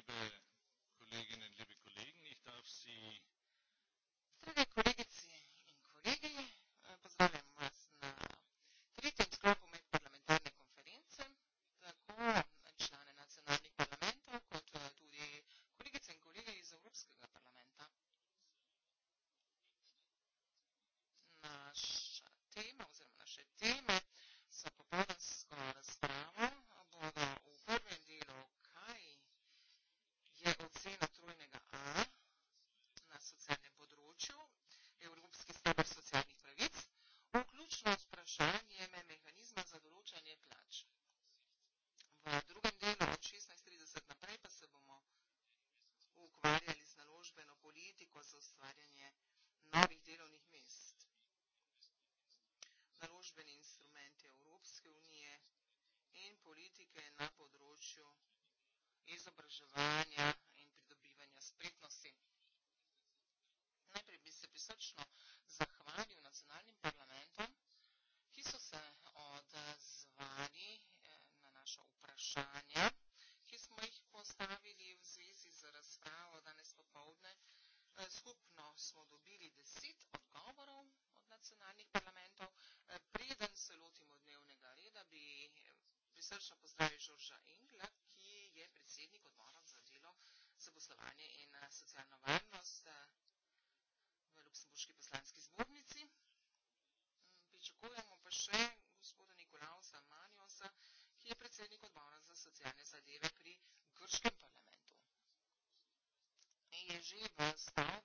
liebe Kolleginnen, liebe Kollegen, ich darf Sie, liebe Kollegin, srčno pozdravi Žorža Engla, ki je predsednik odmora za delo za poslovanje in eh, socialno varnost eh, v Luksemburški poslanski zbornici. Mm, pričakujemo pa še gospoda Nikolausa Manjosa, ki je predsednik odmora za socialne zadeve pri grškem parlamentu. Je že v stavu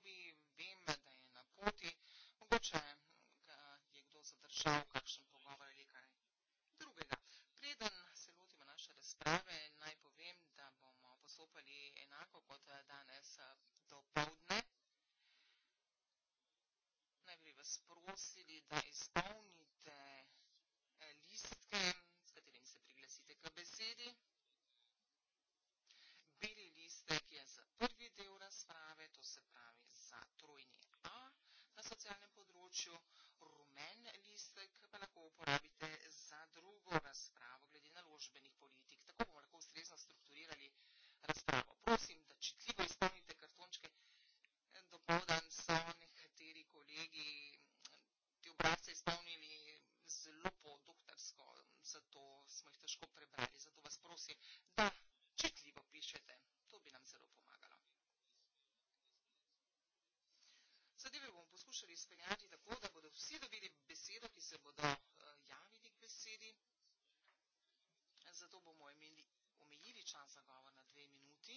čas za govor na dve minuti.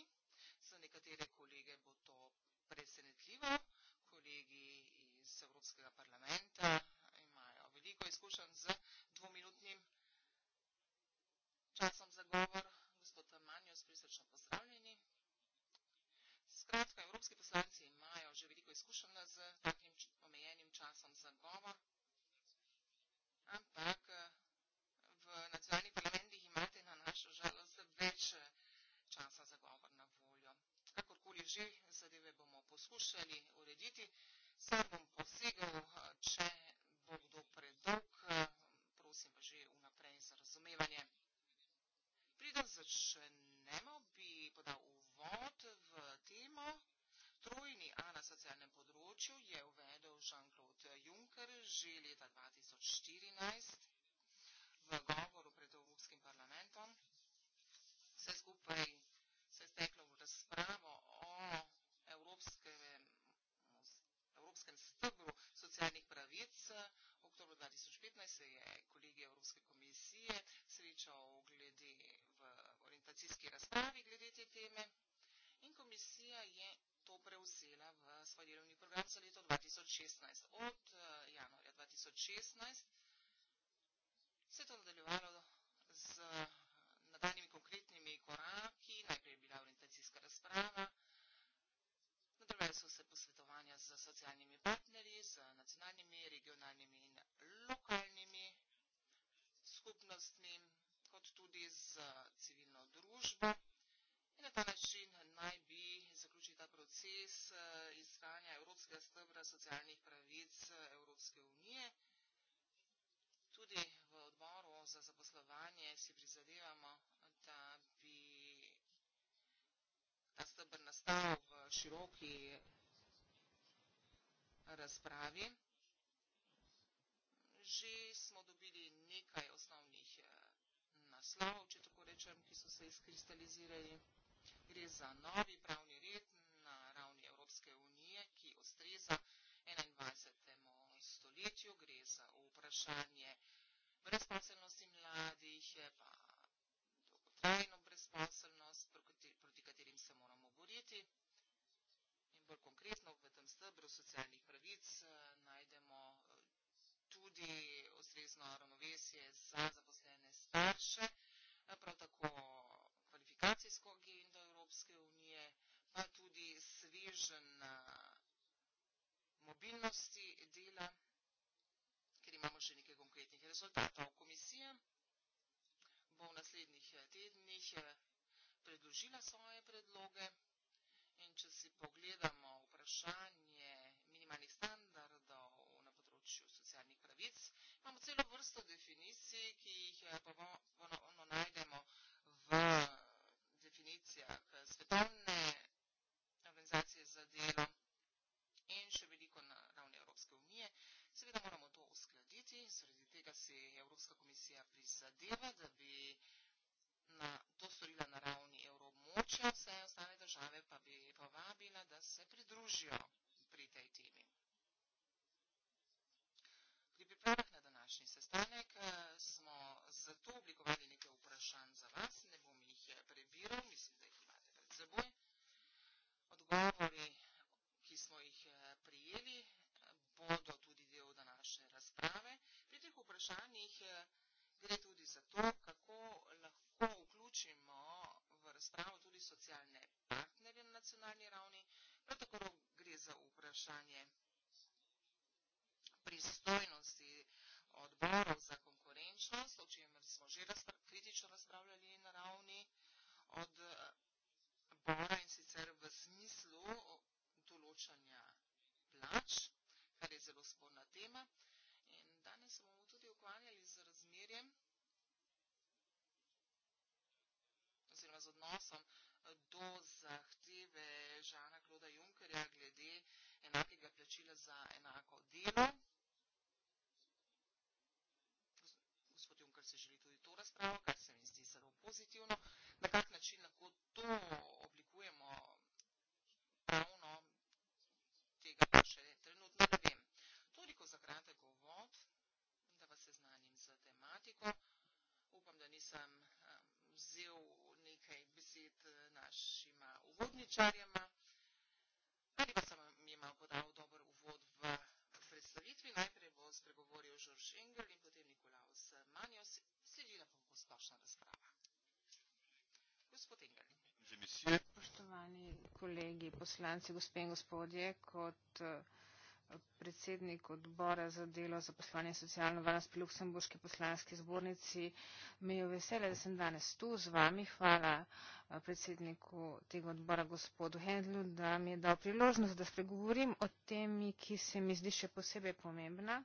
Za nekatere kolege bo to presenetljivo. Kolegi iz Evropskega parlamenta imajo veliko izkušenj z 2016. Od eh, januarja 2016 se je to nadaljevalo z eh, nadaljnimi konkretnimi koraki. Najprej je bila orientacijska razprava, nadaljevalo so se posvetovanja z socialnimi partnerji, z nacionalnimi, regionalnimi in lokalnimi skupnostmi, kot tudi z civilno družbo na ta način naj bi zaključil ta proces eh, izstranja Evropskega stebra socialnih pravic eh, Evropske unije. Tudi v odboru za zaposlovanje si prizadevamo, da bi ta stebr nastal v široki razpravi. Že smo dobili nekaj osnovnih eh, naslov, če tako rečem, ki so se izkristalizirali gre za novi pravni red na ravni Evropske unije, ki ustreza 21. stoletju, gre za vprašanje brezposelnosti mladih, pa dolgotrajno brezposelnost, proti katerim se moramo boriti. In bolj konkretno v tem stebru socialnih pravic eh, najdemo eh, tudi ustrezno ravnovesje za zaposlene starše, eh, prav tako kvalifikacijsko gen Evropske unije, pa tudi svežen mobilnosti dela, ker imamo še nekaj konkretnih rezultatov. Komisija bo v naslednjih tednih predložila svoje predloge in če si pogledamo vprašanje minimalnih standardov na področju socialnih pravic, imamo celo vrsto definicij, ki jih ponovno najdemo vprašanje, organizacije za delo in še veliko na ravni Evropske unije. Seveda moramo to uskladiti, sredi tega se Evropska komisija prizadeva, da bi na to storila na ravni Evromoče, vse ostale države pa bi povabila, da se pridružijo pri tej temi. Pri pripravah na današnji sestanek eh, smo zato oblikovali nekaj vprašanj za vas, ne bom jih eh, prebiral, mislim, pogovori, ki smo jih eh, prijeli, bodo tudi del današnje razprave. Pri teh vprašanjih eh, gre tudi za to, kako lahko vključimo v razpravo tudi socialne partnerje na nacionalni ravni. Prav tako gre za vprašanje pristojnosti odborov za konkurenčnost, o čem smo že razpra kritično razpravljali na ravni od eh, nabora in sicer v smislu določanja plač, kar je zelo sporna tema. In danes se bomo tudi ukvarjali z razmerjem oziroma z odnosom eh, do zahteve Žana Kloda Junkerja glede enakega plačila za enako delo. Gospod Junker se želi tudi to razpravo, kar se mi zdi zelo pozitivno. Na kak način lahko to seznanim za tematiko. Upam, da nisem eh, vzel nekaj besed eh, našima uvodničarjama. Ali pa sem jima podal dober uvod v predstavitvi. Najprej bo spregovoril George Engel in potem Nikolaus Manjos. Sledila pa bo splošna razprava. Gospod Engel. Spoštovani kolegi, poslanci, gospe in gospodje, kot eh, predsednik odbora za delo za poslanje socialno varnost pri Luksemburški poslanski zbornici. Me je vesele, da sem danes tu z vami. Hvala predsedniku tega odbora, gospodu Hendlu, da mi je dal priložnost, da spregovorim o temi, ki se mi zdi še posebej pomembna.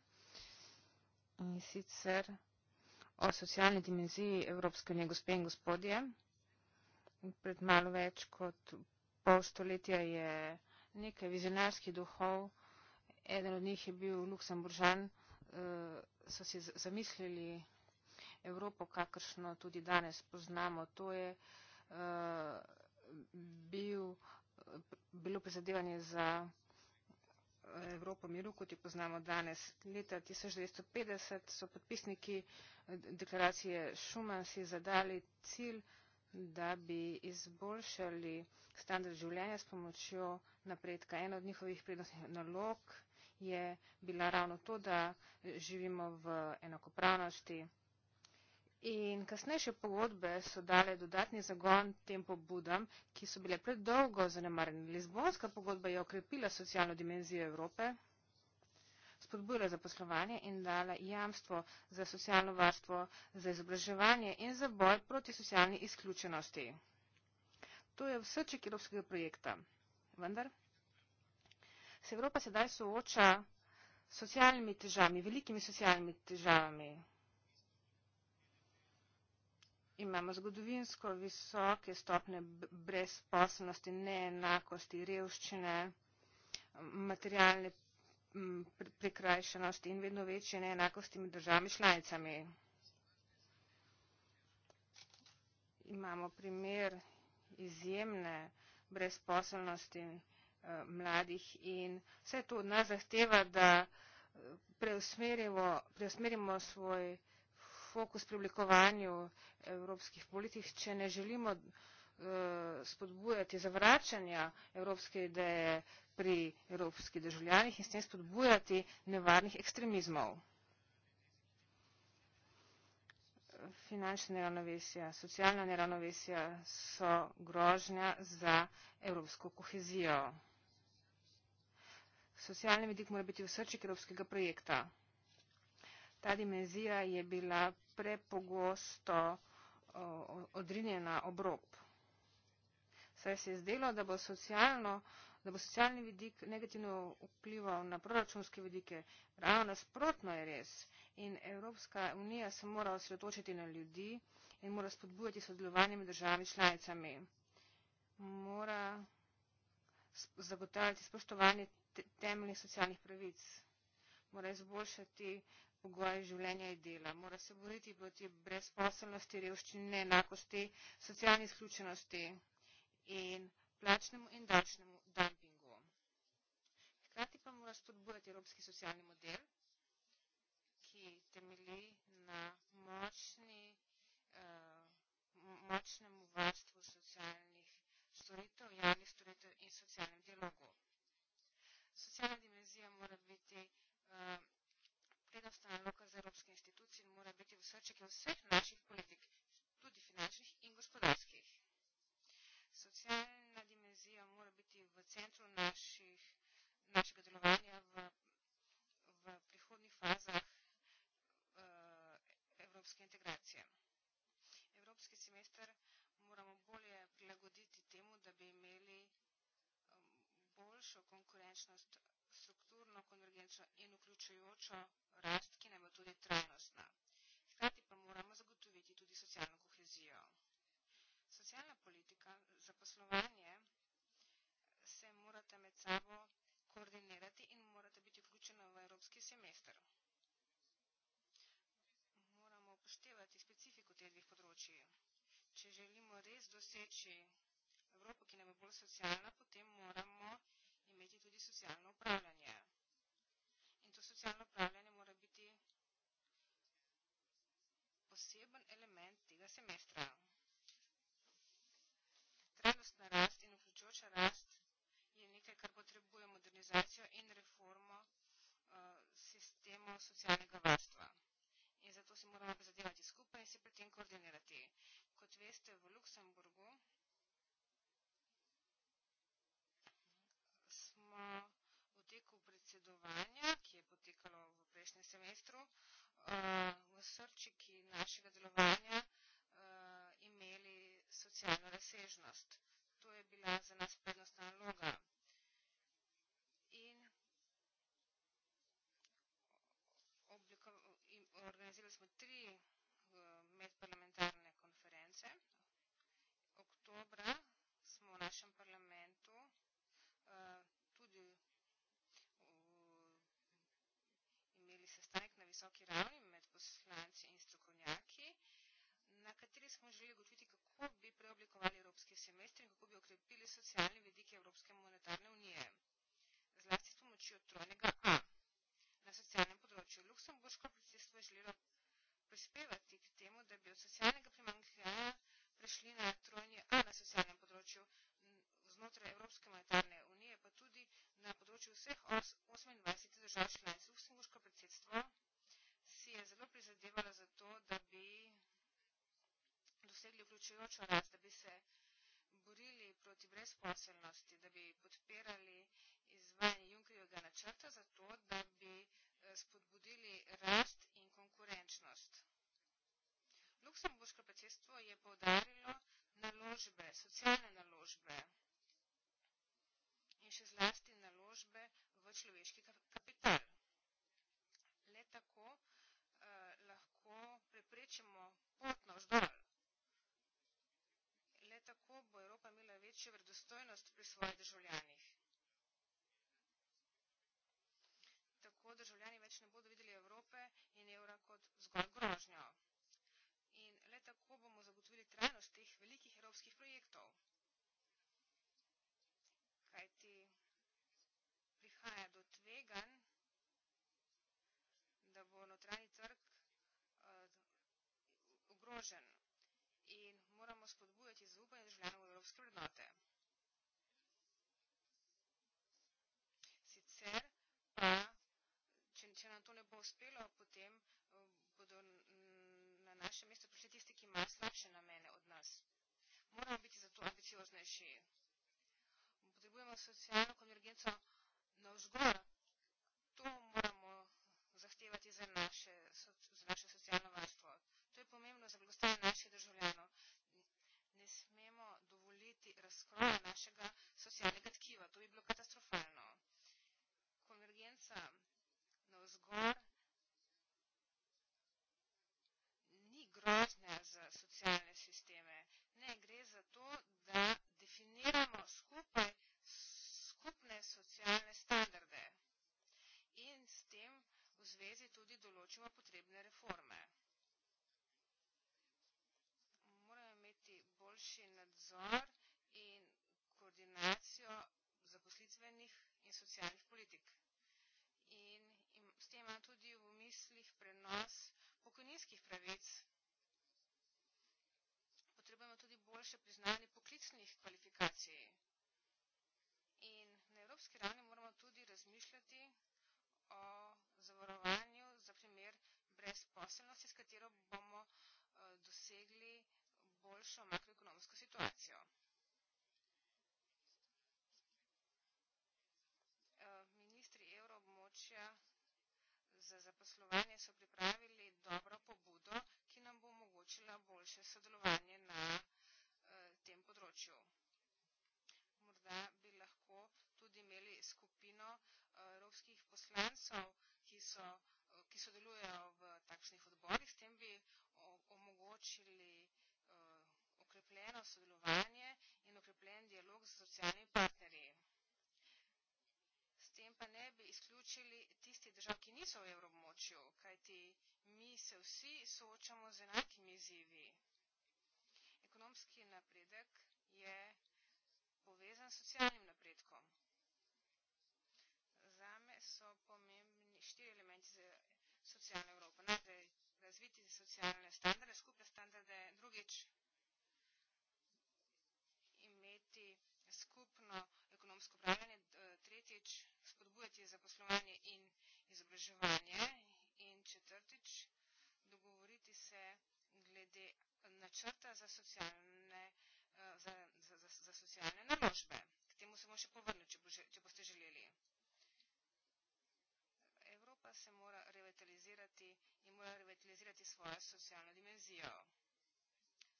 In sicer o socialni dimenziji Evropske unije, gospe in gospodje. Pred malo več kot pol stoletja je nekaj vizionarskih duhov, eden od njih je bil Luksemburžan, eh, so si zamislili Evropo, kakršno tudi danes poznamo. To je eh, bil, bilo prizadevanje za eh, Evropo miru, kot jo poznamo danes. Leta 1950 so podpisniki deklaracije Šuman si zadali cilj, da bi izboljšali standard življenja s pomočjo napredka. Ena od njihovih prednostnih nalog je bila ravno to, da živimo v enakopravnosti. In kasnejše pogodbe so dale dodatni zagon tem pobudam, ki so bile predolgo zanemarjene. Lizbonska pogodba je okrepila socialno dimenzijo Evrope, spodbujala zaposlovanje in dala jamstvo za socialno varstvo, za izobraževanje in za boj proti socialni izključenosti. To je vse čekirovskega projekta. Vendar se Evropa sedaj sooča s socialnimi težavami, velikimi socialnimi težavami. Imamo zgodovinsko visoke stopne brezposobnosti, neenakosti, revščine, materialne prekrajšanosti in vedno večje neenakosti med državami članicami. Imamo primer izjemne brezposobnosti in mladih in vse to od nas zahteva, da eh, preusmerimo, preusmerimo svoj fokus pri oblikovanju evropskih politik, če ne želimo eh, spodbujati zavračanja evropske ideje pri evropskih državljanih in s tem spodbujati nevarnih ekstremizmov. Finančna neravnovesja, socialna neravnovesja so grožnja za evropsko kohezijo socialni vidik mora biti v srčik evropskega projekta. Ta dimenzija je bila prepogosto odrinjena ob rob. Saj se je zdelo, da bo, socialno, da bo socialni vidik negativno vplival na proračunske vidike. Ravno nasprotno je res in Evropska unija se mora osredotočiti na ljudi in mora spodbujati sodelovanje med državami članicami. Mora zagotavljati spoštovanje temeljnih socialnih pravic, mora izboljšati pogoje življenja in dela, mora se boriti proti brezposobnosti, revščini, neenakosti, socialni izključenosti in plačnemu in davčnemu dumpingu. Hkrati pa mora spodbujati evropski socialni model, ki temelji na močni, uh, eh, močnem varstvu socialnih storitev, javnih storitev in socialnem dialogu. Socialna dimenzija mora biti uh, eh, prednostna naloga za evropske institucije in mora biti v srček vseh naših politik, tudi finančnih in gospodarskih. Socialna dimenzija mora biti v centru naših, našega delovanja v, v prihodnih fazah uh, evropske integracije. Evropski semester moramo bolje prilagoditi temu, da bi imeli boljšo konkurenčnost, strukturno, konvergenčno in vključujočo rast, ki naj bo tudi trajnostna. Hkrati pa moramo zagotoviti tudi socialno kohezijo. Socialna politika za poslovanje se morate med sabo koordinirati in morate biti vključeni v evropski semester. Moramo upoštevati specifiko teh dveh področji. Če želimo res doseči Evropo, ki ne bo bolj socialna, potem moramo tudi socialno upravljanje. In to socialno upravljanje mora biti poseben element tega semestra. Trajnostna rast in vključujoča rast je nekaj, kar potrebuje modernizacijo in reformo uh, eh, sistema socialnega varstva. In zato si moramo prizadevati skupaj in se pri tem koordinirati. Kot veste, v Luksemburgu smo v teku predsedovanja, ki je potekalo v prejšnjem semestru, eh, v srčiki našega delovanja eh, imeli socialno razsežnost. To je bila za nas prednostna naloga. In organizirali smo tri eh, medparlamentarne konference. Oktobra smo v našem parlamentu visoki ravni med poslanci in strokovnjaki, na kateri smo želeli ugotoviti, kako bi preoblikovali evropski semester in kako bi okrepili socialni vidiki Evropske monetarne unije. Zlasti s pomočjo trojnega A. Na socialnem področju Luksemburško predsedstvo je želelo prispevati k temu, da bi od socialnega primankljaja prišli na trojni A na socialnem področju znotraj Evropske monetarne unije, pa tudi na področju vseh os 28 držav vodili vključujočo rast, da bi se borili proti brezposelnosti, da bi podpirali izvajanje Junkerjevega načrta za to, da bi eh, spodbudili rast in konkurenčnost. Luksemburško predsedstvo je povdarilo naložbe, socialne naložbe in še zlasti naložbe v človeški kapital. Le tako eh, lahko preprečimo pot navzdol tako bo Evropa imela večjo vredostojnost pri svojih državljanih. Tako državljani več ne bodo videli Evrope in evra kot zgolj grožnjo. In le tako bomo zagotovili trajnost teh velikih evropskih projektov. Kajti prihaja do tveganj vrednote. Sicer pa, če, če nam to ne bo uspelo, potem eh, bodo na naše mesto prišli tisti, ki imajo slabše namene od nas. Moramo biti zato ambicioznejši. Potrebujemo socialno konvergenco na vzgor. To moramo zahtevati za naše, za naše socialno varstvo. To je pomembno za blagostanje naših državljanov razkroja našega socialnega tkiva. To bi bilo katastrofalno. Konvergenca na vzgor ni grožnja za socialne sisteme. Ne, gre za to, da definiramo skupaj skupne socialne standarde in s tem v zvezi tudi določimo potrebne reforme. Moramo imeti boljši nadzor funkcijo zaposlitvenih in socialnih politik. In, in s tem ima tudi v mislih prenos pokojninskih pravic. Potrebujemo tudi boljše priznanje poklicnih kvalifikacij. In na evropski ravni moramo tudi razmišljati o zavarovanju za primer brezposelnosti, s katero bomo eh, dosegli boljšo makroekonomsko situacijo. za zaposlovanje so pripravili dobro pobudo, ki nam bo omogočila boljše sodelovanje na eh, tem področju. Morda bi lahko tudi imeli skupino eh, evropskih poslancov, ki, so, eh, ki sodelujejo v takšnih odborih, s tem bi omogočili okrepljeno sodelovanje in okrepljen dialog z socialnimi partnerji. izključili tisti držav, ki niso v evromočju, kajti mi se vsi soočamo z enakimi izzivi. Ekonomski napredek je povezan s socialnim napredkom. Zame so pomembni štiri elementi za socialno Evropo. Najprej razviti socialne standarde, skupne standarde, drugič imeti skupno ekonomsko upravljanje, drugič je zaposlovanje in izobraževanje in četrtič dogovoriti se glede eh, načrta za socialne, eh, za, za, za, za socialne naložbe. K temu se bomo še povrniti, če, bo, če boste želeli. Evropa se mora revitalizirati in mora revitalizirati svojo socialno dimenzijo.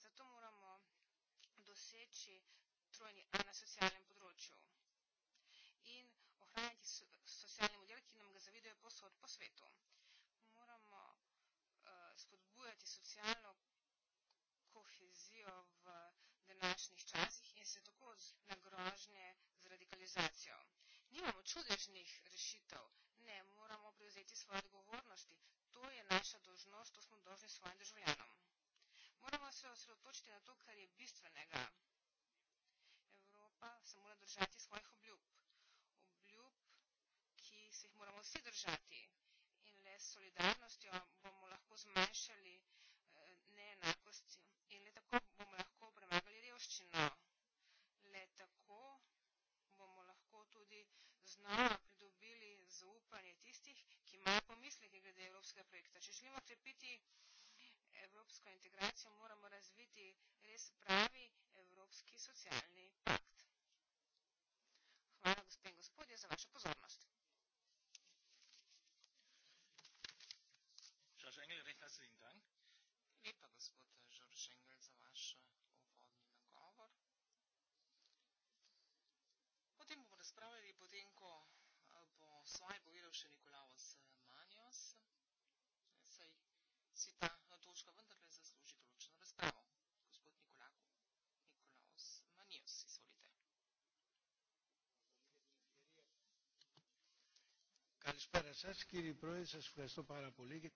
Zato moramo doseči trojni A na socialnem področju klienti s socialnimi delki nam ga zavidajo posod po svetu. Moramo uh, spodbujati socialno kohezijo v današnjih časih in se tako na grožnje z radikalizacijo. Nimamo čudežnih rešitev, ne, moramo prevzeti svoje odgovornosti. To je naša dožnost, to smo dožni svojim državljanom. Moramo se osredotočiti na to, kar je bistvenega. Evropa se mora držati svojih obljub moramo vsi držati in le s solidarnostjo bomo lahko zmanjšali eh, neenakosti in le tako bomo lahko premagali revščino. Le tako bomo lahko tudi znova pridobili zaupanje tistih, ki imajo pomisleke glede evropskega projekta. Če želimo krepiti evropsko integracijo, moramo razviti res pravi evropski socialni pakt. Hvala, gospe in gospodje, za vašo pozornost. gospod eh, Žoržengel za vaš eh, uvodni nagovor. Potem bomo razpravljali potem, ko eh, bo svoj povedal še Nikolaos Manjos, saj si ta točka vendarle zasluži določeno razpravo. Gospod Nikolaku, Nikolaos Manjos, izvolite. Καλησπέρα σας, κύριοι πρόεδρε, σας ευχαριστώ πάρα πολύ.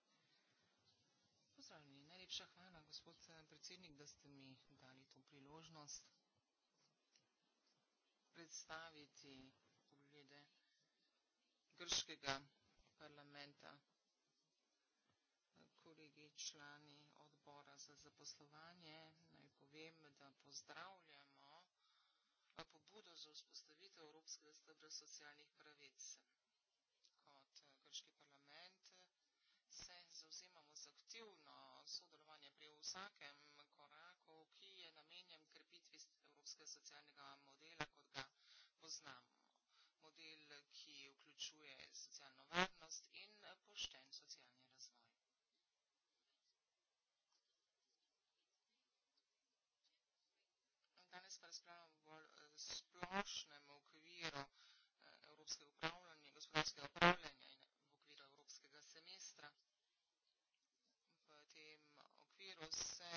predsednik, da ste mi dali to priložnost predstaviti poglede Grškega parlamenta, kolegi člani odbora za zaposlovanje. Naj povem, da pozdravljamo pobudo za vzpostavitev Evropskega stebra socialnih pravic. Kot eh, Grški parlament se zauzemamo za aktivno sodelovanje pri vsakem ekonomskega socialnega modela, kot ga poznamo. Model, ki vključuje socialno varnost in pošten socialni razvoj. Danes pa razpravljamo bolj eh, splošnem okviru eh, evropskega upravljanja, gospodarskega upravljanja in v okviru evropskega semestra. V tem okviru se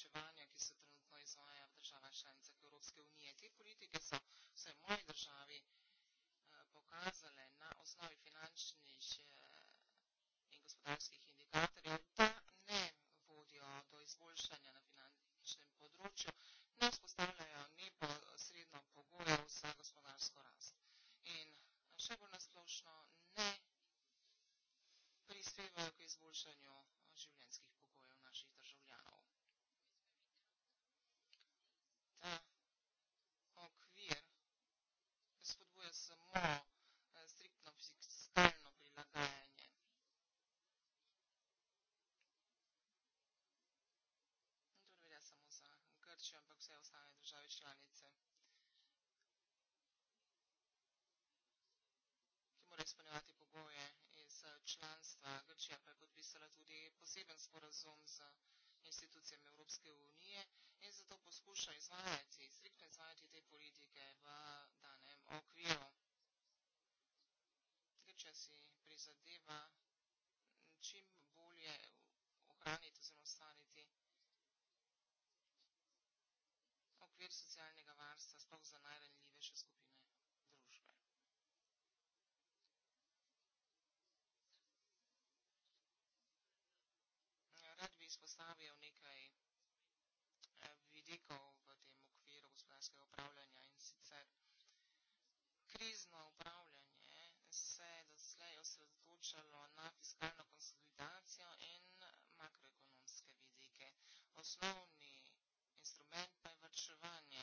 vključevanja, ki se trenutno izvaja v državah članicah Evropske unije. Te politike so vse v moji državi eh, pokazale na osnovi finančnih eh, in gospodarskih indikatorjev, da ne vodijo do izboljšanja na finančnem področju, ne vzpostavljajo neposredno pogojev za gospodarsko rast. In eh, še bolj nasplošno, ne prispevajo k izboljšanju življenjskih pogojev naših državljanov. samo striktno fiskalno prilagajanje. To ne velja samo za Grčijo, ampak vse ostale države članice, ki morajo izpolnjevati pogoje iz članstva. Grčija pa je podpisala tudi poseben sporazum z institucijami Evropske unije in zato poskuša izvajati, striktno izvajati te politike v danem okviru prizadeva čim bolje ohraniti oziroma ustvariti okvir socialnega varstva, sploh za najranljivejše skupine družbe. Rad bi izpostavil nekaj eh, vidikov v tem okviru gospodarskega upravljanja in sicer krizno upravljanje osredotočalo na fiskalno konsolidacijo in makroekonomske vidike. Osnovni instrument pa je vrčevanje.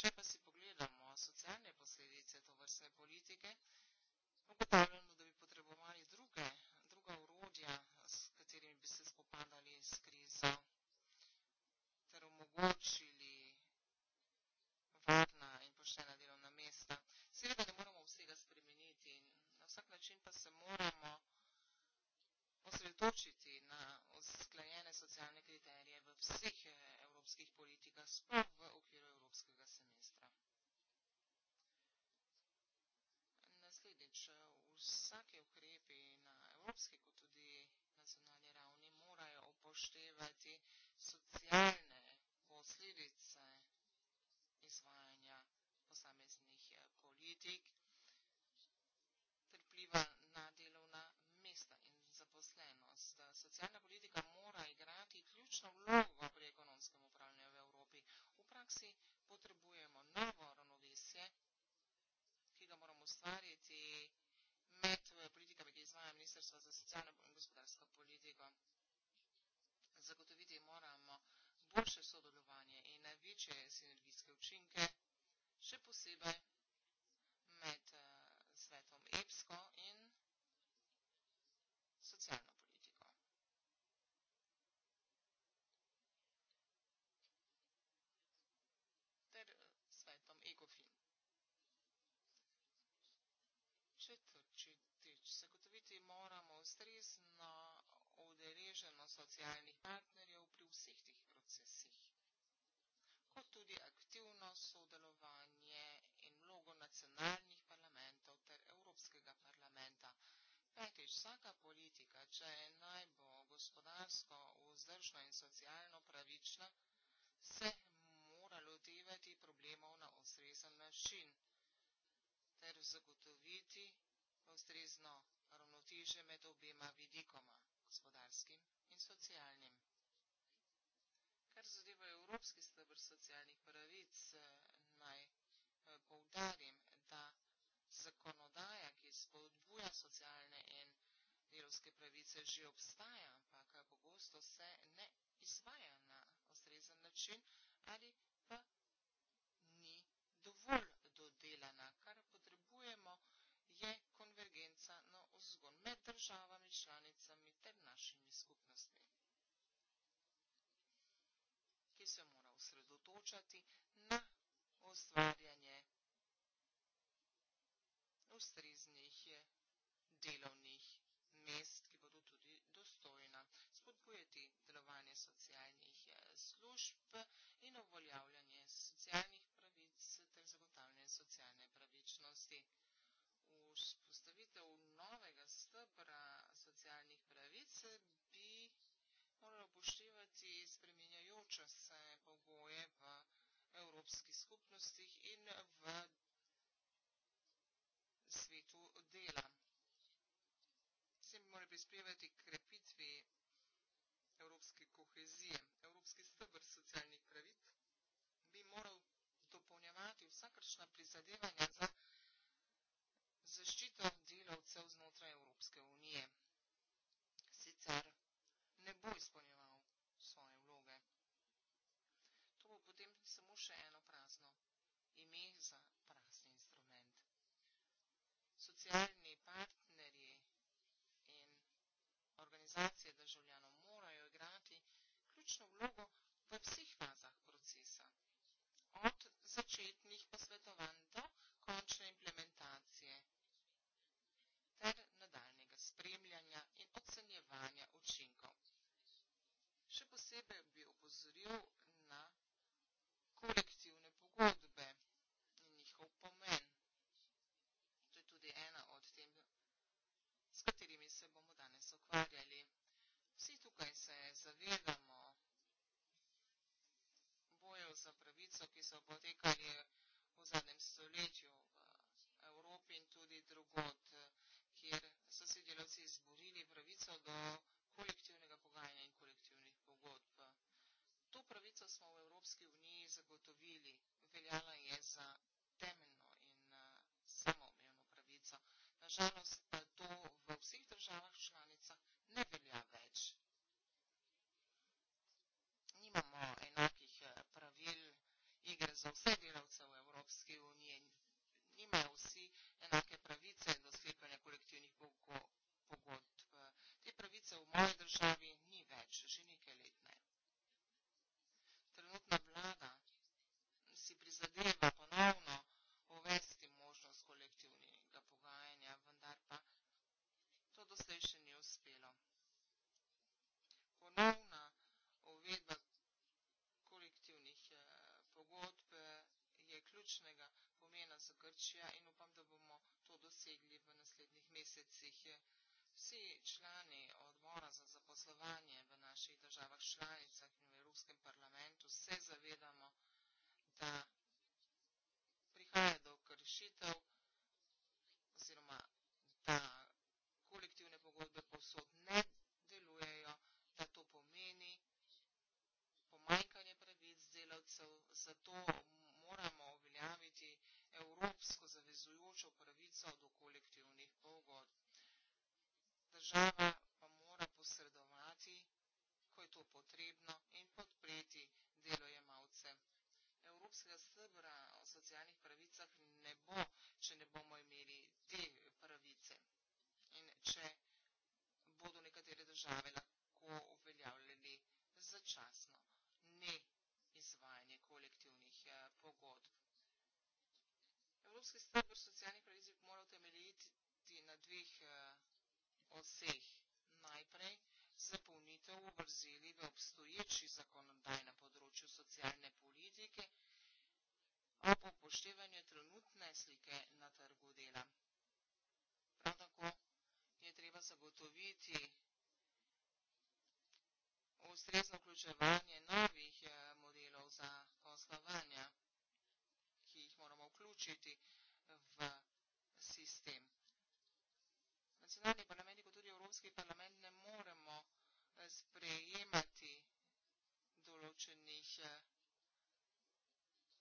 Če pa si pogledamo socialne posledice tovrstne politike, ugotavljamo, da bi potrebovali druge, druga urodja, s katerimi bi se spopadali s krizo ter omogočili varna in poštena delovna mesta. Seveda ne vsak način pa se moramo osredotočiti na usklajene socialne kriterije v vseh eh, evropskih politikah, sploh v okviru evropskega semestra. Naslednjič, eh, vsake ukrepi na evropski kot tudi nacionalni ravni morajo upoštevati socialne posledice izvajanja posameznih eh, politik. rast. Socialna politika mora igrati ključno vlogo pri ekonomskem upravljanju v Evropi. V praksi potrebujemo novo ravnovesje, ki ga moramo ustvariti med eh, politikami, ki izvaja Ministrstvo za socialno in gospodarsko politiko. Zagotoviti moramo boljše sodelovanje in največje sinergijske učinke, še posebej med eh, svetom EPSCO in resno udeleženo socialnih partnerjev pri vseh teh procesih, kot tudi aktivno sodelovanje in vlogo nacionalnih parlamentov ter Evropskega parlamenta. Petič, vsaka politika, če je najbo gospodarsko, vzdržno in socialno pravična, se mora lotevati problemov na ustrezen način ter zagotoviti ustrezno ravnoteže med obema vidikoma, gospodarskim in socialnim. Kar zadeva Evropski stebr socialnih pravic, naj eh, poudarim, da zakonodaja, ki spodbuja socialne in delovske pravice, že obstaja, ampak eh, pogosto se ne izvaja na ustrezen način ali pa ni dovolj dodelana. Kar potrebujemo je konvergenca na no, ozgon med državami, članicami ter našimi skupnostmi, ki se mora osredotočati na ustvarjanje ustreznih delovnih mest, ki bodo tudi dostojna, spodbujati delovanje socialnih eh, služb in uveljavljanje socialnih pravic ter zagotavljanje socialne pravičnosti vzpostavitev novega stebra socialnih pravic bi morala upoštevati spremenjajoče se pogoje v evropskih skupnostih in v svetu dela. Vsem mora prispevati k krepitvi evropske kohezije. Evropski stebr socialnih pravic bi moral dopolnjevati vsakršna prizadevanja za znotraj Evropske unije. Sicer ne bo izpolnjeval svoje vloge. To bo potem samo še eno prazno ime za prazni instrument. Socialni partnerji in organizacije državljanov morajo igrati ključno vlogo v vseh fazah procesa. Od začetnih posvetovanj do končne implementacije spremljanja in ocenjevanja učinkov. Še posebej bi opozoril na kolektivne pogodbe in njihov pomen. To je tudi ena od tem, s katerimi se bomo danes ukvarjali. Vsi tukaj se zavedamo bojev za pravico, ki so potekali v zadnjem stoletju v Evropi in tudi drugod, kjer delavci izborili pravico do kolektivnega pogajanja in kolektivnih pogodb. To pravico smo v Evropski uniji zagotovili, veljala je za temeljno in eh, samoumevno pravico. Nažalost pa eh, to v vseh državah članicah ne velja več. Nimamo enakih eh, pravil igre za vse delavce v Evropski uniji. Nimajo vsi enake pravice do sklepanja kolektivnih pogodb se v moji državi ni več, že nekaj let ne. Trenutna vlada si prizadeva ponovno uvesti možnost kolektivnega pogajanja, vendar pa to doslej še ni uspelo. Ponovna uvedba kolektivnih eh, pogodb eh, je ključnega vezana za Grčija in upam, da bomo to dosegli v naslednjih mesecih. Vsi člani odbora za zaposlovanje v naših državah članicah in v Evropskem parlamentu se zavedamo, da prihaja do kršitev oziroma da kolektivne pogodbe povsod ne delujejo, da to pomeni pomanjkanje pravic delavcev, zato moramo uveljaviti evropsko zavezujočo pravico do kolektivnih pogodb. Država pa mora posredovati, ko je to potrebno, in podpreti delojemalce. Evropskega srbra o socialnih pravicah ne bo, če ne bomo imeli te pravice in če bodo nekatere države lahko uveljavljali začasno ne izvajanje kolektivnih eh, pogodb. Evropski stebr socialnih pravic bi moral temeljiti na dveh eh, oseh. Najprej zapolnitev obrzeli v obstoječi zakonodaj na področju socialne politike, a po upoštevanju trenutne slike na trgu dela. Prav tako je treba zagotoviti ustrezno vključevanje novih eh, modelov za poslovanje vključiti v sistem. Nacionalni parlamenti, kot tudi Evropski parlament, ne moremo eh, sprejemati določenih eh,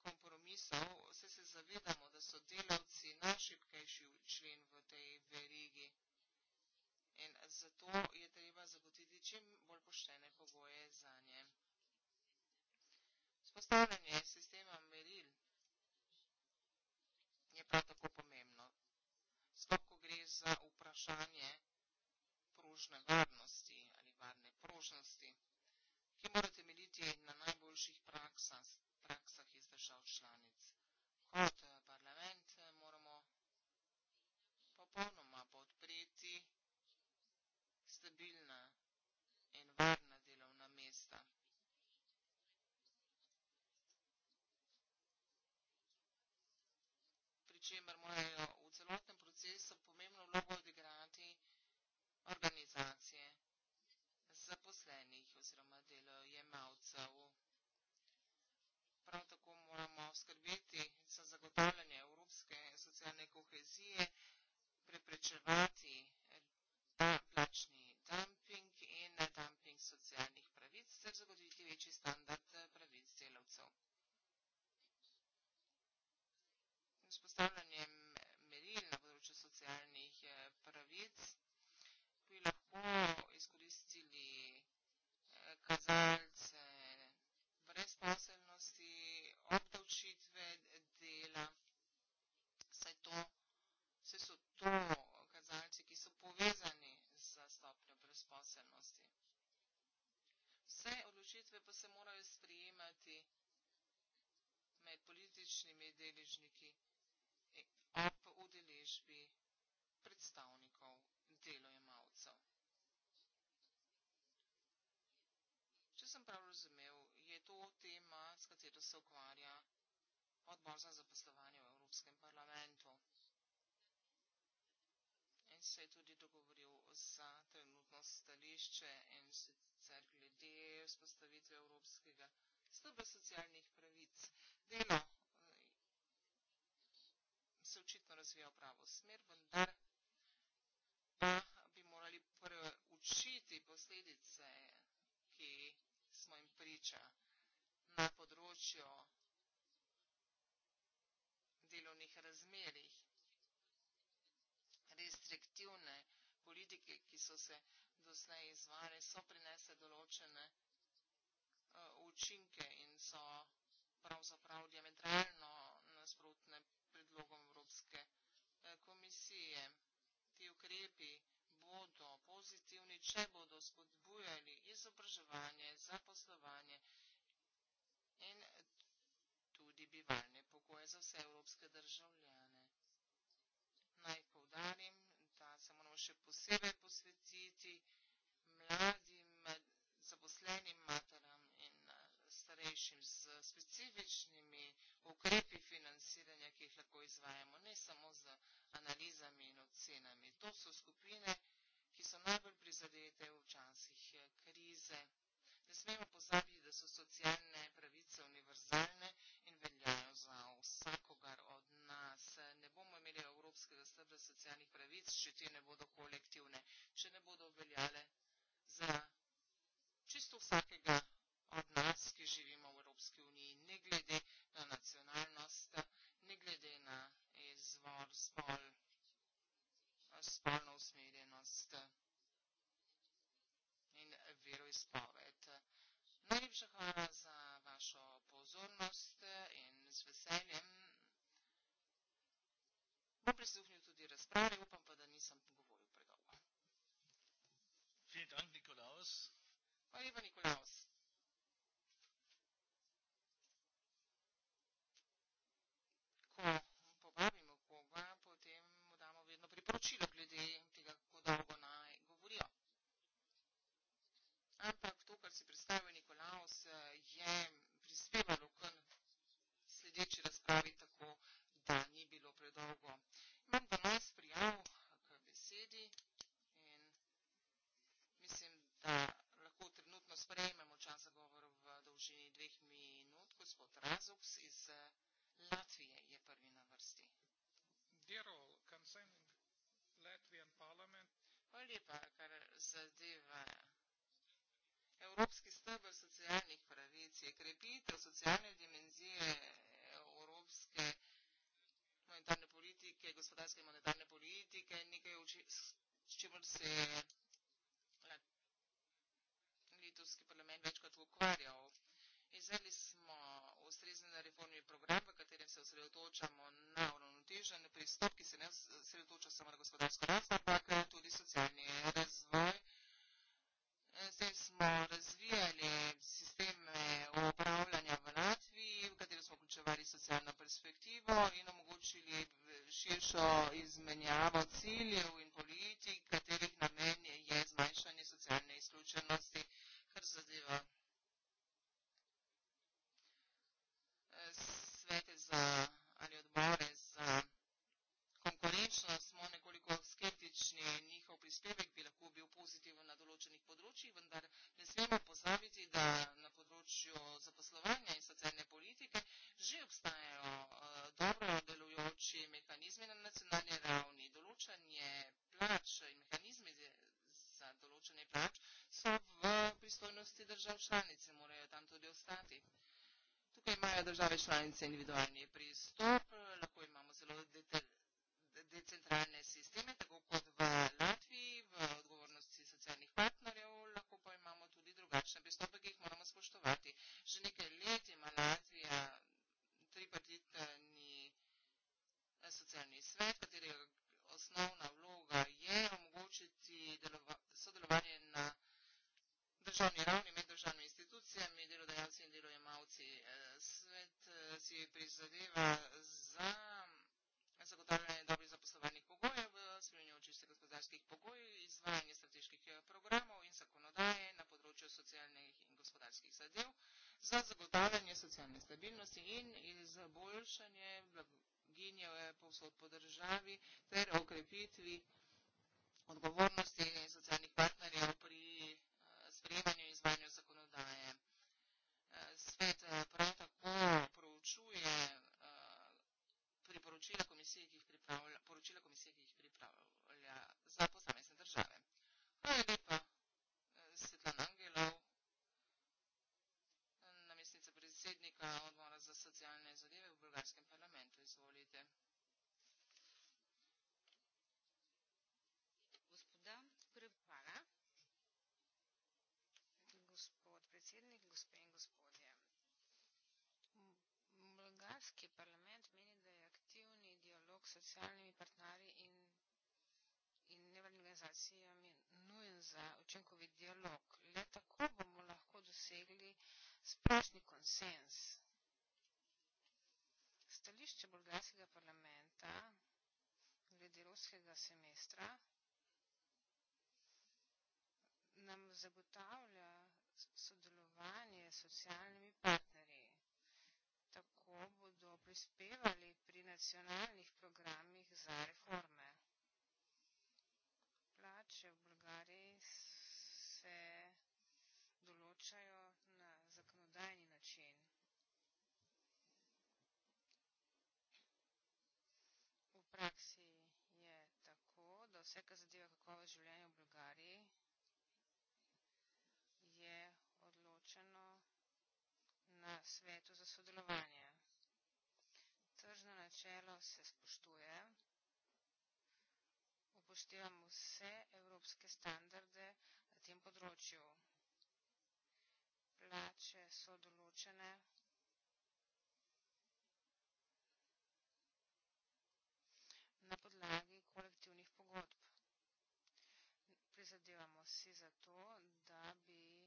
kompromisov. Vse se zavedamo, da so delavci najšipkejši člen v tej verigi. In zato je treba zagotiti čim bolj poštene pogoje za nje. Spostavljanje sistema meril je prav tako pomembno. Sploh, ko gre za vprašanje pružne varnosti ali varne pružnosti, ki mora temeljiti na najboljših praksah, praksah iz držav članic. Kot eh, parlament eh, moramo popolnoma podpreti stabilna čemer morajo v celotnem procesu pomembno vlogo odigrati organizacije zaposlenih oziroma delojemalcev. Prav tako moramo skrbeti za zagotavljanje evropske socialne kohezije, preprečevati eh, plačni dumping in dumping socialnih pravic ter zagotoviti večji standard eh, pravic delavcev. postavljanje meril na področju socialnih eh, pravic, bi lahko izkoristili eh, kazalce brezposelnosti, obdavčitve dela, saj to, vse so to kazalci, ki so povezani z stopnjo brezposelnosti. Vse odločitve pa se morajo sprijemati med političnimi deležniki, ob udeležbi predstavnikov delojemalcev. Če sem prav razumel, je to tema, s katero se ukvarja odbor za zaposlovanje v Evropskem parlamentu. In se je tudi dogovoril za trenutno stališče in sicer glede vzpostavitve evropskega stopa socialnih pravic. Delo. razvija v pravo smer, vendar pa bi morali preučiti posledice, ki smo jim priča na področju delovnih razmerih, restriktivne politike, ki so se dosneje izvane, so prinese določene uh, učinke in so pravzaprav diametralno nasprotne predlogom Evropske eh, komisije. Ti ukrepi bodo pozitivni, če bodo spodbujali izobraževanje, zaposlovanje in tudi bivalne pogoje za vse evropske državljane. Naj poudarim, da se moramo še posebej posvetiti mladim zaposlenim materam starejšim z specifičnimi ukrepi financiranja, ki jih lahko izvajamo, ne samo z analizami in ocenami. To so skupine, ki so najbolj prizadete v časih eh, krize. Ne smemo pozabiti, da so socialne pravice univerzalne in veljajo za vsakogar od nas. Ne bomo imeli evropskega stebra socialnih pravic, če te ne bodo kolektivne, če ne bodo veljale za čisto vsakega od nas, ki živimo v Evropski uniji, ne glede na nacionalnost, ne glede na izvor, spol, spolno usmerjenost in veroizpoved. Najlepša hvala za vašo pozornost in z veseljem bom prisluhnil tudi razprave, upam pa, da nisem govoril predolgo. Vielen Dank, Nikolaus. Hvala lepa, Nikolaus. Sloveniji pa, kar zadeva Evropski stebr socialnih pravic, je krepitev socialne dimenzije Evropske monetarne politike, gospodarske monetarne politike, nekaj s čimer se je Litovski parlament več kot ukvarjal. Izdeli smo ustrezni na reformni program, v katerem se osredotočamo na uravnotežen pristop, ki se ne osredotoča samo na gospodarsko rast, ampak tudi socialno. našo izmenjavo ciljev socialne stabilnosti in izboljšanje blaginje eh, povsod po državi ter okrepitvi odgovornosti. splošni konsens. Stališče bolgarskega parlamenta glede ruskega semestra nam zagotavlja sodelovanje s socialnimi partnerji. Tako bodo prispevali pri nacionalnih programih za reforme. Plače v Bulgariji se določajo praksi je tako, da vse, kar zadeva kakovost življenja v Bulgariji, je odločeno na svetu za sodelovanje. Tržno načelo se spoštuje, upoštevamo vse evropske standarde na tem področju. Plače so določene podlagi kolektivnih pogodb. Prizadevamo si za to, da bi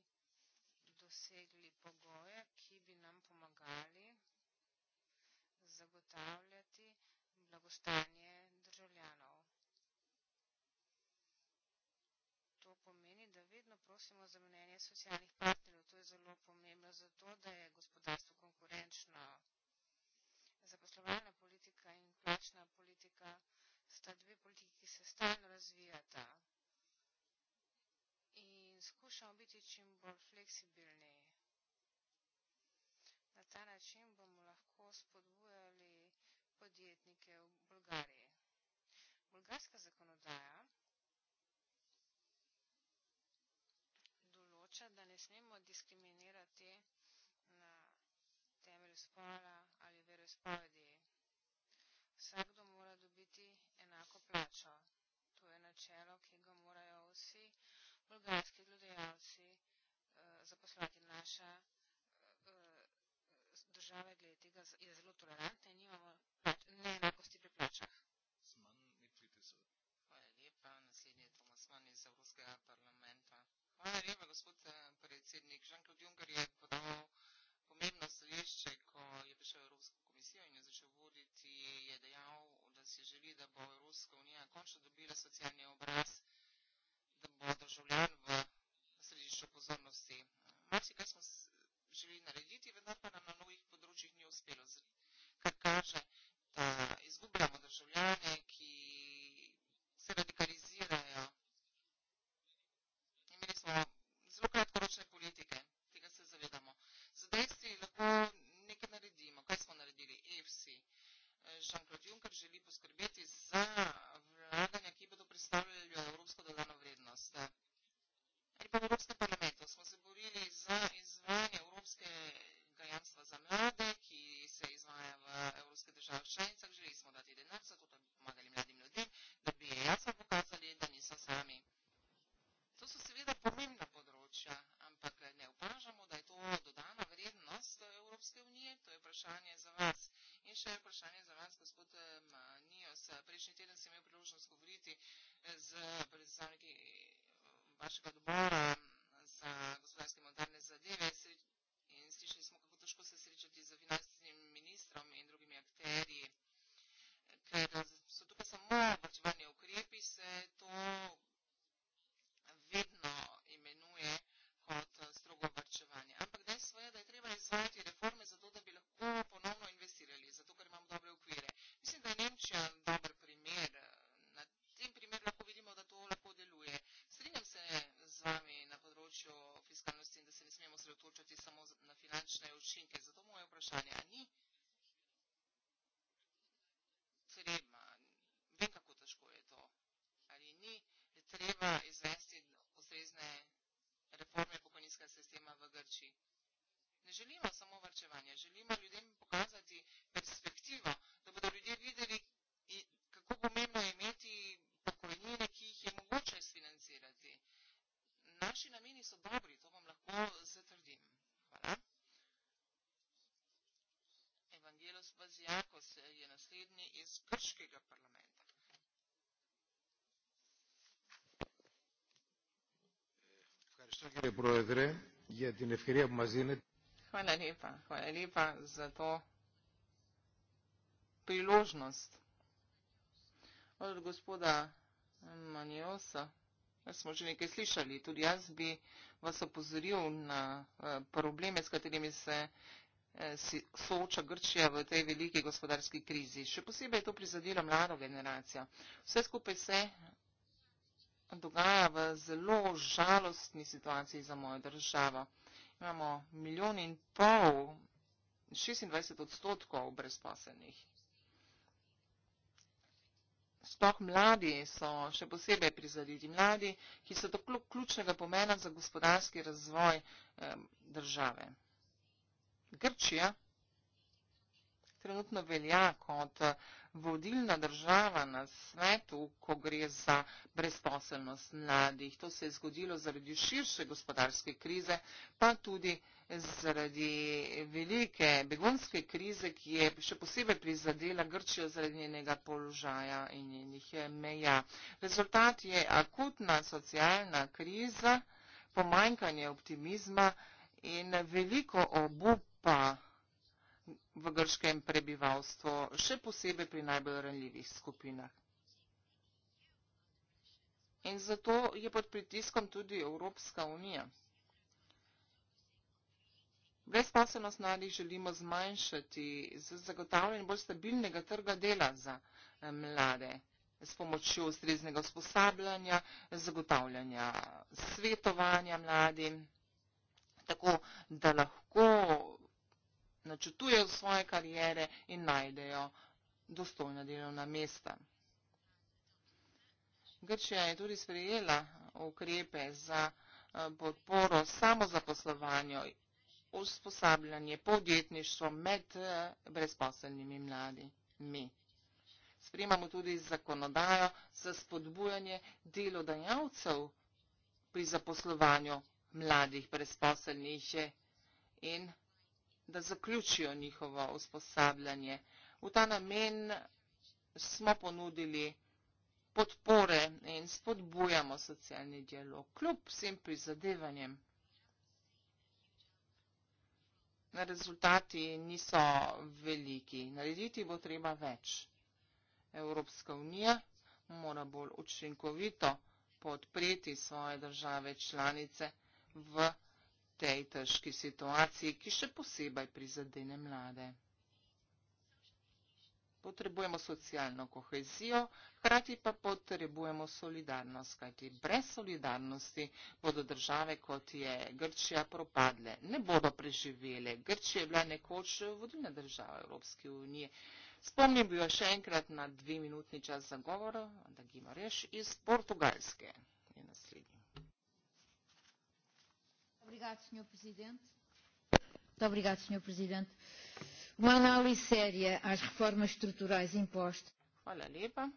dosegli pogoje, ki bi nam pomagali zagotavljati blagostanje državljanov. To pomeni, da vedno prosimo za mnenje socialnih partnerjev. To je zelo pomembno zato, da je gospodarstvo konkurenčno. Zaposlovalna politika in plačna politika sta dve politiki, ki se stalno razvijata in skušamo biti čim bolj fleksibilni. Na ta način bomo lahko spodbujali podjetnike v Bolgariji. Bolgarska zakonodaja določa, da ne smemo diskriminirati na temelju spola ali veroizpovedi. Vsakdo mora dobiti enako plačo. To je načelo, ki ga morajo vsi bolgarski delodajalci eh, zaposlovati naša eh, država, glede tega je zelo tolerantna in nimamo pač neenakosti pri plačah. Hvala lepa. Naslednji je Tomas Mann iz Evropskega parlamenta. Hvala lepa, gospod eh, predsednik. Jean-Claude Juncker je podal pomembno stališče, ko je prišel v Evropsko komisijo in jo začel voditi, je dejal si želi, da bo Evropska unija končno dobila socialni obraz, da bo državljan v središču pozornosti. Malo si kaj smo želeli narediti, vendar pa nam na mnogih področjih ni uspelo, kar kaže, da izgubljamo državljane, ki se radikalizirajo. Imeli smo zelo kratkoročne politike, tega se zavedamo. Z dejstvi lahko nekaj naredimo. Kaj smo naredili? EFSI. Uh, Jean-Claude Juncker želi poskrbeti za vlaganja, ki bodo predstavljali evropsko dodano vrednost. Ali pa v Evropskem parlamentu smo se borili za izvajanje evropskega jamstva za mlade, ki se izvaja v evropskih državah članicah. Želeli smo dati denar za to, da bi pomagali mladim ljudem, da bi jasno pokazali, da niso sami. To so seveda pomembna področja, ampak ne opažamo, da je to dodana vrednost Evropske unije. To je vprašanje še vprašanje za vas, gospod eh, Manijos. Prejšnji teden sem imel priložnost govoriti eh, z predstavniki eh, vašega odbora za gospodarske modernne zadeve in slišali smo, kako težko se srečati z finančnim ministrom in drugimi akterji, ker so tukaj samo v vprašanja ni, Hvala lepa, Prodre, je ti nefkirija mazine. Hvala lepa, hvala lepa za to priložnost od gospoda Manjosa. Smo že nekaj slišali, tudi jaz bi vas opozoril na eh, probleme, s katerimi se eh, sooča Grčija v tej veliki gospodarski krizi. Še posebej je to prizadelo mlado generacijo. Vse skupaj se dogaja v zelo žalostni situaciji za mojo državo. Imamo milijon in pol, 26 odstotkov brezposelnih. Sploh mladi so še posebej prizadeti. Mladi, ki so tako ključnega pomena za gospodarski razvoj eh, države. Grčija trenutno velja kot eh, vodilna država na svetu, ko gre za brezposelnost mladih. To se je zgodilo zaradi širše gospodarske krize, pa tudi zaradi velike begonske krize, ki je še posebej prizadela Grčijo zaradi njenega položaja in njenih eh, meja. Rezultat je akutna socialna kriza, pomanjkanje optimizma in veliko obupa v grškem prebivalstvu, še posebej pri najbolj ranljivih skupinah. In zato je pod pritiskom tudi Evropska unija. Brezposobnost mladih želimo zmanjšati z zagotavljanjem bolj stabilnega trga dela za eh, mlade, s pomočjo ustreznega usposabljanja, zagotavljanja svetovanja mladim, tako da lahko načrtujejo svoje karijere in najdejo dostojna delovna mesta. Grčija je tudi sprejela ukrepe za eh, podporo samozaposlovanju, usposabljanje, podjetništvo med eh, brezposelnimi mladimi. Sprejemamo tudi zakonodajo za spodbujanje delodajalcev pri zaposlovanju mladih brezposelnih eh, in da zaključijo njihovo usposabljanje. V ta namen smo ponudili podpore in spodbujamo socialni dialog, kljub vsem prizadevanjem. Rezultati niso veliki, narediti bo treba več. Evropska unija mora bolj učinkovito podpreti svoje države članice v Evropi tej težki situaciji, ki še posebej prizadene mlade. Potrebujemo socialno kohezijo, hkrati pa potrebujemo solidarnost, kajti brez solidarnosti bodo države, kot je Grčija, propadle, ne bodo preživele. Grčija je bila nekoč vodilna država Evropske unije. Spomnim bi jo še enkrat na dve minutni čas za govor, da gimo reš iz Portugalske. Je naslednji. Obrigado, Sr. Presidente. Muito obrigado, Sr. Presidente. Uma análise séria às reformas estruturais impostas. Olha, Lipa.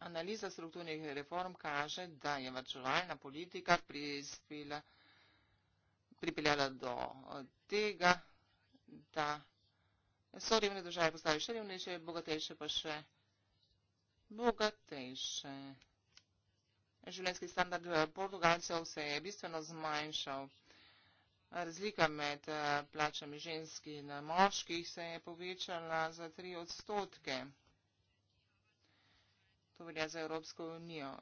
Analiza strukturnih reform kaže, da je varčevalna politika prispela, pripeljala do tega, da so revne države postali še revnejše, bogatejše pa še bogatejše. Življenjski standard eh, Portugalcev se je bistveno zmanjšal. Razlika med eh, plačami ženskih in eh, moških se je povečala za tri odstotke. To velja za Evropsko unijo.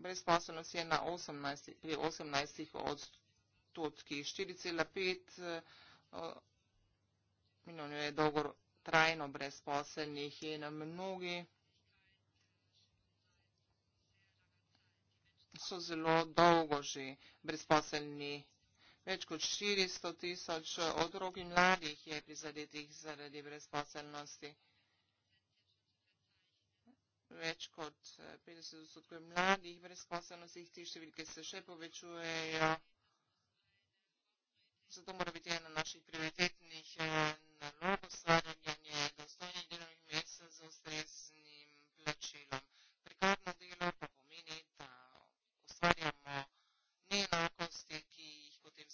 Brezposobnost je na 18, pri 18 odstotkih. 4,5 milijonov je dolgo trajno brezposobnih in mnogi. so zelo dolgo že brezposelni. Več kot 400 tisoč eh, otrok in mladih je prizadetih zaradi brezposelnosti. Več kot 50 eh, odstotkov mladih brezposelnosti, ti številke se še povečujejo. Zato mora biti ena naših prioritetnih eh, nalog ustvarjanje dostojnih delovnih mest z ustreznim plačilom. Prekarno delo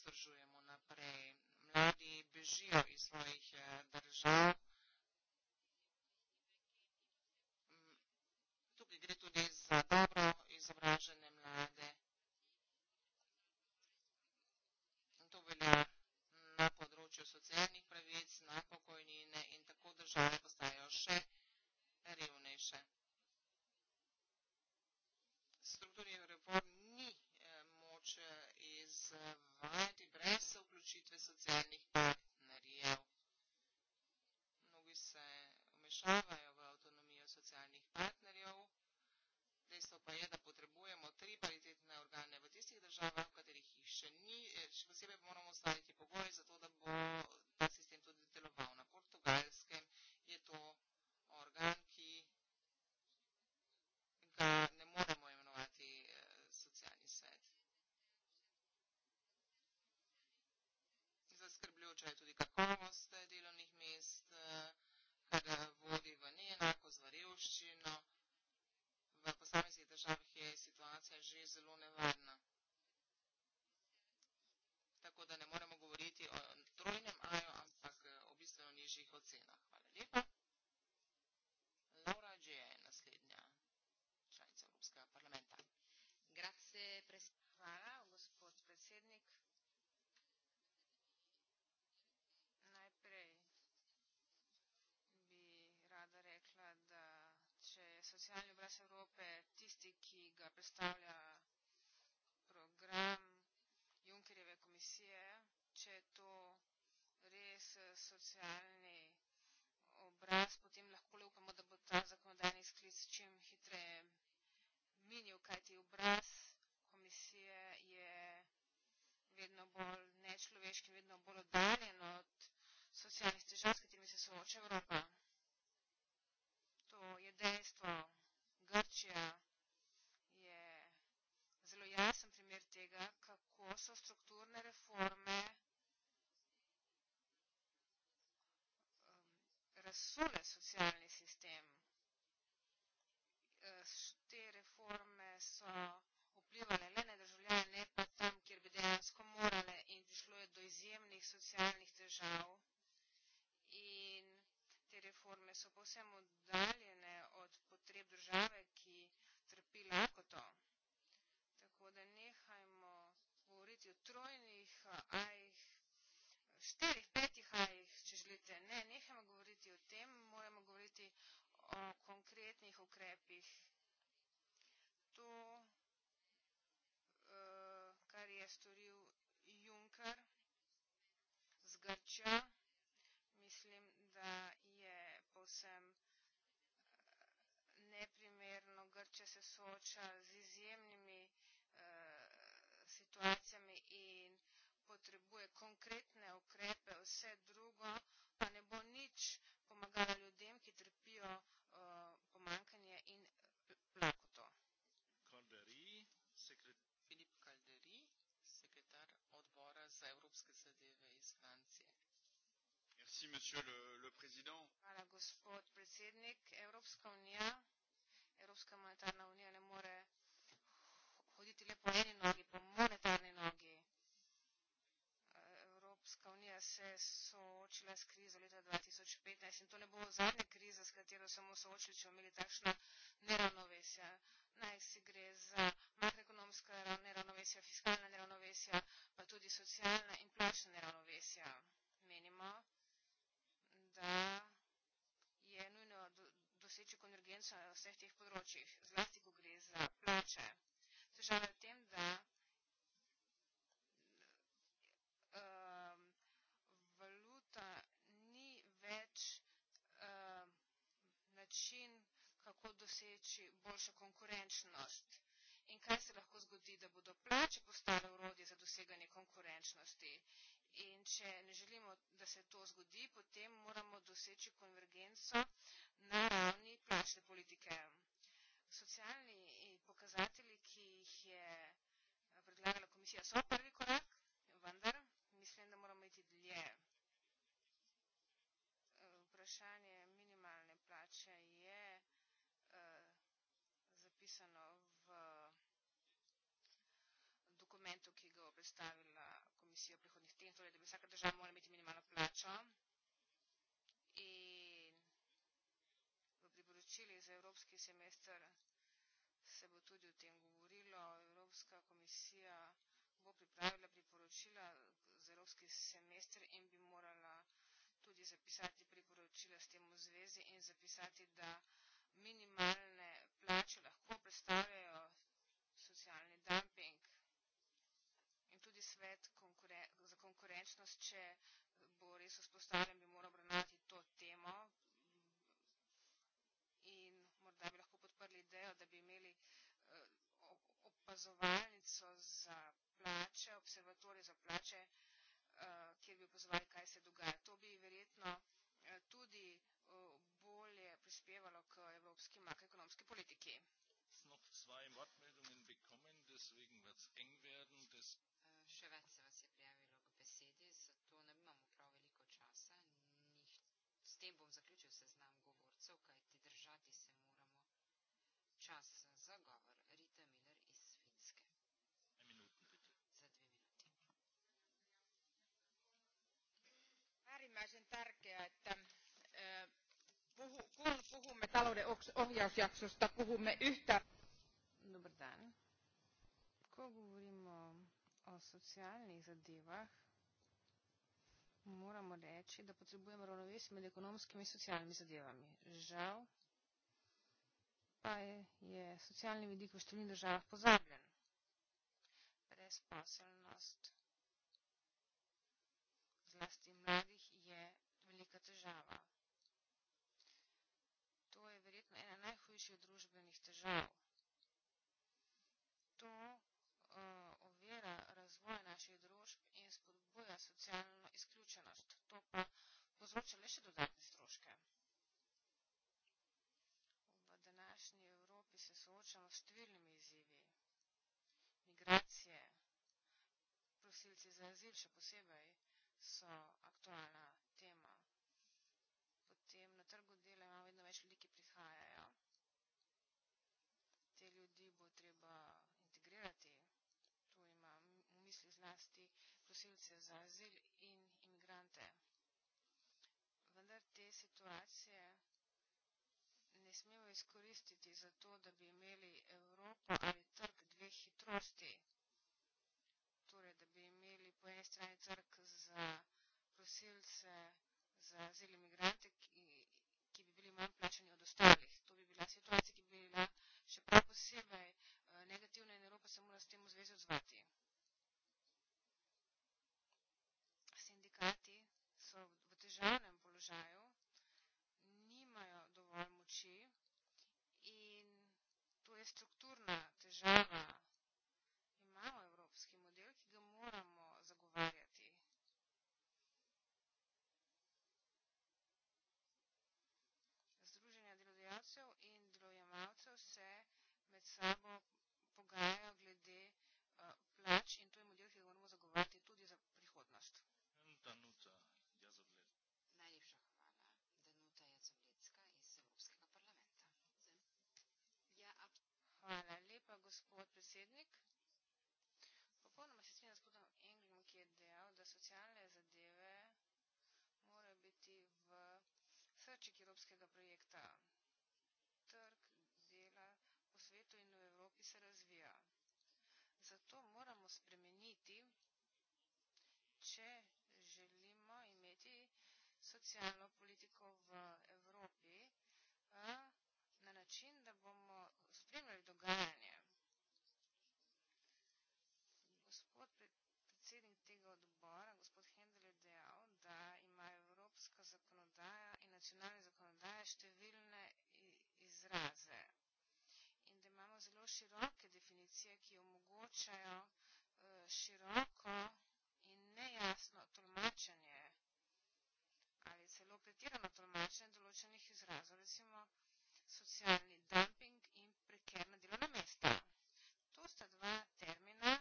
vzdržujemo naprej. Mladi bežijo iz svojih eh, držav. Mm, tukaj gre tudi za dobro izobražene mlade. To velja na področju socialnih pravic, na pokojnine in tako države postajajo še revnejše. Strukturni reform ni eh, moč eh, iz odločitve socialnih partnerjev. Mnogi se vmešavajo v avtonomijo socialnih partnerjev. Dejstvo pa je, da potrebujemo tri paritetne organe v tistih državah, v katerih jih še ni. Eh, še posebej moramo ustaviti pogoje za to, da bo če je to res eh, socialni obraz, potem lahko le upamo, da bo ta zakonodajni sklic čim hitreje minil, kajti obraz komisije je vedno bolj nečloveški, vedno bolj oddaljen od socialnih težav, s katerimi se sooča Evropa. To je dejstvo. Grčija je zelo jasen primer tega, kako so strukturne reforme. sesule socialni sistem. Eh, te reforme so vplivale le na državljane, ne pa tam, kjer bi dejansko morale in prišlo je do izjemnih socialnih težav. In te reforme so povsem oddaljene od potreb države, ki trpi lakoto. Tako da nehajmo govoriti o trojnih eh, ajih štirih, petih ajih, če želite. Ne, nehajmo govoriti o tem, moramo govoriti o konkretnih ukrepih. To, eh, kar je storil Junker z Grča, mislim, da je povsem eh, neprimerno. Grča se sooča z izjemnimi eh, situacijami in potrebuje konkretne ukrepe, vse drugo, pa ne bo nič pomagalo ljudem, ki trpijo uh, eh, pomankanje in eh, lakoto. Kalderi, sekret... Filip Kalderi, sekretar odbora za evropske zadeve iz Francije. Merci, monsieur le, le président. Hvala, gospod predsednik. Evropska unija, Evropska monetarna unija ne more hoditi le po eni nogi, po monetarni. Slovenija se je soočila s krizo leta 2015 in to ne bo zadnja kriza, s katero smo soočili, če imeli takšna neravnovesja. Naj si gre za makroekonomska neravnovesja, fiskalna neravnovesja, pa tudi socialna in plačna neravnovesja. Menimo, da je nujno doseči konvergenco na vseh teh področjih, zlasti, ko gre za plače. Težava je v tem, da doseči boljšo konkurenčnost. In kaj se lahko zgodi, da bodo plače postale urodje za doseganje konkurenčnosti. In če ne želimo, da se to zgodi, potem moramo doseči konvergenco na ravni plačne politike. Socialni eh, pokazatelji, ki jih je eh, predlagala komisija, so prvi korak, vendar zapisano v dokumentu, ki ga bo predstavila komisija prihodnih tem, torej, da bi vsaka država mora imeti minimalno plačo in v priporočili za evropski semester se bo tudi o tem govorilo. Evropska komisija bo pripravila priporočila za evropski semester in bi morala tudi zapisati priporočila s tem v zvezi in zapisati, da minimalna plače lahko predstavljajo socialni dumping in tudi svet konkuren za konkurenčnost, če bo res vzpostavljen, bi moral obravnavati to temo in morda bi lahko podprli idejo, da bi imeli eh, opazovalnico za plače, observatorij za plače, eh, kjer bi opazovali, kaj se dogaja. To bi verjetno tudi eh, bolje prispevalo k evropski makroekonomski politiki. Eh, še več se vas je prijavilo k besedi, zato ne imamo prav veliko časa. Nih, s tem bom zaključil seznam govorcev, kajti držati se moramo časa za govor. äärimmäisen tärkeää, että puhu, kun puhumme talouden ohjausjaksosta, puhumme yhtä. Dobrdan. Ko govorimo o socialnih zadevah, moramo reči, da potrebujemo ravnovesje med ekonomskimi in socialnimi zadevami. Žal pa je, je socialni vidik v številnih državah pozabljen. Brezposelnost, zlasti mladih, je velika težava. To je verjetno ena najhujših družbenih težav. To uh, ovira razvoj naših družb in spodbuja socialno izključenost. To pa povzroča le še dodatne stroške. V današnji Evropi se soočamo s številnimi izzivi. Migracije, prosilci za azil še posebej so aktualna tema. Potem na trgu dela imamo vedno več ljudi, ki prihajajo. Te ljudi bo treba integrirati. Tu imam v misli zlasti prosilce za azil in imigrante. Vendar te situacije ne smemo izkoristiti za to, da bi imeli Evropo ali trg dveh hitrosti po eni strani trg za prosilce, za azilne migrante, ki, ki bi bili manj plačani od ostalih. To bi bila situacija, ki bi bila ah, še prav posebej negativna in Evropa se mora s tem v zvezi odzvati. Sindikati so v težavnem položaju, nimajo dovolj moči in e to je strukturna težava. kupcev in delojemalcev se med sabo pogajajo glede uh, plač in to je model, ki ga moramo zagovarjati tudi za prihodnost. Nuta, nuta, Najlepša hvala, Danuta Jacobletska iz Evropskega parlamenta. Ja, hvala lepa, gospod predsednik. Popolnoma se strinjam s gospodom Englom, ki je dejal, da socialne zadeve morajo biti v srčik evropskega projekta. moramo spremeniti, če želimo imeti socialno politiko v Evropi na način, da bomo spremljali dogajanje. Gospod predsednik tega odbora, gospod Hendel je dejal, da ima evropska zakonodaja in nacionalna zakonodaja številne izraze in da imamo zelo široke definicije, ki omogočajo široko in nejasno tolmačenje ali celo pretirano tolmačenje določenih izrazov, recimo socialni dumping in prekerna delovna mesta. To sta dva termina,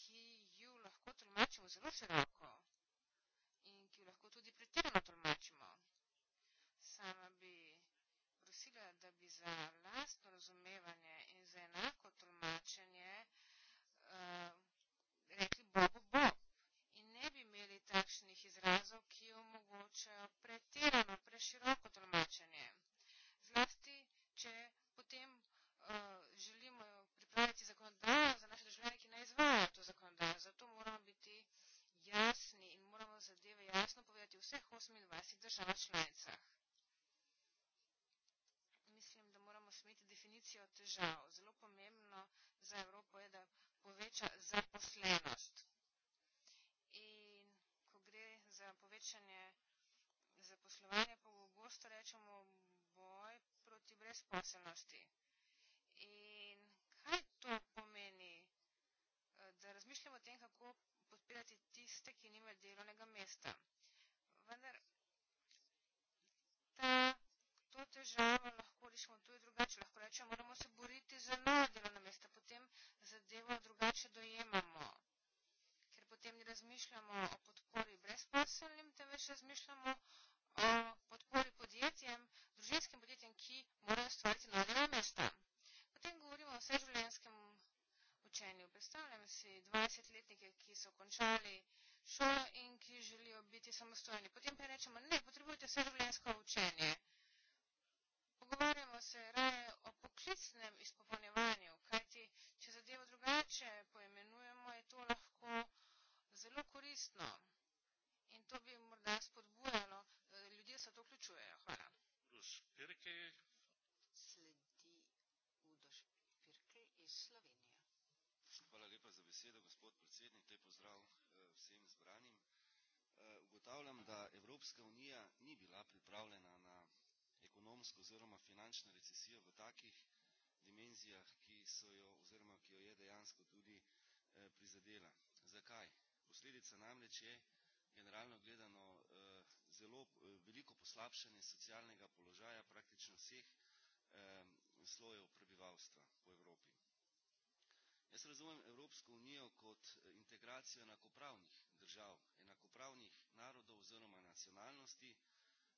ki ju lahko tolmačimo zelo široko in ki ju lahko tudi pretirano tolmačimo. Sama bi prosila, da bi za lastno razumevanje in za enako tolmačenje uh, rekli Bogu bo. In ne bi imeli takšnih izrazov, ki omogočajo pretirano, preširoko tolmačenje. Zlasti, če potem uh, želimo pripraviti zakonodajo za naše državljane, ki naj izvajajo to zakonodajo. Zato moramo biti jasni in moramo zadeve jasno povedati v vseh 28 držav članicah. Mislim, da moramo smeti definicijo težav. Zelo pomembno za Evropo je, da poveča zaposlenost. In ko gre za povečanje zaposlovanja, pa gosto rečemo boj proti brezposelnosti. In kaj to pomeni? Da razmišljamo o tem, kako podpirati tiste, ki nimajo delovnega mesta. Vendar ta, to težavo lahko smo tu drugače, lahko rečem, moramo se boriti za nove delovna mesta, potem zadevo drugače dojemamo, ker potem ne razmišljamo o podpori brezposelnim, temveč razmišljamo o podpori podjetjem, družinskim podjetjem, ki morajo stvariti nove delovna mesta. Potem govorimo o vseživljenjskem učenju. Predstavljam si 20-letnike, ki so končali šolo in ki želijo biti samostojni. Potem pa rečemo, ne, potrebujete vseživljenjsko učenje pogovarjamo se raje o poklicnem izpopolnjevanju, kajti če zadevo drugače poimenujemo, je to lahko zelo koristno in to bi morda spodbujalo, eh, ljudje se to vključujejo. Hvala. Rus Pirke. Sledi Udoš Pirke iz Slovenije. Hvala lepa za besedo, gospod predsednik, te pozdrav eh, vsem zbranim. Eh, ugotavljam, da Evropska unija ni bila pripravljena na ekonomsko oziroma finančno recesijo v takih dimenzijah, ki so jo oziroma ki jo je dejansko tudi eh, prizadela. Zakaj? Posledica namreč je generalno gledano eh, zelo eh, veliko poslabšanje socialnega položaja praktično vseh eh, slojev prebivalstva po Evropi. Jaz razumem Evropsko unijo kot eh, integracijo enakopravnih držav, enakopravnih narodov oziroma nacionalnosti,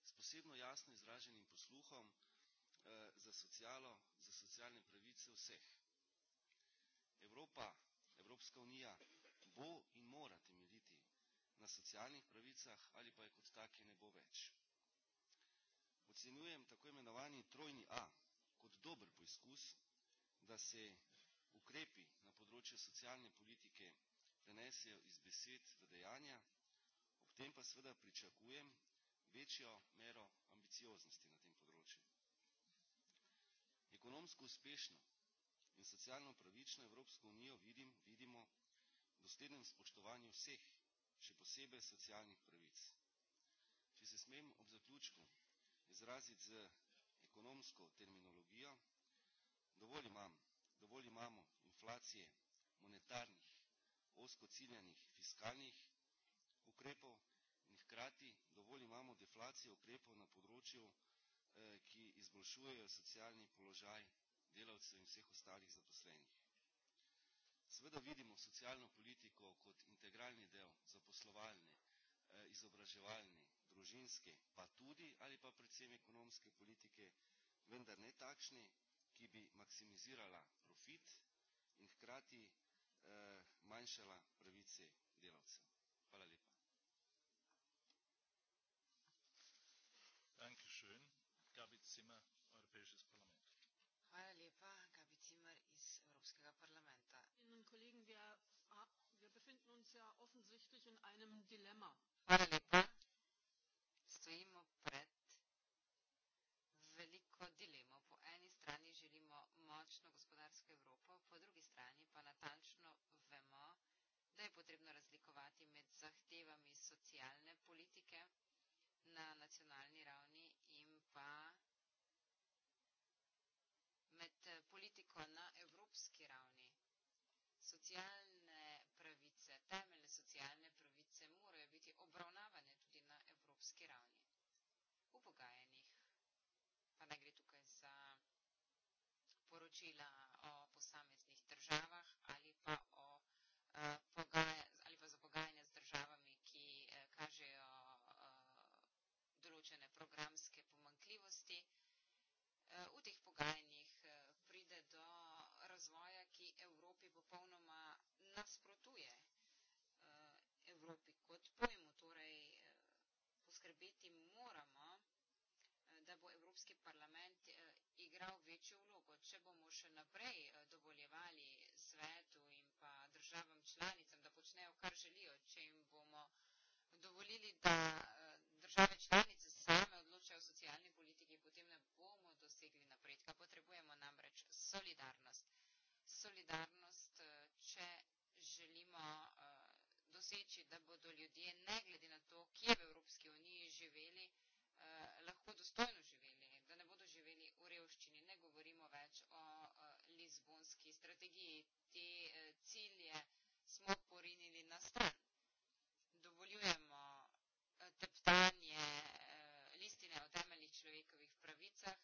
s posebno jasno izraženim posluhom eh, za socialo, za socialne pravice vseh. Evropa, Evropska unija bo in mora temeljiti na socialnih pravicah ali pa je kot take ne bo več. Ocenjujem tako imenovani trojni A kot dober poizkus, da se ukrepi na področju socialne politike prenesejo iz besed v dejanja, ob tem pa seveda pričakujem večjo mero ambicioznosti na tem področju. Ekonomsko uspešno in socialno pravično Evropsko unijo vidim, vidimo v doslednem spoštovanju vseh, še posebej socialnih pravic. Če se smem ob zaključku izraziti z ekonomsko terminologijo, dovolj imam, dovolj imamo inflacije monetarnih, oskociljanih fiskalnih ukrepov in hkrati dovolj imamo deflacijo ukrepov na področju, eh, ki izboljšujejo socialni položaj delavcev in vseh ostalih zaposlenih. Seveda vidimo socialno politiko kot integralni del zaposlovalne, eh, izobraževalne, družinske, pa tudi ali pa predvsem ekonomske politike, vendar ne takšne, ki bi maksimizirala profit in hkrati eh, manjšala pravice delavcev. offensichtlich in einem Dilemma. Hvala lepa. Stojimo pred veliko dilemo. Po eni strani želimo močno gospodarsko Evropo, po drugi strani pa natančno vemo, da je potrebno razlikovati med zahtevami socialne politike na nacionalni ravni in pa med politiko na evropski ravni. Socialne socialne pravice morajo biti obravnavane tudi na evropski ravni. V pogajanjih, pa naj gre tukaj za poročila o posameznih državah ali pa, o, eh, ali pa za pogajanja z državami, ki eh, kažejo eh, določene programske pomankljivosti, v teh pogajanjih pride do razvoja, ki Evropi popolno Evropi kot pojmu, torej eh, poskrbeti moramo, eh, da bo Evropski parlament eh, igral večjo vlogo. Če bomo še naprej dovoljevali svetu in pa državam članicam, da počnejo, kar želijo, če jim bomo dovolili, da države članice same odločajo o socialni politiki, potem ne bomo dosegli napredka. Potrebujemo namreč solidarnost. Solidarnost, če želimo uh, doseči, da bodo ljudje, ne glede na to, kje v Evropski uniji živeli, eh, lahko dostojno živeli, da ne bodo živeli v revščini. Ne govorimo več o eh, lizbonski strategiji. Te eh, cilje smo porinili na stran. Dovoljujemo eh, teptanje eh, listine o temeljih človekovih pravicah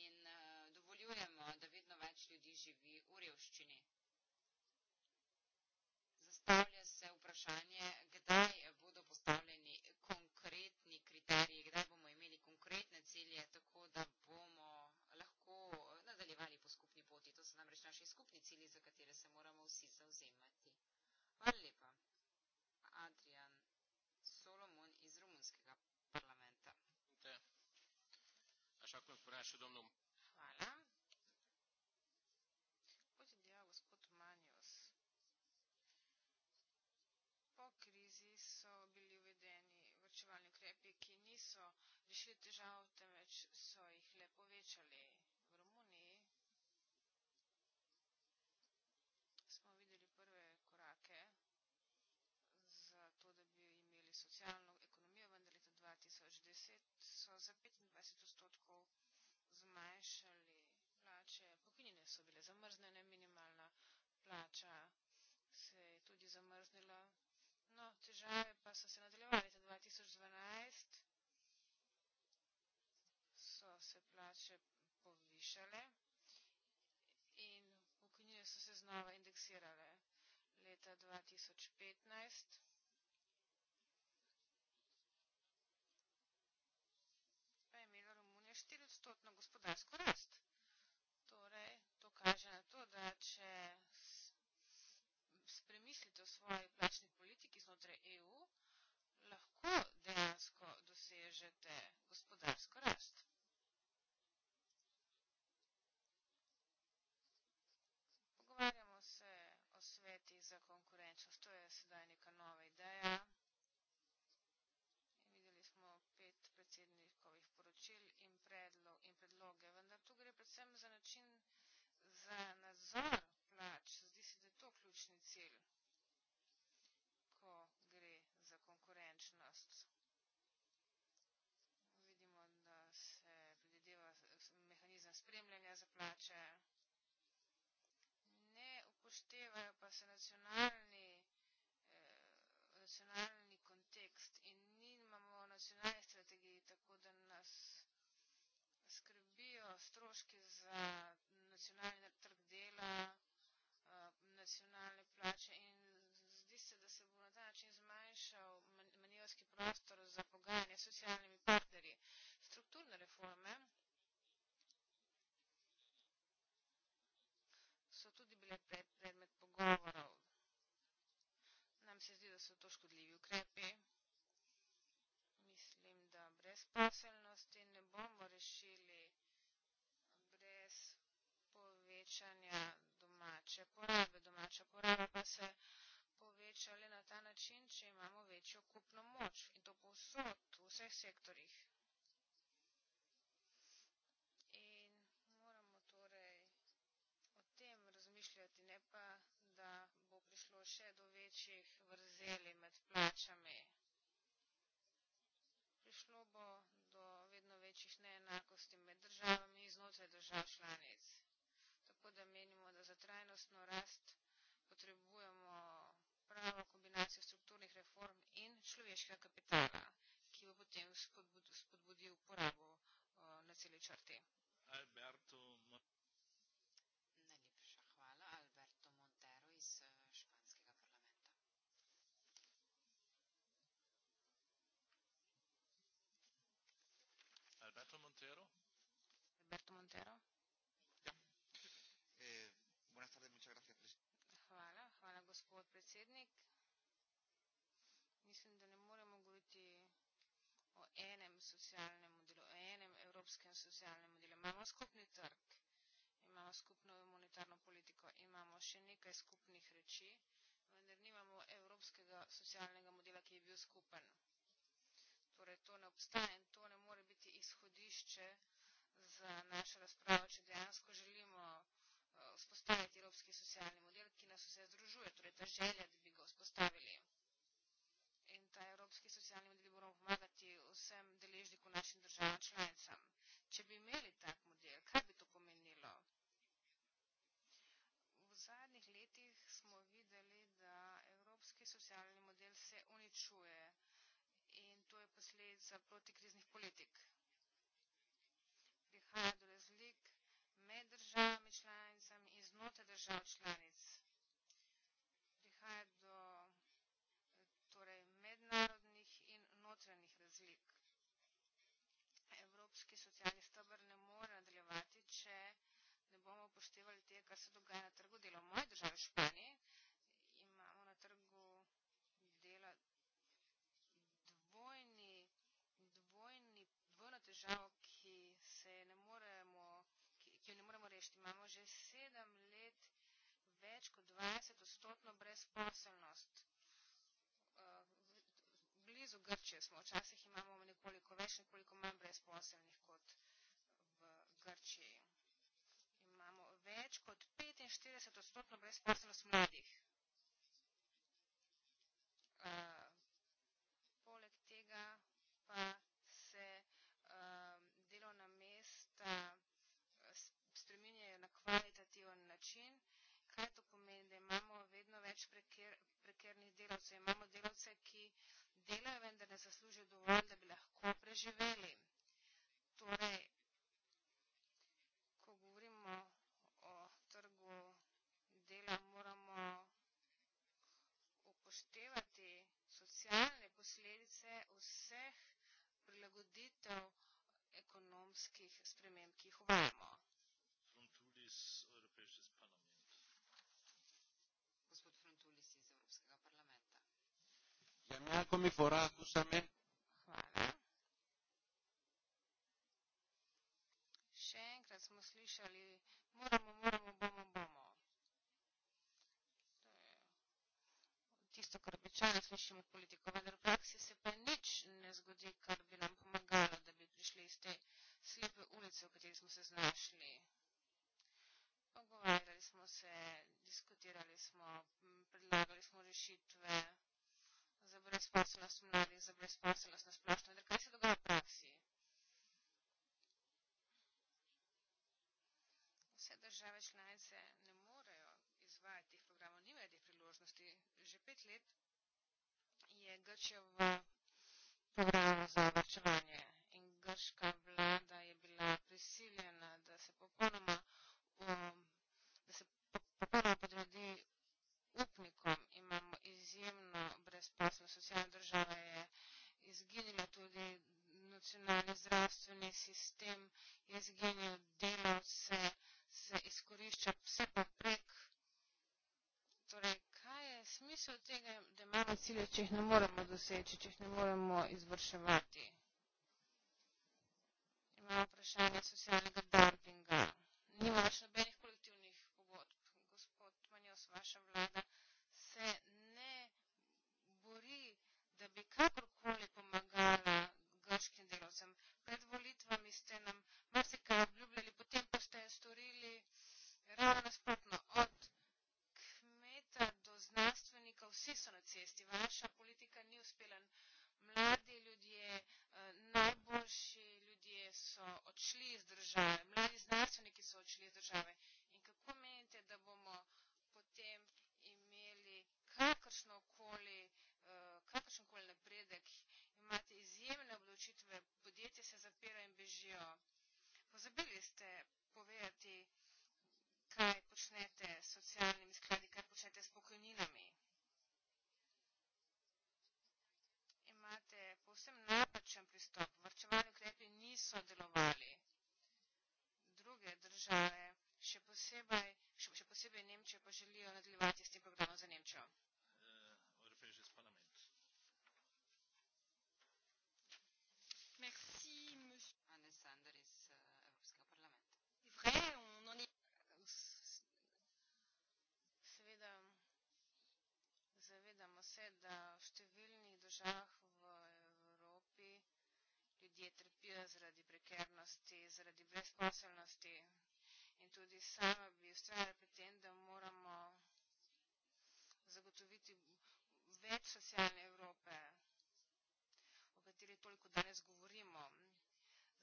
in eh, dovoljujemo, da vedno več ljudi živi v revščini se vprašanje, kdaj bodo postavljeni konkretni kriteriji, kdaj bomo imeli konkretne cilje, tako da bomo lahko nadaljevali po skupni poti. To so namreč naši skupni cilji, za katere se moramo vsi zauzemati. Hvala lepa. Adrian Solomon iz Rumunskega parlamenta. Așa cum spunea și domnul so bili uvedeni vrčevalni ukrepi, ki niso rešili težav, temveč so jih le povečali. V Romuniji smo videli prve korake za to, da bi imeli socialno ekonomijo, vendar leta 2010 so za 25 odstotkov zmanjšali plače, pokinjene so bile zamrznene, minimalna plača se je tudi zamrznila, No, težave pa so se nadaljevali za 2012. So se plače povišale in pokojnine so se znova indeksirale leta 2015. Pa je imela Romunija 4 odstotno gospodarsko rast. Torej, to kaže na to, da če spremislite o svoji plačni politiki, znotraj EU lahko dejansko dosežete gospodarsko rast. Pogovarjamo se o svetih za konkurenčnost. To je sedaj neka nova ideja. In videli smo pet predsednikovih poročil in, predlog, in predloge, vendar tu gre predvsem za način za nadzor plač. Zdi se, da je to ključni cilj. večnost. Vidimo, da se predvideva mehanizem spremljanja za plače. Ne upoštevajo pa se nacionalni, eh, nacionalni kontekst in nimamo nacionalne strategije, tako da nas skrbijo stroški za nacionalni trg dela, eh, nacionalne plače in zdi se, da se bo na ta način zmanjšal manevrski prostor za pogajanje s socialnimi partnerji. Strukturne reforme so tudi bile pred, predmet pogovorov. Nam se zdi, da so to škodljivi ukrepi. Mislim, da brez poselnosti ne bomo rešili brez povečanja domače porabe. Domača poraba pa se povečali na ta način, če imamo večjo kupno moč in to povsod, v vseh sektorjih. In moramo torej o tem razmišljati, ne pa, da bo prišlo še do večjih vrzeli med plačami. Prišlo bo do vedno večjih neenakosti med državami in znotraj držav članic. Tako da menimo, da za trajnostno rast potrebujemo pravo kombinacijo strukturnih reform in človeškega kapitala, ki bo potem spodbudil, spodbudil porabo eh, na celi črti. Alberto Najlepša hvala. Alberto Montero iz eh, Španskega parlamenta. Alberto Montero. Alberto Montero. predsednik. Mislim, da ne moremo govoriti o enem socialnem modelu, o enem evropskem socialnem modelu. Imamo skupni trg, imamo skupno monetarno politiko, imamo še nekaj skupnih reči, vendar nimamo evropskega socialnega modela, ki je bil skupen. Torej, to ne obstaja in to ne more biti izhodišče za našo razpravo, če dejansko želimo eh, vzpostaviti evropski socialni model, ki nas vse združuje. Torej, ta želja posledica protikriznih politik. Prihaja do razlik med državami članicami in znotraj držav članic. Prihaja do torej, mednarodnih in notranjih razlik. Evropski socialni stebr ne more nadaljevati, če ne bomo upoštevali tega, kar se dogaja na trgu delo. Moje države Španije imamo že sedem let več kot 20 odstotno brezposelnost. Eh, blizu Grčije smo, včasih imamo nekoliko več, nekoliko manj brezposelnih kot v Grčiji. Imamo več kot 45 odstotno brezposelnost mladih. Uh, način. Kaj to pomeni, da imamo vedno več preker, prekernih delavcev? Imamo delavce, ki delajo, vendar ne zaslužijo dovolj, da bi lahko preživeli. Torej, ko govorimo o trgu dela, moramo upoštevati socialne posledice vseh prilagoditev ekonomskih sprememb, ki jih uvajamo. Για μια ακόμη φορά ακούσαμε. Χαλά. Σένκρα, μου σλίσαλι. Μόνο μου, μόνο μου, μόνο μου, μόνο μου. Τι στο Καρπιτσάνα, σλίσαμε πολιτικό. Βέβαια, πράξη σε πενίτ, ναι, σγουδί, καρπί, να πούμε γκάλα, να μην πρισλεί, στε σλίπε ούλιτσε, ο κατήρι μου σε σνάσλι. Pogovarjali smo se, diskutirali smo, predlagali smo rešitve za brezposelnost mladih, za brezposelnost na splošno. Da kaj se dogaja v praksi? Vse države članice ne morejo izvajati teh programov, nimajo teh priložnosti. Že pet let je Grčija v programu za obrčevanje in grška vlada je bila prisiljena, da se popolnoma, um, da se popolnoma podredi upnikom izjemno brezposlo, socialna država je izginila, tudi nacionalni zdravstveni sistem je izginil, delavce se izkorišča vse poprek. Torej, kaj je smisel tega, da imamo cilje, če jih ne moremo doseči, če jih ne moremo izvrševati? Imamo vprašanje socialnega dumpinga. Ni več nobenih. ste nam marsikaj obljubljali, potem pa ste storili ravno nasprotno. Od kmeta do znanstvenika, vsi so na cesti. Vaša politika ni uspela. Mladi ljudje, eh, najboljši ljudje so odšli iz države, mladi znanstveniki so odšli iz države. In kako menite, da bomo potem imeli kakršnokoli, eh, kakršnokoli napredek, imate izjemne obdobje? odločitve, podjetje se zapira in bežijo. Pozabili ste povedati, kaj počnete s socialnimi skladi, kaj počnete s pokojninami. Imate povsem napačen pristop. Vrčevalni ukrepi niso delovali. Druge države, še posebej, še posebej Nemčijo, pa želijo nadaljevati s tem programom za Nemčijo. se, da v številnih državah v Evropi ljudje trpijo zaradi prekernosti, zaradi brezposelnosti. In tudi sama bi ustvarjala pri tem, da moramo zagotoviti več socialne Evrope, o kateri toliko danes govorimo.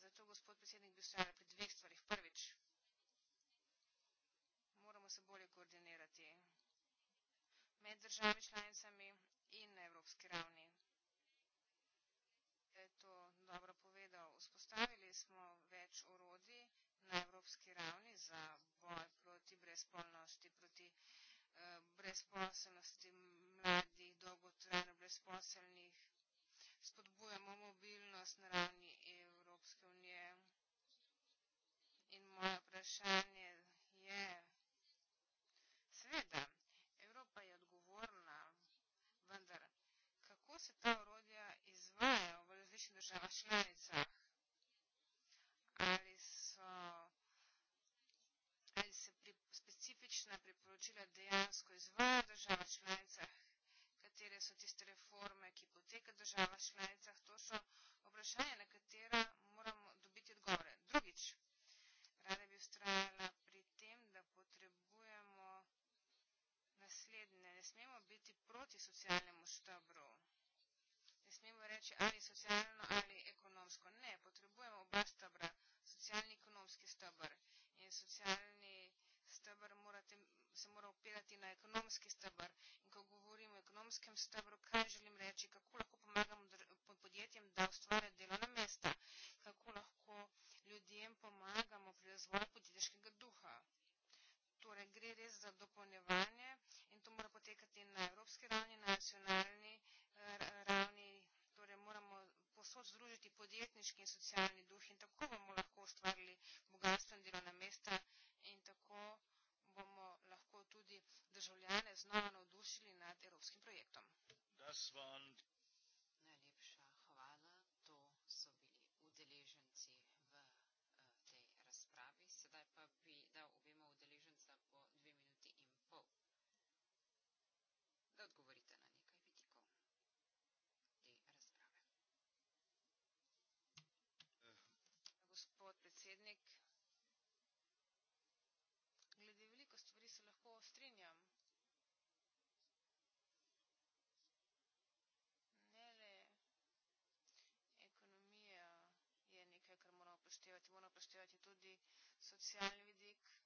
Zato, gospod predsednik, bi ustvarjala pri dveh stvarih. Prvič, moramo se bolje koordinirati med državi članicami in na evropski ravni. Je to dobro povedal. Vzpostavili smo več orodij na evropski ravni za boj proti brezpolnosti, proti eh, brezposelnosti mladih, dolgotrajno brezposelnih. Spodbujamo mobilnost na ravni Evropske unije. In moje vprašanje je, seveda, različnih državah članicah. Ali so ali se pri, specifična priporočila dejansko izvaja v državah članicah, katere so tiste reforme, ki poteka v državah članicah, to so vprašanja, na katera moramo dobiti odgovore. Drugič, rada bi ustrajala pri tem, da potrebujemo naslednje. Ne smemo biti proti socialnemu štabru smemo reči ali socialno ali ekonomsko. Ne, potrebujemo oba stebra, socialni ekonomski stebr in socialni stebr morate, se mora upirati na ekonomski stebr. In ko govorimo o ekonomskem stebru, kaj želim reči, kako lahko pomagamo podjetjem, da ustvarjajo delovna mesta, kako lahko ljudem pomagamo pri razvoju podjetniškega duha. Torej, gre res za dopolnjevanje in to mora potekati na evropski ravni, na nacionalni eh, ravni povsod združiti podjetniški in socialni duh in tako bomo lahko ustvarili bogatstvo in delovna mesta in tako bomo lahko tudi državljane znova navdušili nad evropskim projektom. Das waren socialni vidik.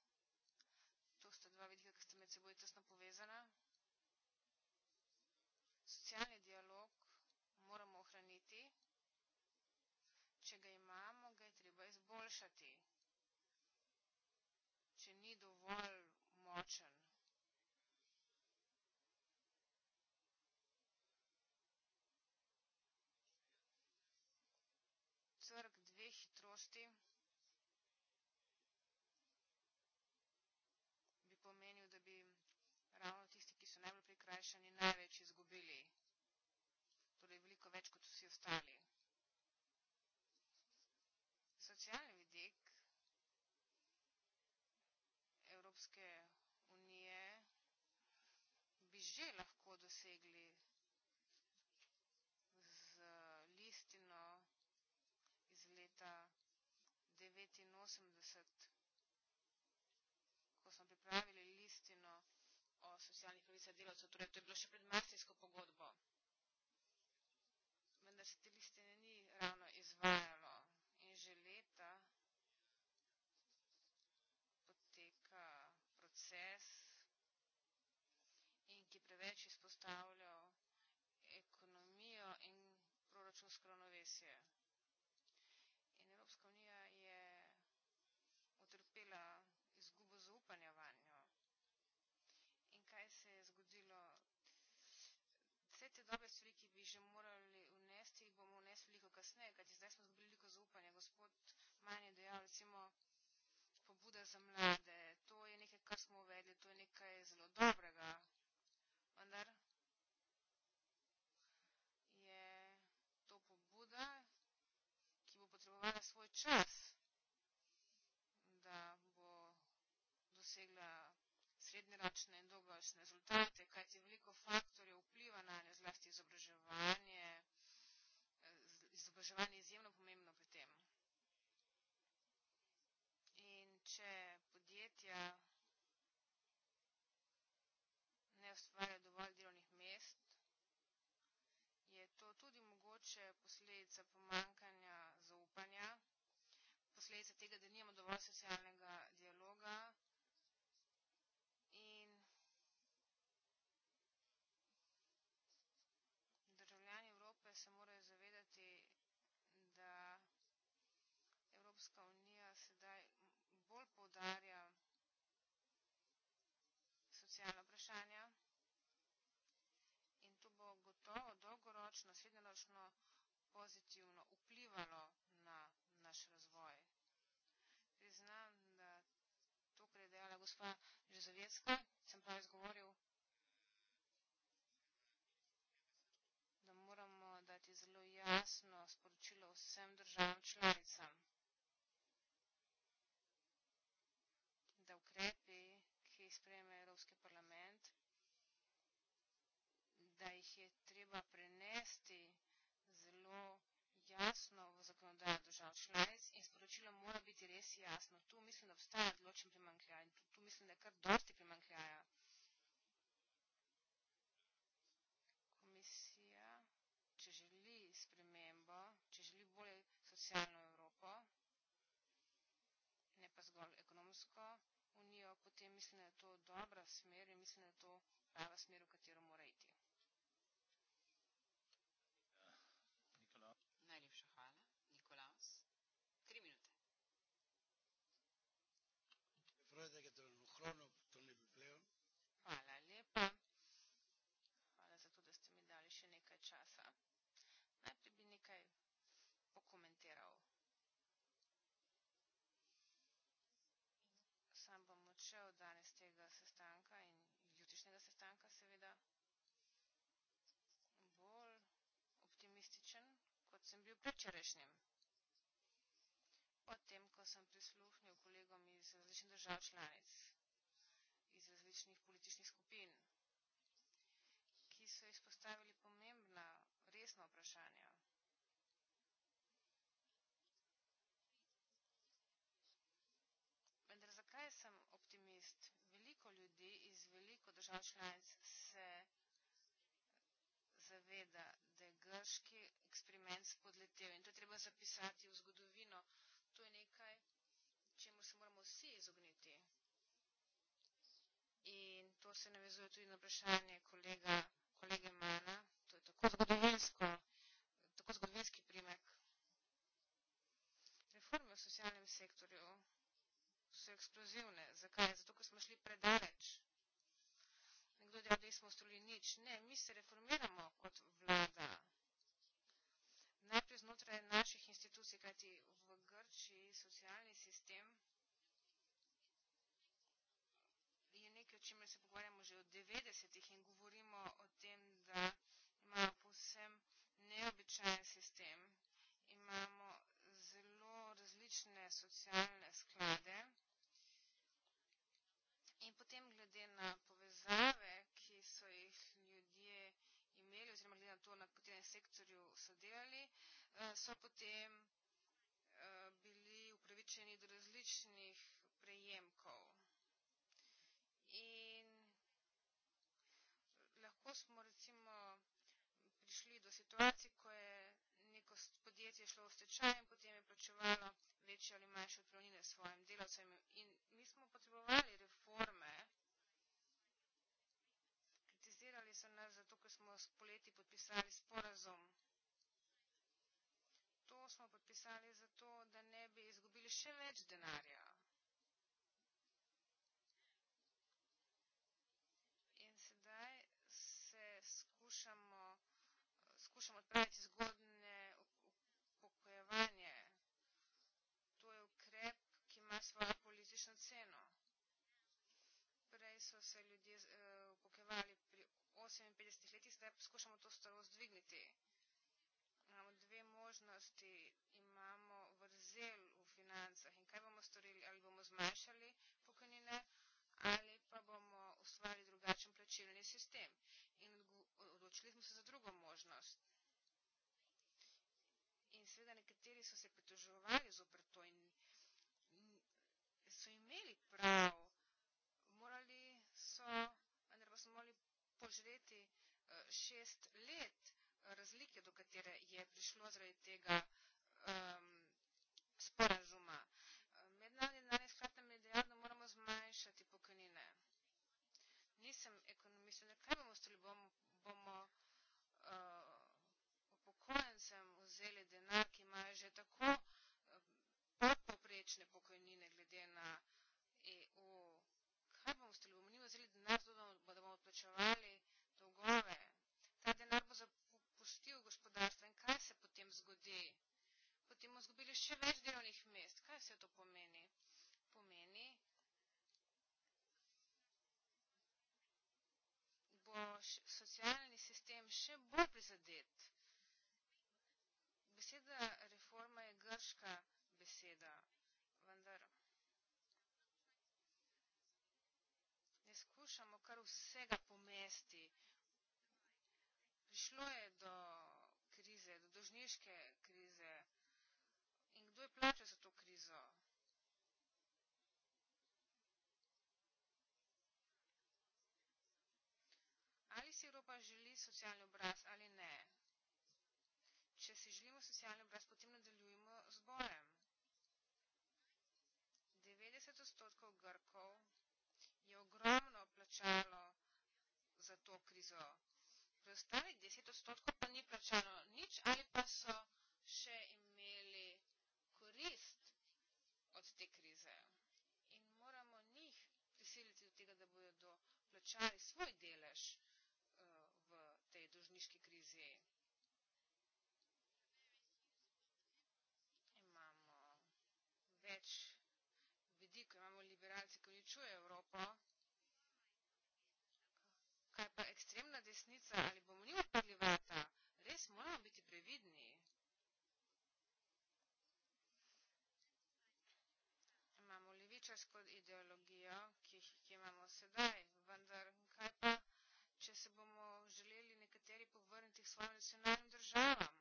To sta dva vidika, ki sta med seboj tesno povezana. Socialni dialog moramo ohraniti. Če ga imamo, ga je treba izboljšati. Če ni dovolj močen. Trg dve hitrosti. najbolj prikrajšani največ izgubili, torej veliko več kot vsi ostali. Socialni vidik Evropske unije bi že lahko dosegli z listino iz leta 1989, ko smo pripravili socialnih pravica delavcev, torej to je bilo še pred marsijsko pogodbo. Vendar se te listine ni ravno izvajalo in že leta poteka proces in ki preveč izpostavljal ekonomijo in proračunsko ravnovesje. dobre stvari, ki bi že morali vnesti, jih bomo vnesli veliko kasneje, kajti zdaj smo zgubili veliko zaupanja. Gospod Manj je dejal, recimo, pobuda za mlade, to je nekaj, kar smo uvedli, to je nekaj zelo dobrega, vendar je to pobuda, ki bo potrebovala svoj čas, da bo dosegla dolgoročne in dolgoročne rezultate, kajti veliko faktorjev vpliva na nje, zlasti izobraževanje. Eh, izobraževanje je izjemno pomembno pri tem. In če podjetja ne ustvarjajo dovolj delovnih mest, je to tudi mogoče posledica pomankanja zaupanja, posledica tega, da nimamo dovolj socialnega poudarja socialno vprašanje. In to bo gotovo dolgoročno, srednjeročno pozitivno vplivalo na naš razvoj. Priznam, da to, kar je dejala gospa Žezovjetska, sem prav izgovoril, da moramo dati zelo jasno sporočilo vsem državam članicam. uvesti zelo jasno v zakonodajo držav članic in sporočilo mora biti res jasno. Tu mislim, da obstaja določen primankljaj in tu, tu mislim, da je kar dosti primankljaja. Komisija, če želi spremembo, če želi bolj socialno Evropo, ne pa zgolj ekonomsko unijo, potem mislim, da je to dobra smer in mislim, da je to prava smer, v katero mora iti. hrono, to ne bi plejo. Hvala lepa. Hvala za to, da ste mi dali še nekaj časa. Najprej bi nekaj pokomentiral. Sam bom odšel danes tega sestanka in jutrišnjega sestanka seveda bolj optimističen, kot sem bil pričerešnjem. Potem, ko sem prisluhnil kolegom iz različnih držav članic, različnih političnih skupin, ki so izpostavili pomembna, resna vprašanja. Vendar zakaj sem optimist? Veliko ljudi iz veliko držav članic se zaveda, da je grški eksperiment spodletel in to treba zapisati v zgodovino. To je nekaj, čemu se moramo vsi izogniti to se navezuje tudi na vprašanje kolega, kolege Mana, to je tako zgodovinsko, tako zgodovinski primek. Reforme v socialnem sektorju so eksplozivne. Zakaj? Zato, ker smo šli predaleč. Nekdo je da smo ustrojili nič. Ne, mi se reformiramo kot vlada. Najprej znotraj naših institucij, kajti v Grči socialni sistem pogovarjamo že od 90-ih in govorimo o tem, da imamo povsem neobičajen sistem. Imamo zelo različne socialne sklade. In potem glede na povezave, ki so jih ljudje imeli, oziroma glede na to, na katerem sektorju so delali, eh, so potem eh, bili upravičeni do različnih prejemkov. In kako smo recimo prišli do situacije, ko je neko podjetje šlo v stečaj in potem je plačevalo večje ali manjše odpravnine svojim delavcem. In mi smo potrebovali reforme, kritizirali so nas zato, ker smo s poleti podpisali sporazum. To smo podpisali zato, da ne bi izgubili še več denarja. imeti zgodne upokojevanje. To je ukrep, ki ima svojo politično ceno. Prej so se ljudje uh, upokojevali pri 58 letih, zdaj poskušamo to starost dvigniti. Imamo dve možnosti, imamo vrzel v financah in kaj bomo storili, ali bomo zmanjšali pokojnine ali pa bomo ustvarili drugačen plačilni sistem. In odločili smo se za drugo možnost seveda nekateri so se pritoževali zopr to in, in so imeli prav, morali so, vendar pa so morali požreti eh, šest let razlike, do katere je prišlo zaradi tega um, sporazuma. Mednarodni danes skratka mi je dejal, da moramo zmanjšati pokojnine. Nisem ekonomist, da kaj bomo stali, bomo, bomo uh, eh, upokojencem vzeli denar, že tako eh, poprečne pokojnine glede na EU. Kaj bomo ste ljubo? Mi vzeli denar, da bomo odplačevali dolgove. Ta denar bo zapustil gospodarstvo in kaj se potem zgodi? Potem bomo zgubili še več delovnih mest. Kaj se to pomeni? Pomeni, bo socialni sistem še bolj prizadeti. Beseda reforma je grška beseda, vendar ne skušamo kar vsega pomesti. Prišlo je do krize, do dožniške krize. In kdo je plačal za to krizo? Ali si Evropa želi socialni obraz ali ne? če si želimo socialni obraz, potem nadaljujemo z bojem. 90 odstotkov Grkov je ogromno plačalo za to krizo. Preostali 10 odstotkov pa ni plačalo nič ali pa so še imeli korist od te krize. In moramo njih prisiliti do tega, da bodo plačali svoj delež. več vidikov, imamo liberalce, ki uničujejo Evropo, kaj pa ekstremna desnica, ali bomo njim odprli vrata, res moramo biti previdni. Imamo levičarsko ideologijo, ki, ki imamo sedaj, vendar kaj pa, če se bomo želeli nekateri povrniti k svojim nacionalnim državam.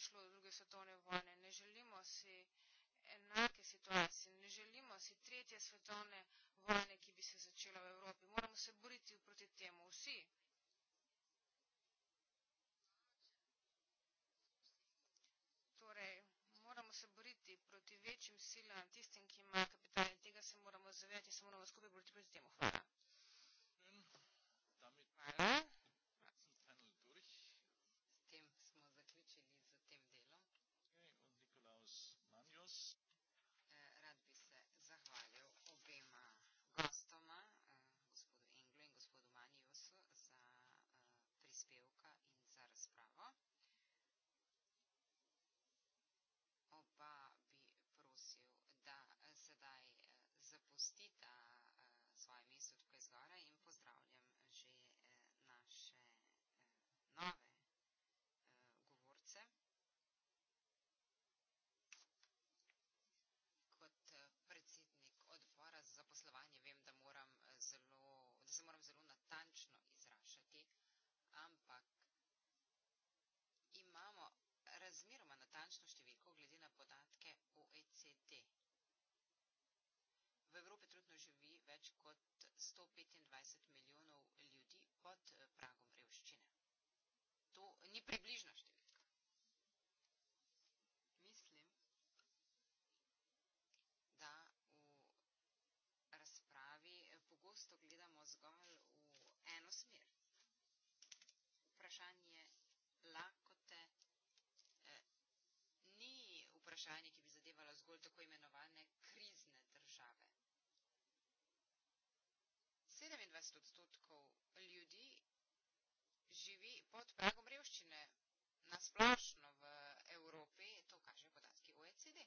prišlo do druge svetovne vojne. Ne želimo si enake situacije, ne želimo si tretje svetovne vojne, ki bi se začela v Evropi. Moramo se boriti proti temu vsi. Torej, moramo se boriti proti večjim silam, tistim, ki ima kapital in tega se moramo zavedati in se moramo skupaj boriti proti temu. Hvala. prispevka in za razpravo. Oba bi prosil, da eh, sedaj eh, zapustita eh, svoje mesto tukaj zgoraj in pozdravljam že naše nove govorce. Kot predsednik odbora za zaposlovanje vem, da, moram zelo, da se moram zelo natančno izgledati. natančno številko glede na podatke OECD. V Evropi trudno živi več kot 125 milijonov ljudi pod eh, pragom revščine. To ni približna številka. Mislim, da v razpravi eh, pogosto gledamo zgolj v eno smer. Vprašanje vprašanje, ki bi zadevalo zgolj tako imenovane krizne države. 27 odstotkov ljudi živi pod pragom revščine na splošno v Evropi, to kaže podatki OECD.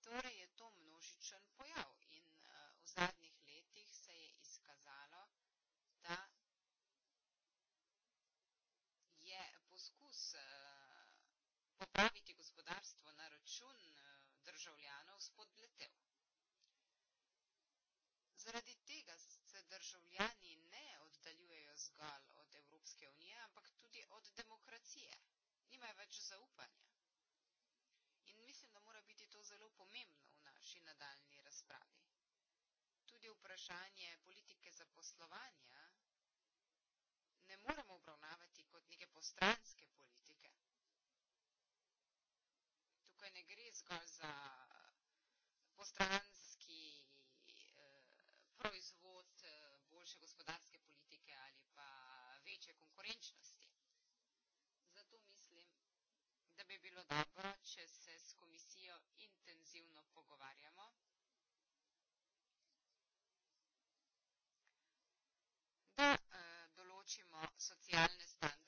Torej je to množičen pojav in v zadnjih letih se je izkazalo, da je poskus popraviti gospodarstvo račun eh, državljanov spodletel. Zaradi tega se državljani ne oddaljujejo zgolj od Evropske unije, ampak tudi od demokracije. Nimajo več zaupanja. In mislim, da mora biti to zelo pomembno v naši nadaljni razpravi. Tudi vprašanje politike zaposlovanja ne moremo obravnavati kot neke postranske. zgolj za postranski eh, proizvod eh, boljše gospodarske politike ali pa večje konkurenčnosti. Zato mislim, da bi bilo dobro, če se s komisijo intenzivno pogovarjamo. Da eh, določimo socialne standarde.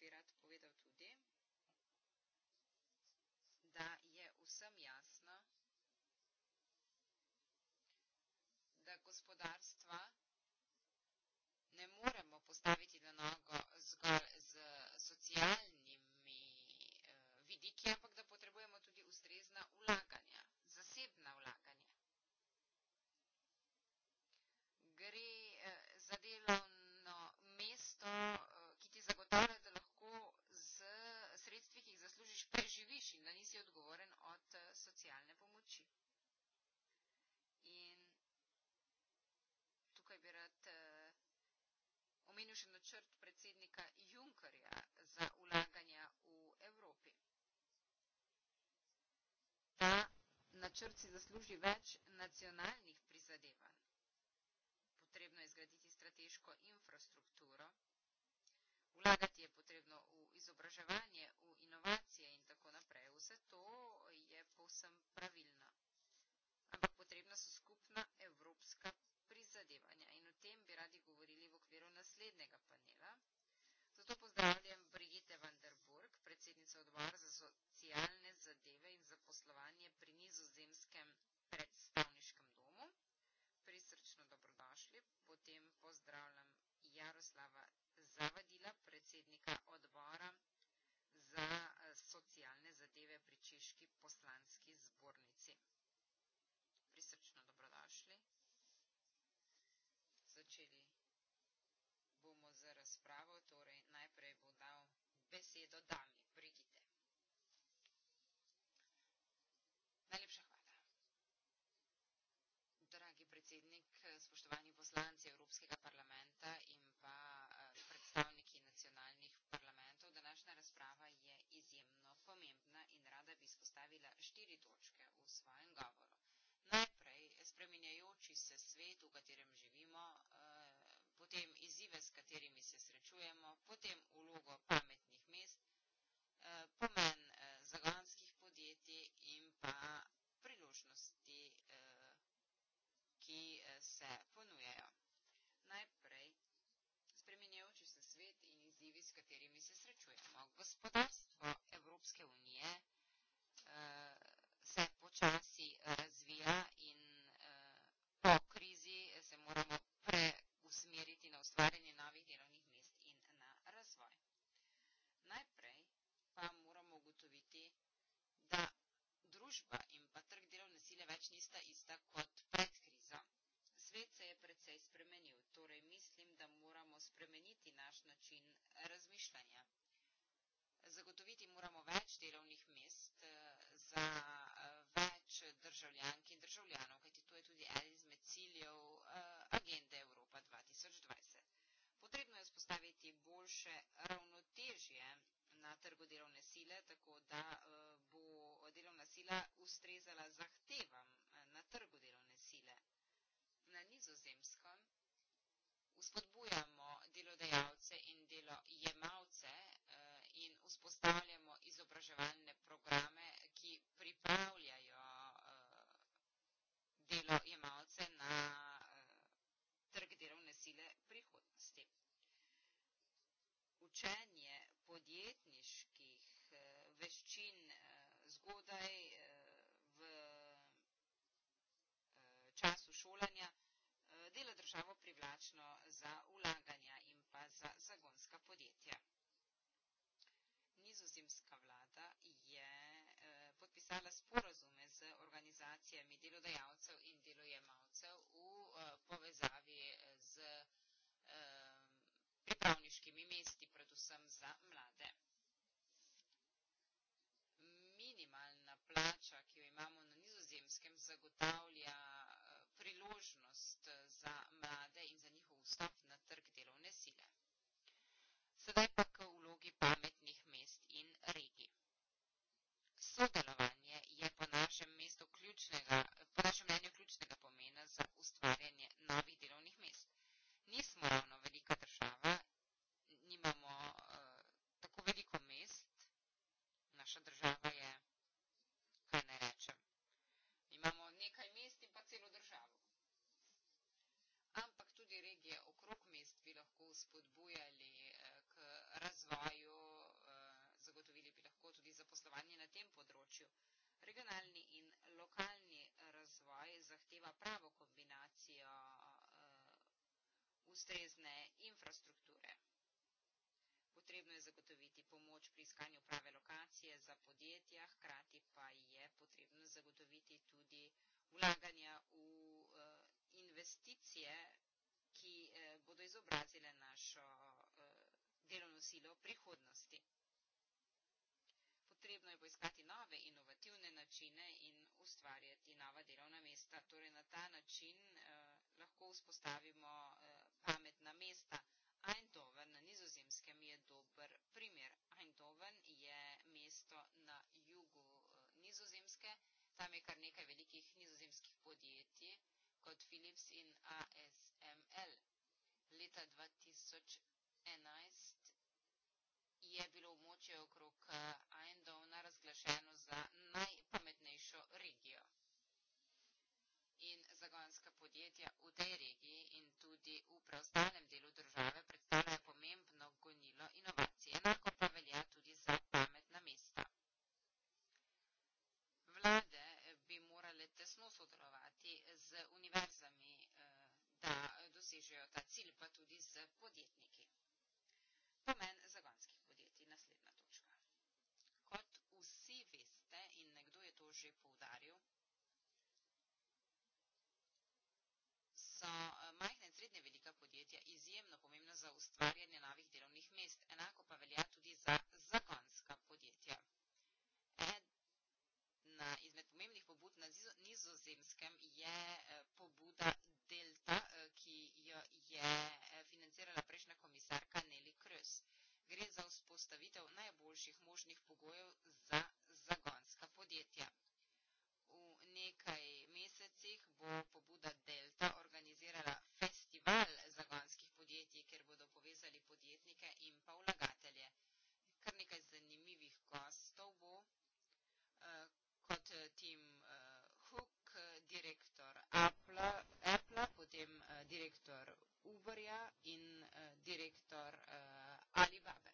bi rad povedal tudi, da je vsem jasno, da gospodarstva ne moremo postaviti dobiš in da nisi odgovoren od eh, socialne pomoči. In tukaj bi rad eh, omenil še načrt predsednika Junkerja za ulaganja v Evropi. Ta načrt si zasluži več nacionalnih prizadevanj. Potrebno je zgraditi strateško infrastrukturo, ulagati je potrebno v izobraževanje, v inovacije in vse to je povsem pravilno. Ampak potrebna so skupna evropska prizadevanja in o tem bi radi govorili v okviru naslednjega panela. Zato pozdravljam Brigitte van der Burg, predsednico odbora za socialne zadeve in zaposlovanje pri nizozemskem predstavniškem domu. Prisrčno dobrodošli. Potem pozdravljam Jaroslava Zavadila, predsednika zadeve pri Češki poslanski zbornici. Prisrčno dobrodošli. Začeli bomo z razpravo, torej najprej bo dal besedo dami, Brigite. Najlepša hvala. Dragi predsednik, spoštovani poslanci Evropskega parlamenta, rada bi izpostavila štiri točke v svojem govoru. Najprej spreminjajoči se svet, v katerem živimo, eh, potem izzive, s katerimi se srečujemo, potem ulogo pametnih mest, eh, pomen eh, zagonskih podjetij in pa priložnosti, ki se ponujajo. Najprej spreminjajoči se svet in izzivi, s katerimi se srečujemo. Gospodarstvo Evropske unije usmeriti na ustvarjanje novih delovnih mest in na razvoj. Najprej pa moramo ugotoviti, da družba in pa trg delovne sile več nista ista kot pred krizo. Svet se je precej spremenil, torej mislim, da moramo spremeniti naš način razmišljanja. Zagotoviti moramo več delovnih mest eh, za eh, več državljank in državljanov, kajti to je tudi eden izmed ciljev eh, agende Evropske. 2020. Potrebno je spostaviti boljše ravnotežje na trgu delovne sile, tako da eh, bo delovna sila ustrezala zahtevam eh, na trgu delovne sile. Na nizozemskem uspodbujamo delodajalce in delojemalce eh, in vzpostavljamo izobraževalne programe, ki pripravljajo učenje podjetniških eh, veščin eh, zgodaj eh, v času šolanja dela državo privlačno za ulaganja in pa za zagonska podjetja. Nizozemska vlada je podpisala sporozume z organizacijami delodajalcev in delojemalcev v povezavi z organizacijami drugimi mesti, predvsem za mlade. Minimalna plača, ki jo imamo na nizozemskem, zagotavlja eh, priložnost eh, za mlade in za njihov vstop na trg delovne sile. Sedaj pa k vlogi pametnih mest in regij. Sodelovanje je po našem mnenju ključnega, ključnega pomena za ustvarjanje novih področju. Regionalni in lokalni eh, razvoj zahteva pravo kombinacijo uh, ustrezne infrastrukture. Potrebno je zagotoviti pomoč pri iskanju prave lokacije za podjetja, hkrati pa je potrebno zagotoviti tudi vlaganja v uh, investicije, ki uh, bodo izobrazile našo uh, delovno silo prihodnosti potrebno je poiskati nove inovativne načine in ustvarjati nova delovna mesta. Torej, na ta način eh, lahko vzpostavimo eh, pametna mesta. Eindhoven na nizozemskem je dober primer. Eindhoven je mesto na jugu eh, nizozemske, tam je kar nekaj velikih nizozemskih podjetij, kot Philips in ASML. Leta 2011 je bilo območje okrog eh, Eindovna razglašeno za najpametnejšo regijo. In zagonska podjetja v tej regiji in tudi v preostalem delu države predstavljajo pomembno gonilo inovacije, enako pa velja tudi za pametna mesta. Vlade eh, bi morale tesno sodelovati z univerzami, eh, da dosežejo ta cilj, pa tudi z podjetniki. Pomen že poudaril, so eh, majhne in srednje velika podjetja izjemno pomembna za ustvarjanje novih delovnih mest, enako pa velja tudi za zagonska podjetja. Ena izmed pomembnih pobud na nizozemskem je eh, pobuda Delta, eh, ki jo je financirala prejšnja komisarka Neli Krös. Gre za vzpostavitev najboljših možnih pogojev za letih bo pobuda Delta organizirala festival zagonskih podjetij, kjer bodo povezali podjetnike in pa vlagatelje. Kar nekaj zanimivih gostov bo, eh, kot eh, Tim eh, Hook, direktor Apple, Apple potem direktor Uberja in direktor Alibabe.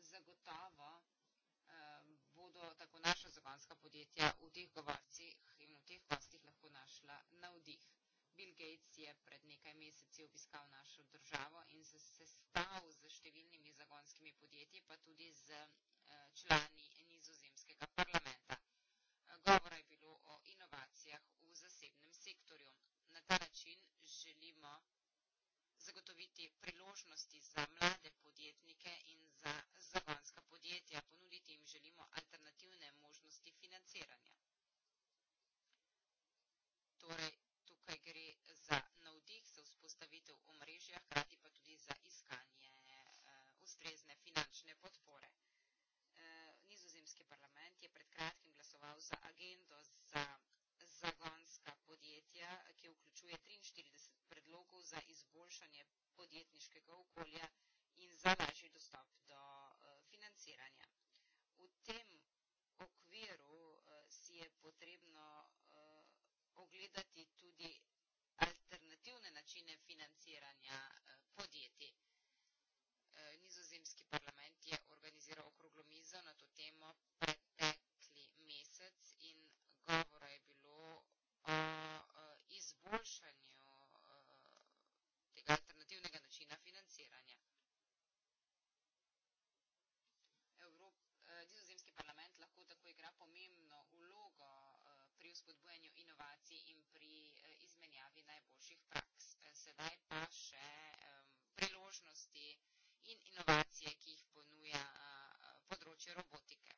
Zagotovo bodo tako naša zagonska podjetja v teh govorcih prišla na vdih. Bill Gates je pred nekaj meseci obiskal našo državo in se sestal z številnimi zagonskimi podjetji, pa tudi z eh, člani nizozemskega parlamenta. Govora je bilo o inovacijah v zasebnem sektorju. Na ta način želimo zagotoviti priložnosti za mlade podjetnike in za zagonska podjetja, ponuditi jim želimo alternativne možnosti financiranja. Torej, tukaj gre za navdih, za vzpostavitev omrežja, hkrati pa tudi za iskanje uh, ustrezne finančne podpore. Uh, nizozemski parlament je pred kratkim glasoval za agendo za zagonska podjetja, ki vključuje 43 predlogov za izboljšanje podjetniškega okolja in za lažji dostop do uh, financiranja. V tem gledati tudi alternativne načine financiranja eh, podjetij. Eh, nizozemski parlament. robotike.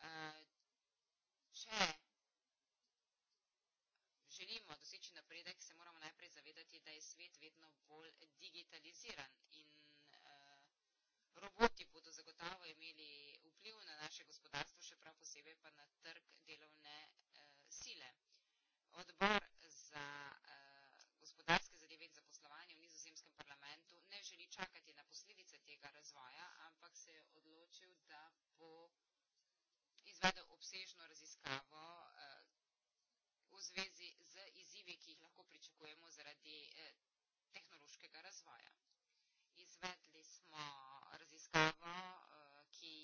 E, če želimo doseči napredek, se moramo najprej zavedati, da je svet vedno bolj digitaliziran in e, roboti bodo zagotavo imeli vpliv na naše gospodarstvo, še prav posebej pa na trg delovne e, sile. Odbor obsežno raziskavo eh, v zvezi z izzivi, ki jih lahko pričakujemo zaradi eh, tehnološkega razvoja. Izvedli smo raziskavo, eh, ki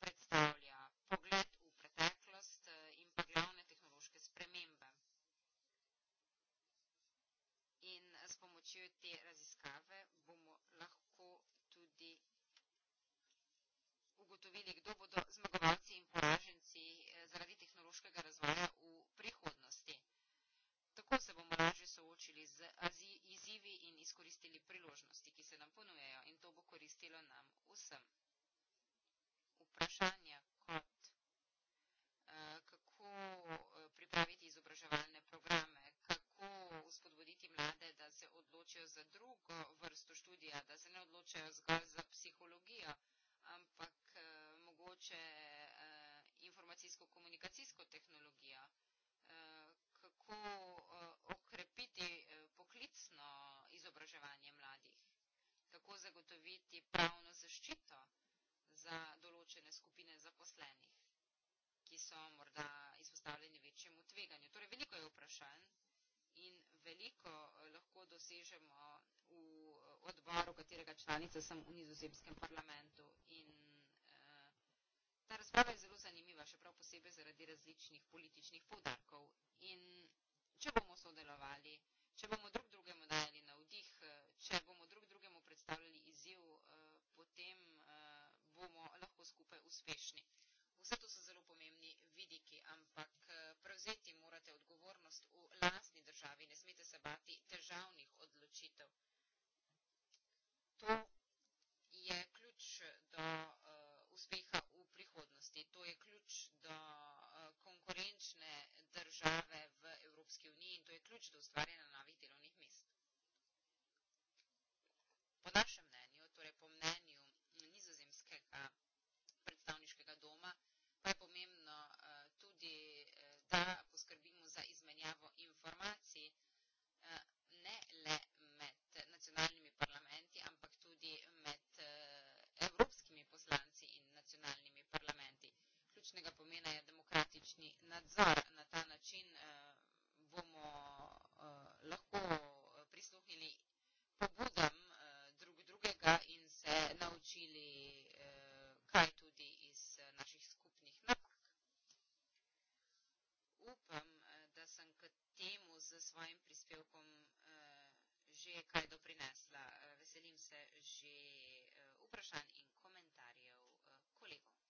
predstavlja pogled v preteklost in pa glavne tehnološke spremembe. In s pomočjo te raziskave bomo lahko tudi ugotovili, kdo bodo zmagovali tehnološkega razvoja v prihodnosti. Tako se bomo lažje soočili z izzivi in izkoristili priložnosti, ki se nam ponujejo in to bo koristilo nam vsem. Vprašanja kot eh, kako eh, pripraviti izobraževalne programe, kako spodbuditi mlade, da se odločijo za drugo vrsto študija, da se ne odločajo zgolj za psihologijo, ampak eh, mogoče informacijsko-komunikacijsko tehnologijo, eh, kako eh, okrepiti eh, poklicno izobraževanje mladih, kako zagotoviti pravno zaščito za določene skupine zaposlenih, ki so morda izpostavljeni večjemu tveganju. Torej, veliko je vprašanj in veliko lahko dosežemo v odboru, katerega članica sem v nizozemskem parlamentu Ta razprava je zelo zanimiva, še prav posebej zaradi različnih političnih podarkov. In če bomo sodelovali, če bomo drug drugemu dajali navdih, eh, če bomo drug drugemu predstavljali izziv, eh, potem eh, bomo lahko skupaj uspešni. Vse to so zelo pomembni vidiki, ampak prevzeti morate odgovornost v lastni državi, ne smete se bati težavnih odločitev. To je ključ do uh, uspeha prihodnosti. To je ključ do eh, konkurenčne države v Evropski uniji in to je ključ do ustvarjanja novih delovnih mest. Po našem mnenju, torej po mnenju, pomene demokratični nadzor. Na ta način eh, bomo eh, lahko eh, prisluhnili pobudam eh, drug drugega in se naučili, eh, kaj tudi iz eh, naših skupnih napak. Upam, eh, da sem k temu z svojim prispevkom eh, že kaj doprinesla. Eh, veselim se že eh, vprašanj in komentarjev eh, kolegov.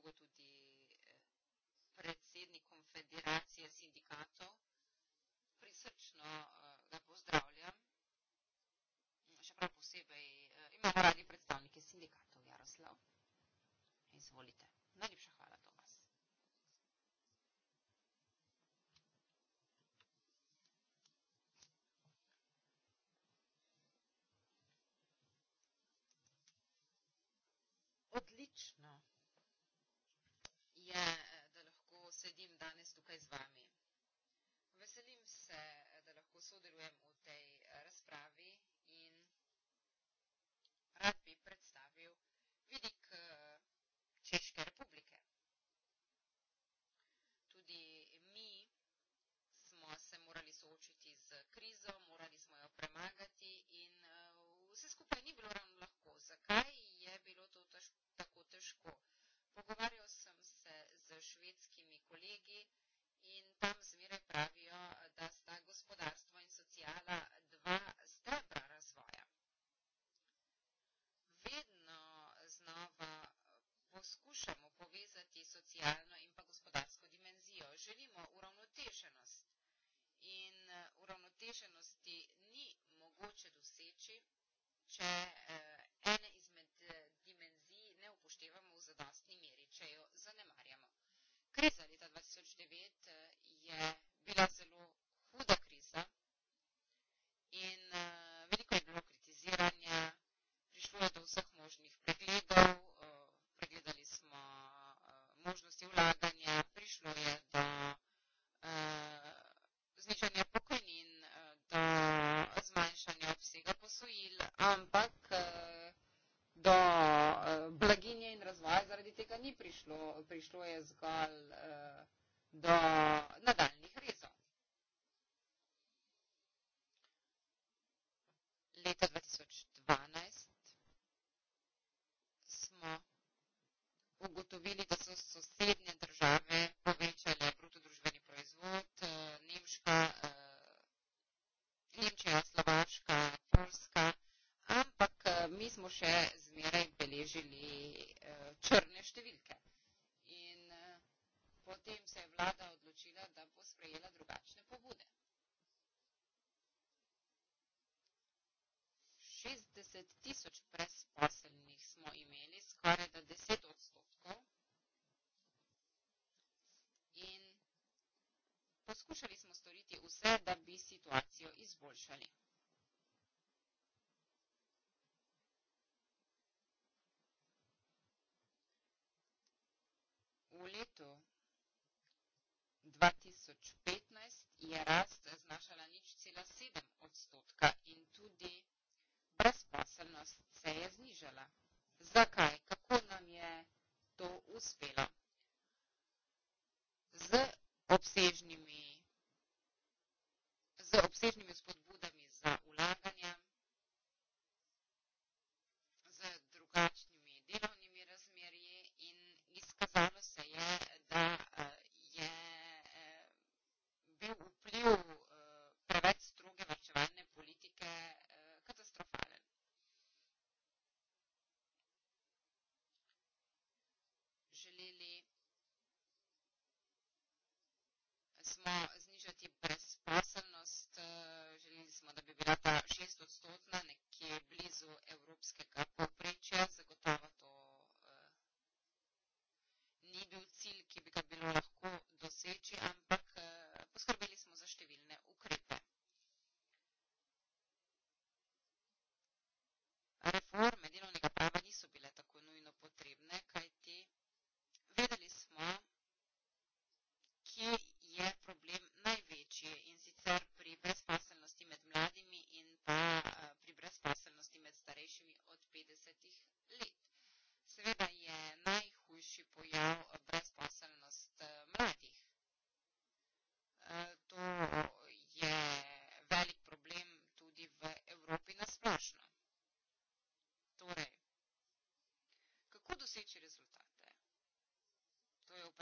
dolgo tudi eh, predsednik konfederacije sindikatov, prisrčno ga eh, pozdravljam, no, še prav posebej eh, imamo radi predstavnike sindikatov, Jaroslav. Izvolite. Najlepša hvala, Tomas. Odlično je, eh, da lahko sedim danes tukaj z vami. Veselim se, eh, da lahko sodelujem v tej eh, razpravi in rad bi predstavil vidik Češke republike. Tudi mi smo se morali soočiti z krizo, morali smo jo premagati in vse skupaj ni bilo ravno lahko. Zakaj je bilo to tako težko? Pogovarjal sem se švedskimi kolegi in tam zmeraj pravijo, da sta gospodarstvo in socijala dva stebra razvoja. Vedno znova poskušamo povezati socijalno in pa gospodarsko dimenzijo. Želimo uravnoteženost in eh, uravnoteženosti ni mogoče doseči, če 2009 eh, je bila zelo huda kriza in eh, veliko je bilo kritiziranja, prišlo je do vseh možnih pregledov, eh, pregledali smo možnosti vlaganja, prišlo je do znižanja pokojnin, do zmanjšanja obsega posojil, ampak do blaginje in razvoja zaradi tega ni prišlo. Prišlo je zgolj da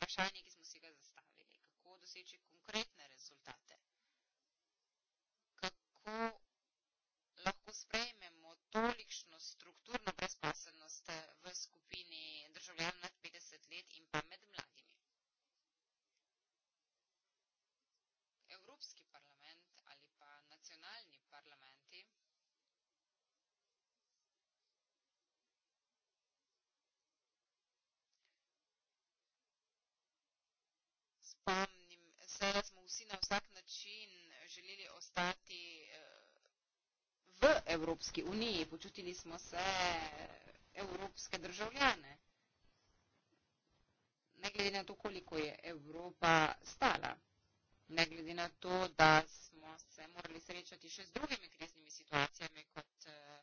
vprašanje, ki smo si ga zastavili, kako doseči konkretne rezultate. v Evropski uniji, počutili smo se evropske državljane. Ne glede na to, koliko je Evropa stala, ne glede na to, da smo se morali srečati še z drugimi kriznimi situacijami, kot eh,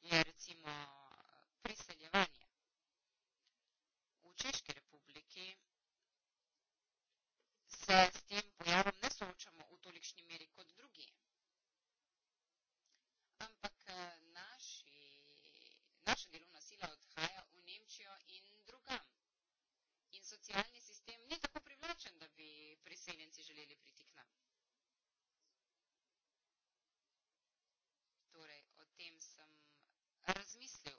je recimo priseljevanje. V Češki republiki se s tem pojavom ne soočamo v tolikšni meri kot drugi. priseljenci želeli priti k nam. Torej, o tem sem razmislil.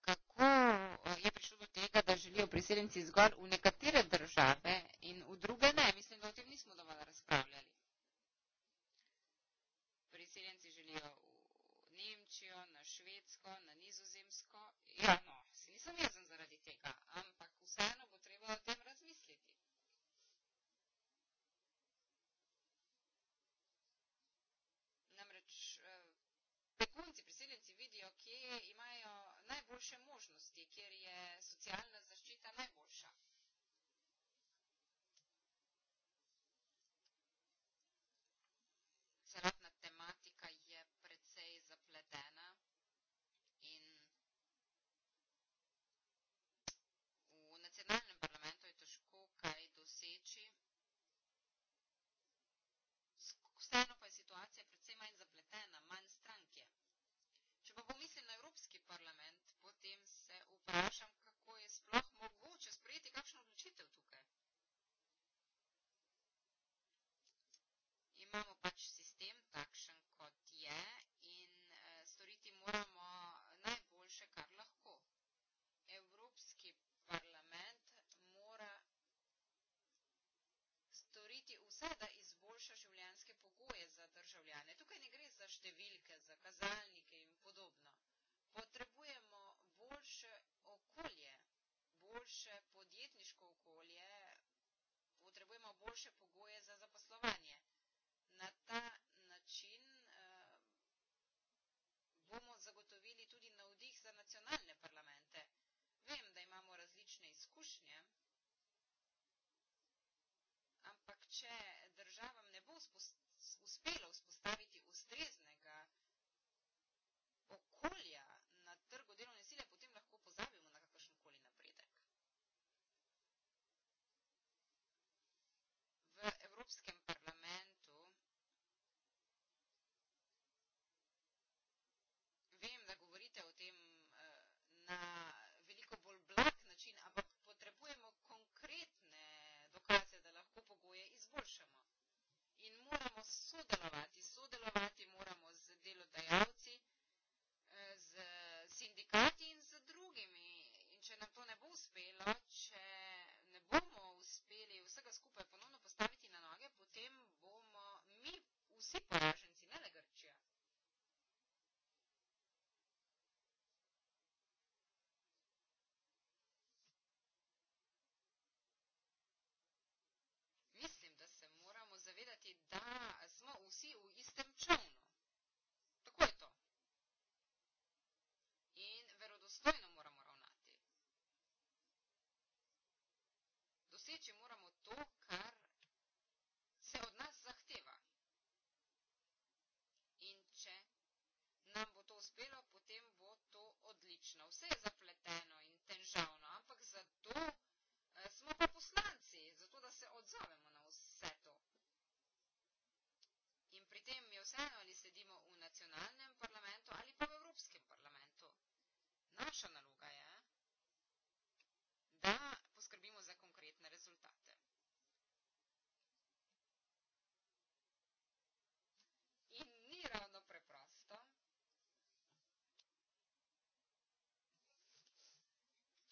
Kako eh, je prišlo do tega, da želijo priseljenci zgolj v nekatere države in v druge ne? Mislim, da o tem nismo dovolj razpravljali. Priseljenci želijo v Nemčijo, na Švedsko, na Nizozemsko. Ja, no, sem jezen zaradi tega, ampak vseeno bo treba o tem razmisliti. Namreč begunci, eh, priseljenci vidijo, kje imajo najboljše možnosti, kjer je socialna zaščita. potem se vprašam, kako je sploh mogoče sprejeti kakšno odločitev tukaj. Imamo pač sistem takšen, kot je in eh, storiti moramo najboljše, kar lahko. Evropski parlament mora storiti vse, da izboljša življenjske pogoje za državljane. Tukaj ne gre za številke, za kazalnike in podobno. Potrebujemo boljše podjetniško okolje, potrebujemo boljše pogoje za zaposlovanje. Na ta način eh, bomo zagotovili tudi navdih za nacionalne parlamente. Vem, da imamo različne izkušnje, ampak če državam ne bo uspelo vzpostaviti sodelovati. Sodelovati moramo z delodajalci, eh, z sindikati in z drugimi. In če nam to ne bo uspelo, če ne bomo uspeli vsega skupaj ponovno postaviti na noge, potem bomo mi vsi poraženi.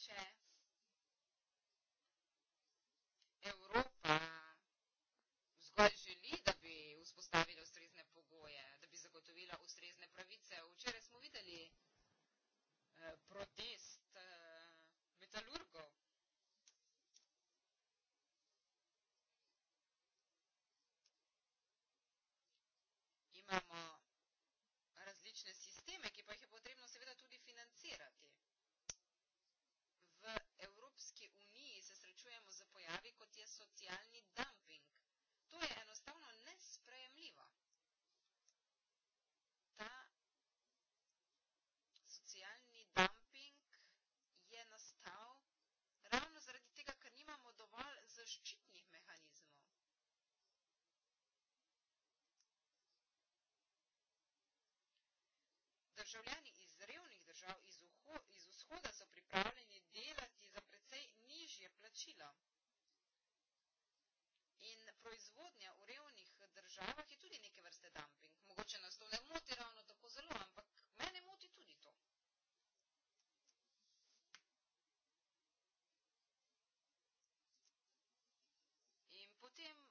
če Evropa zgolj želi, da bi vzpostavila ustrezne pogoje, da bi zagotovila ustrezne pravice. Včeraj smo videli eh, protest eh, metalurgov. Imamo različne sisteme, ki pa jih je potrebno seveda tudi financirati. je socialni dumping. To je enostavno nesprejemljivo. Ta socialni dumping je nastal ravno zaradi tega, ker nimamo dovolj zaščitnih mehanizmov. Državljani iz revnih držav iz vzhoda so pripravljeni delati za precej nižje plačilo proizvodnja v revnih državah je tudi neke vrste dumping. Mogoče nas to ne moti ravno tako zelo, ampak mene moti tudi to. In potem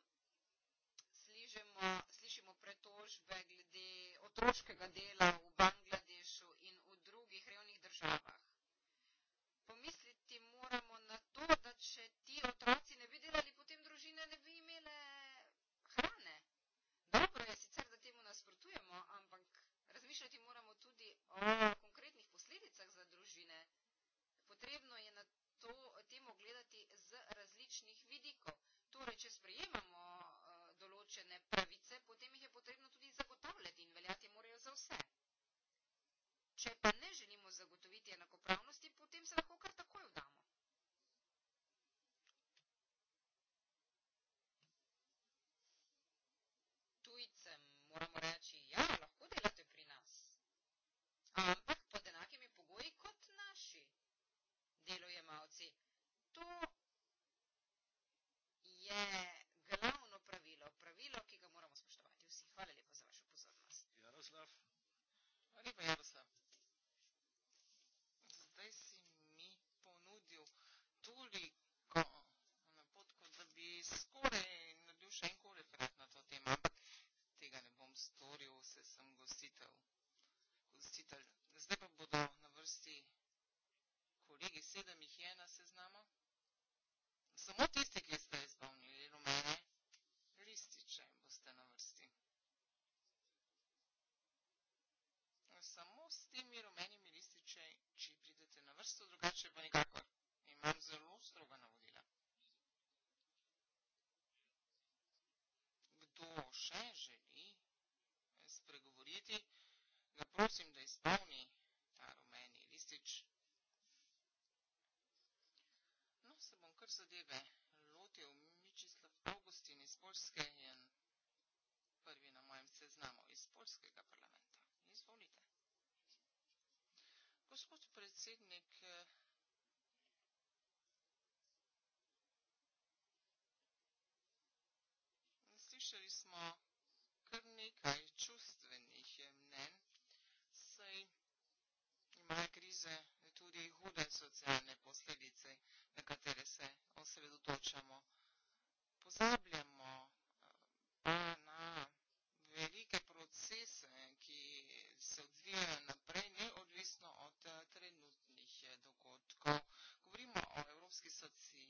slišimo, slišimo pretožbe glede otroškega dela v Bangladešu in v drugih revnih državah. Pomisliti moramo na to, da če ti otroci da ne bi imele hrane. Dobro je sicer, da temu nasprotujemo, ampak razmišljati moramo tudi o konkretnih posledicah za družine. Potrebno je na to temo gledati z različnih vidikov. Torej, če sprejemamo uh, določene pravice, potem jih je potrebno tudi zagotavljati in veljati morajo za vse. Če pa ne želimo zagotoviti enakopravnosti, potem se lahko kar. mu reći ja storil, se sem gostitelj. gostitelj. Zdaj pa bodo na vrsti kolegi, sedem jih je na seznama. Samo tisti, ki ste izpolnili rumene lističe, boste na vrsti. Samo s temi rumenimi lističe, če pridete na vrsto, drugače pa nikakor. živeti, ga prosim, da izpolni ta rumeni listič. No, se bom kar zadeve lotil, Mičislav Augustin iz Poljske je prvi na mojem seznamu iz Poljskega parlamenta. Izvolite. Gospod predsednik, eh, slišali smo krize tudi hude socialne posledice, na katere se osredotočamo. Pozabljamo pa eh, na velike procese, ki se odvijajo naprej, neodvisno od eh, trenutnih eh, dogodkov. Govorimo o evropski sociji,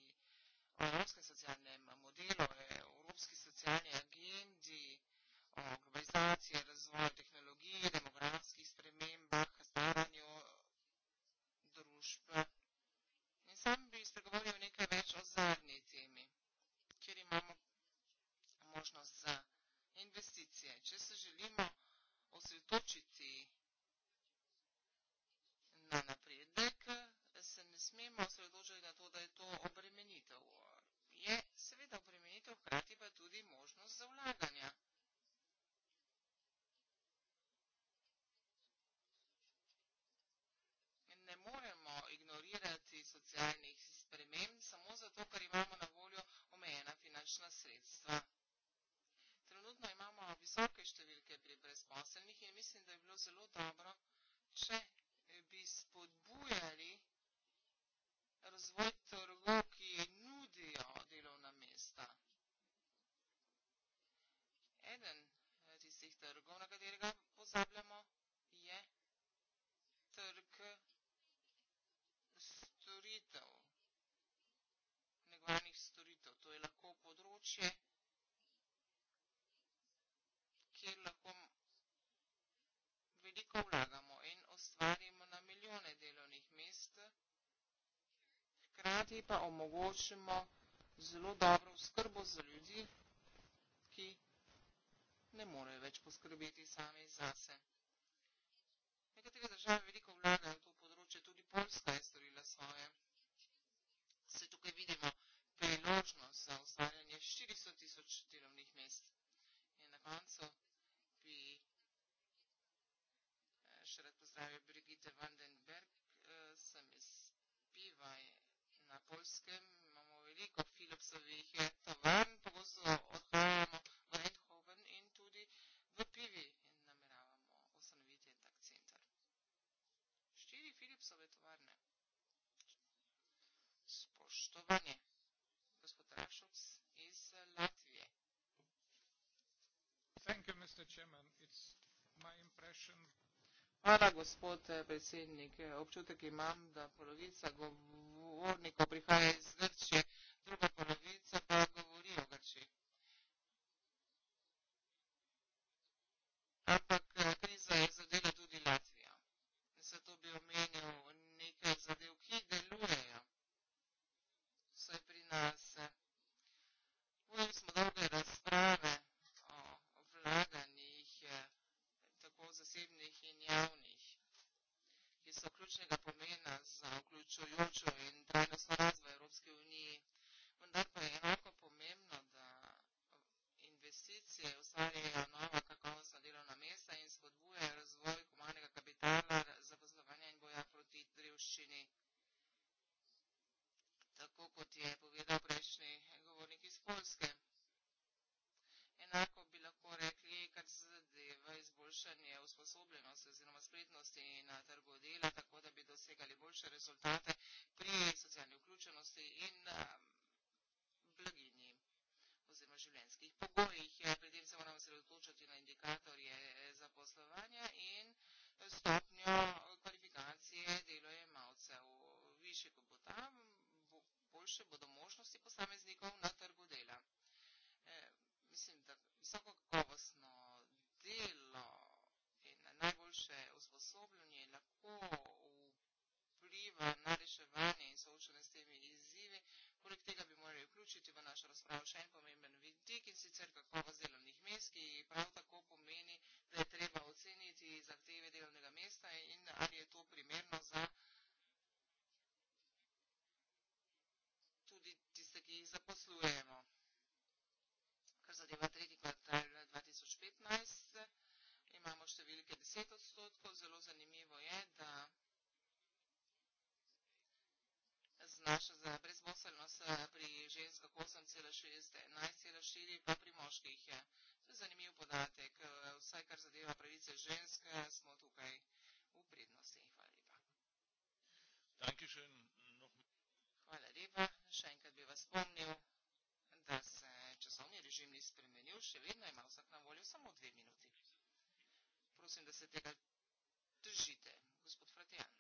o evropskem socialnem modelu, o evropski socialni agendi, o globalizaciji, razvoju tehnologij, demografskih spremembah, družbe. In sam bi spregovoril nekaj več o zadnji temi, kjer imamo možnost za investicije. Če se želimo osredotočiti na napredek, se ne smemo osredotočiti na to, da je to obremenitev. Je seveda obremenitev, hkrati pa tudi možnost za vlaganja. socialnih sprememb, samo zato, ker imamo na voljo omejena finančna sredstva. Trenutno imamo visoke številke pri brezposelnih in mislim, da je bilo zelo dobro, če bi spodbujali razvoj trgov, ki nudijo delovna mesta. Eden eh, tistih trgov, na katerega pozabljamo, ki pa omogočimo zelo dobro skrbo za ljudi, ki ne morejo več poskrbeti sami zase. Nekatere države veliko vlagajo v to področje, tudi Poljska je storila svoje. Se tukaj vidimo priložnost za ustvarjanje 400 tisoč delovnih mest. In na koncu bi eh, še rad pozdravil Brigitte Vandenberg, eh, sem iz Pivaje na Polskem, imamo veliko filopsovih tovarn, pogosto odhajamo v Eindhoven in tudi v Pivi in nameravamo ustanoviti en tak center. Štiri filopsove tovarne. Spoštovanje. Gospod Rašovc iz Latvije. Thank you, Mr. Chairman. It's my impression. Hvala, gospod eh, predsednik. Eh, občutek imam, da polovica govori govornikov prihaja iz Grčije, druga polovica pa je znaša za brezposelnost eh, pri ženskah 8,6, 11,4, pa pri moških je. To je zanimiv podatek. Eh, vsaj, kar zadeva pravice žensk, smo tukaj v prednosti. Hvala lepa. Hvala lepa. Še enkrat bi vas spomnil, da se časovni režim ni spremenil. Še vedno ima vsak na voljo samo dve minuti. Prosim, da se tega držite, gospod Fratjan.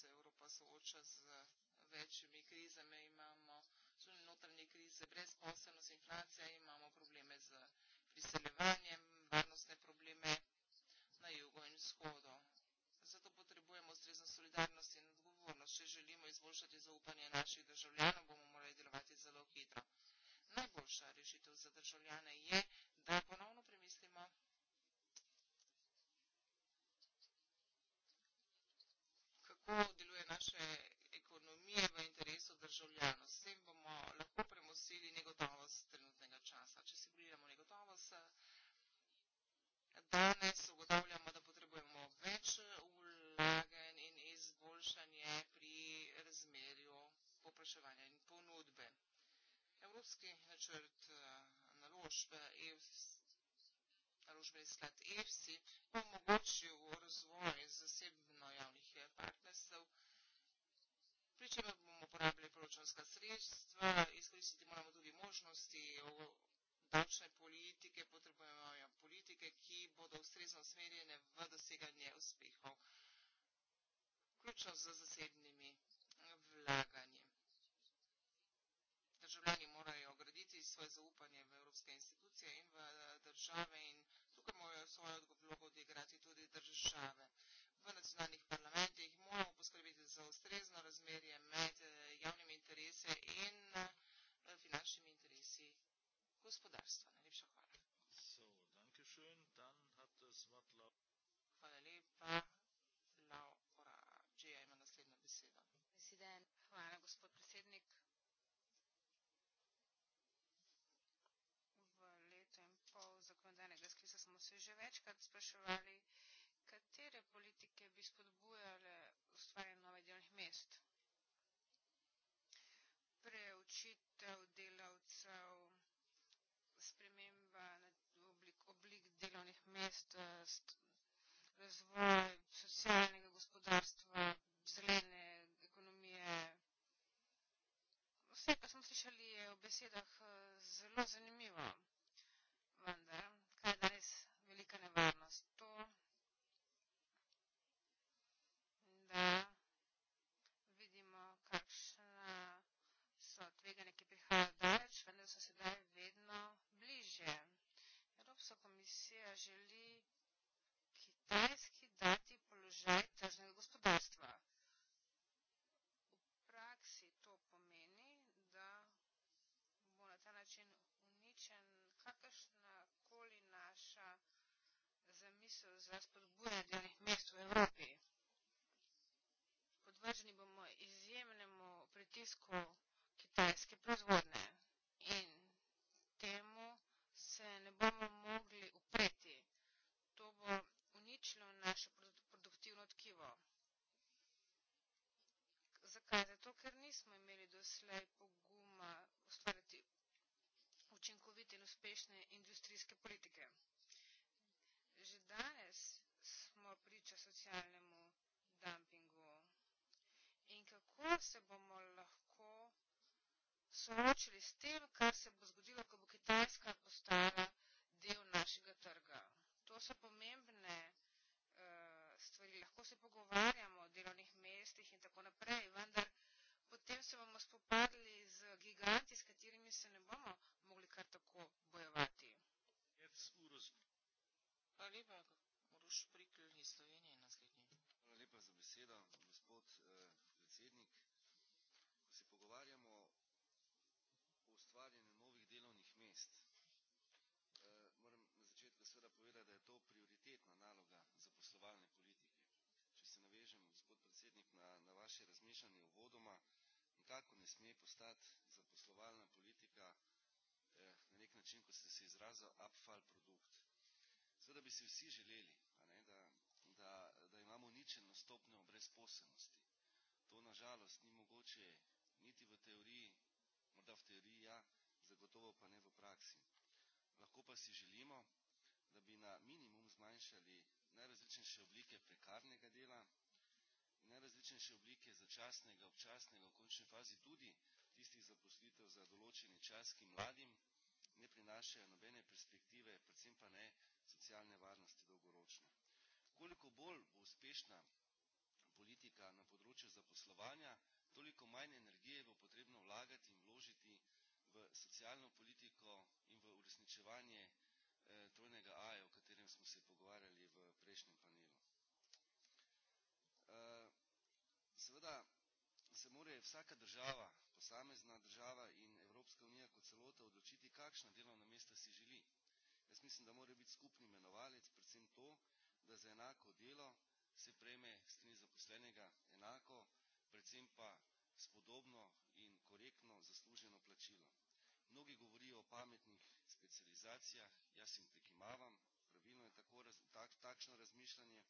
se Evropa sooča z eh, večjimi krizami, imamo tudi notranje krize, brezposelnost, inflacija, imamo probleme z priseljevanjem, varnostne probleme na jugu in vzhodu. Zato potrebujemo ustrezno solidarnost in odgovornost. Če želimo izboljšati zaupanje naših državljanov, bomo morali delovati zelo hitro. Najboljša rešitev za državljane je, da ponovno premislimo kako deluje naše ekonomije v interesu državljanov. S tem bomo lahko premosili negotovost trenutnega časa. Če si pogledamo negotovost, danes ugotavljamo, da potrebujemo več vlagen in izboljšanje pri razmerju poprašovanja in ponudbe. Evropski načrt eh, naložb EUS eh, naložbeni sklad EFSI pa omogočil razvoj zasebno javnih eh, partnerstv, pri čemer bomo uporabili proračunska sredstva, izkoristiti moramo tudi možnosti davčne politike, potrebujemo ja politike, ki bodo ustrezno usmerjene v doseganje uspehov, vključno z zasebnimi eh, vlaganji. Državljani morajo graditi svoje zaupanje v evropske institucije in v eh, države in države tukaj morajo svojo vlogo odigrati tudi države. V nacionalnih parlamentih moramo poskrbeti za ustrezno razmerje med eh, javnimi interese in eh, finančnimi interesi gospodarstva. Najlepša hvala. So, danke schön, dann hat es Hvala lepa. že večkrat spraševali, katere politike bi spodbujale ustvarjanje novih delovnih mest. Preučitev delavcev, sprememba oblik, oblik delovnih mest, eh, razvoj socialnega gospodarstva, zelene ekonomije. Vse, kar smo slišali, je v besedah eh, zelo zanimivo. Vendar, kaj danes so sedaj vedno bliže. Evropska komisija želi Kitajski dati položaj tržnega gospodarstva. V praksi to pomeni, da bo na ta način uničen kakršna koli naša zamisel za spodbujanje delovnih mest v Evropi. Podvrženi bomo izjemnemu pritisku kitajske proizvodne se ne bomo mogli upreti. To bo uničilo naše produktivno tkivo. Zakaj? Zato, ker nismo imeli doslej poguma ustvariti učinkovite in uspešne industrijske politike. Že danes smo priča socialnemu dumpingu. In kako se bomo lahko soočili s tem, kar se bo zgodilo, ko bo Kitajska postala del našega trga. To so pomembne uh, stvari. Lahko se pogovarjamo o delovnih mestih in tako naprej, vendar potem se bomo spopadli z giganti, s katerimi se ne bomo mogli kar tako bojevati. Hvala lepa, Moruš Prikljni Sloveniji naslednji. Hvala lepa za besedo, gospod eh, predsednik. predsednik, na, na vaše razmišljanje uvodoma, nikako ne sme postati zaposlovalna politika eh, na nek način, kot ste se izrazili, upfall produkt. Seveda bi si vsi želeli, a ne, da, da, da imamo ničeno stopnjo brezposelnosti. To nažalost ni mogoče niti v teoriji, morda v teoriji ja, zagotovo pa ne v praksi. Lahko pa si želimo, da bi na minimum zmanjšali najrazličnejše oblike prekarnega dela, najrazličnejše oblike začasnega, občasnega, v končni fazi tudi tistih zaposlitev za določeni čas, ki mladim ne prinašajo nobene perspektive, predvsem pa ne socialne varnosti dolgoročno. Koliko bolj bo uspešna politika na področju zaposlovanja, toliko manj energije bo potrebno vlagati in vložiti v socialno politiko in v uresničevanje eh, trojnega A, o katerem smo se pogovarjali v prejšnjem panelu. seveda se more vsaka država, posamezna država in Evropska unija kot celota odločiti, kakšna delovna mesta si želi. Jaz mislim, da mora biti skupni imenovalec predvsem to, da za enako delo se prejme strani zaposlenega enako, predvsem pa spodobno in korektno zasluženo plačilo. Mnogi govorijo o pametnih specializacijah, jaz jim prikimavam, pravilno je tako, tak, takšno razmišljanje.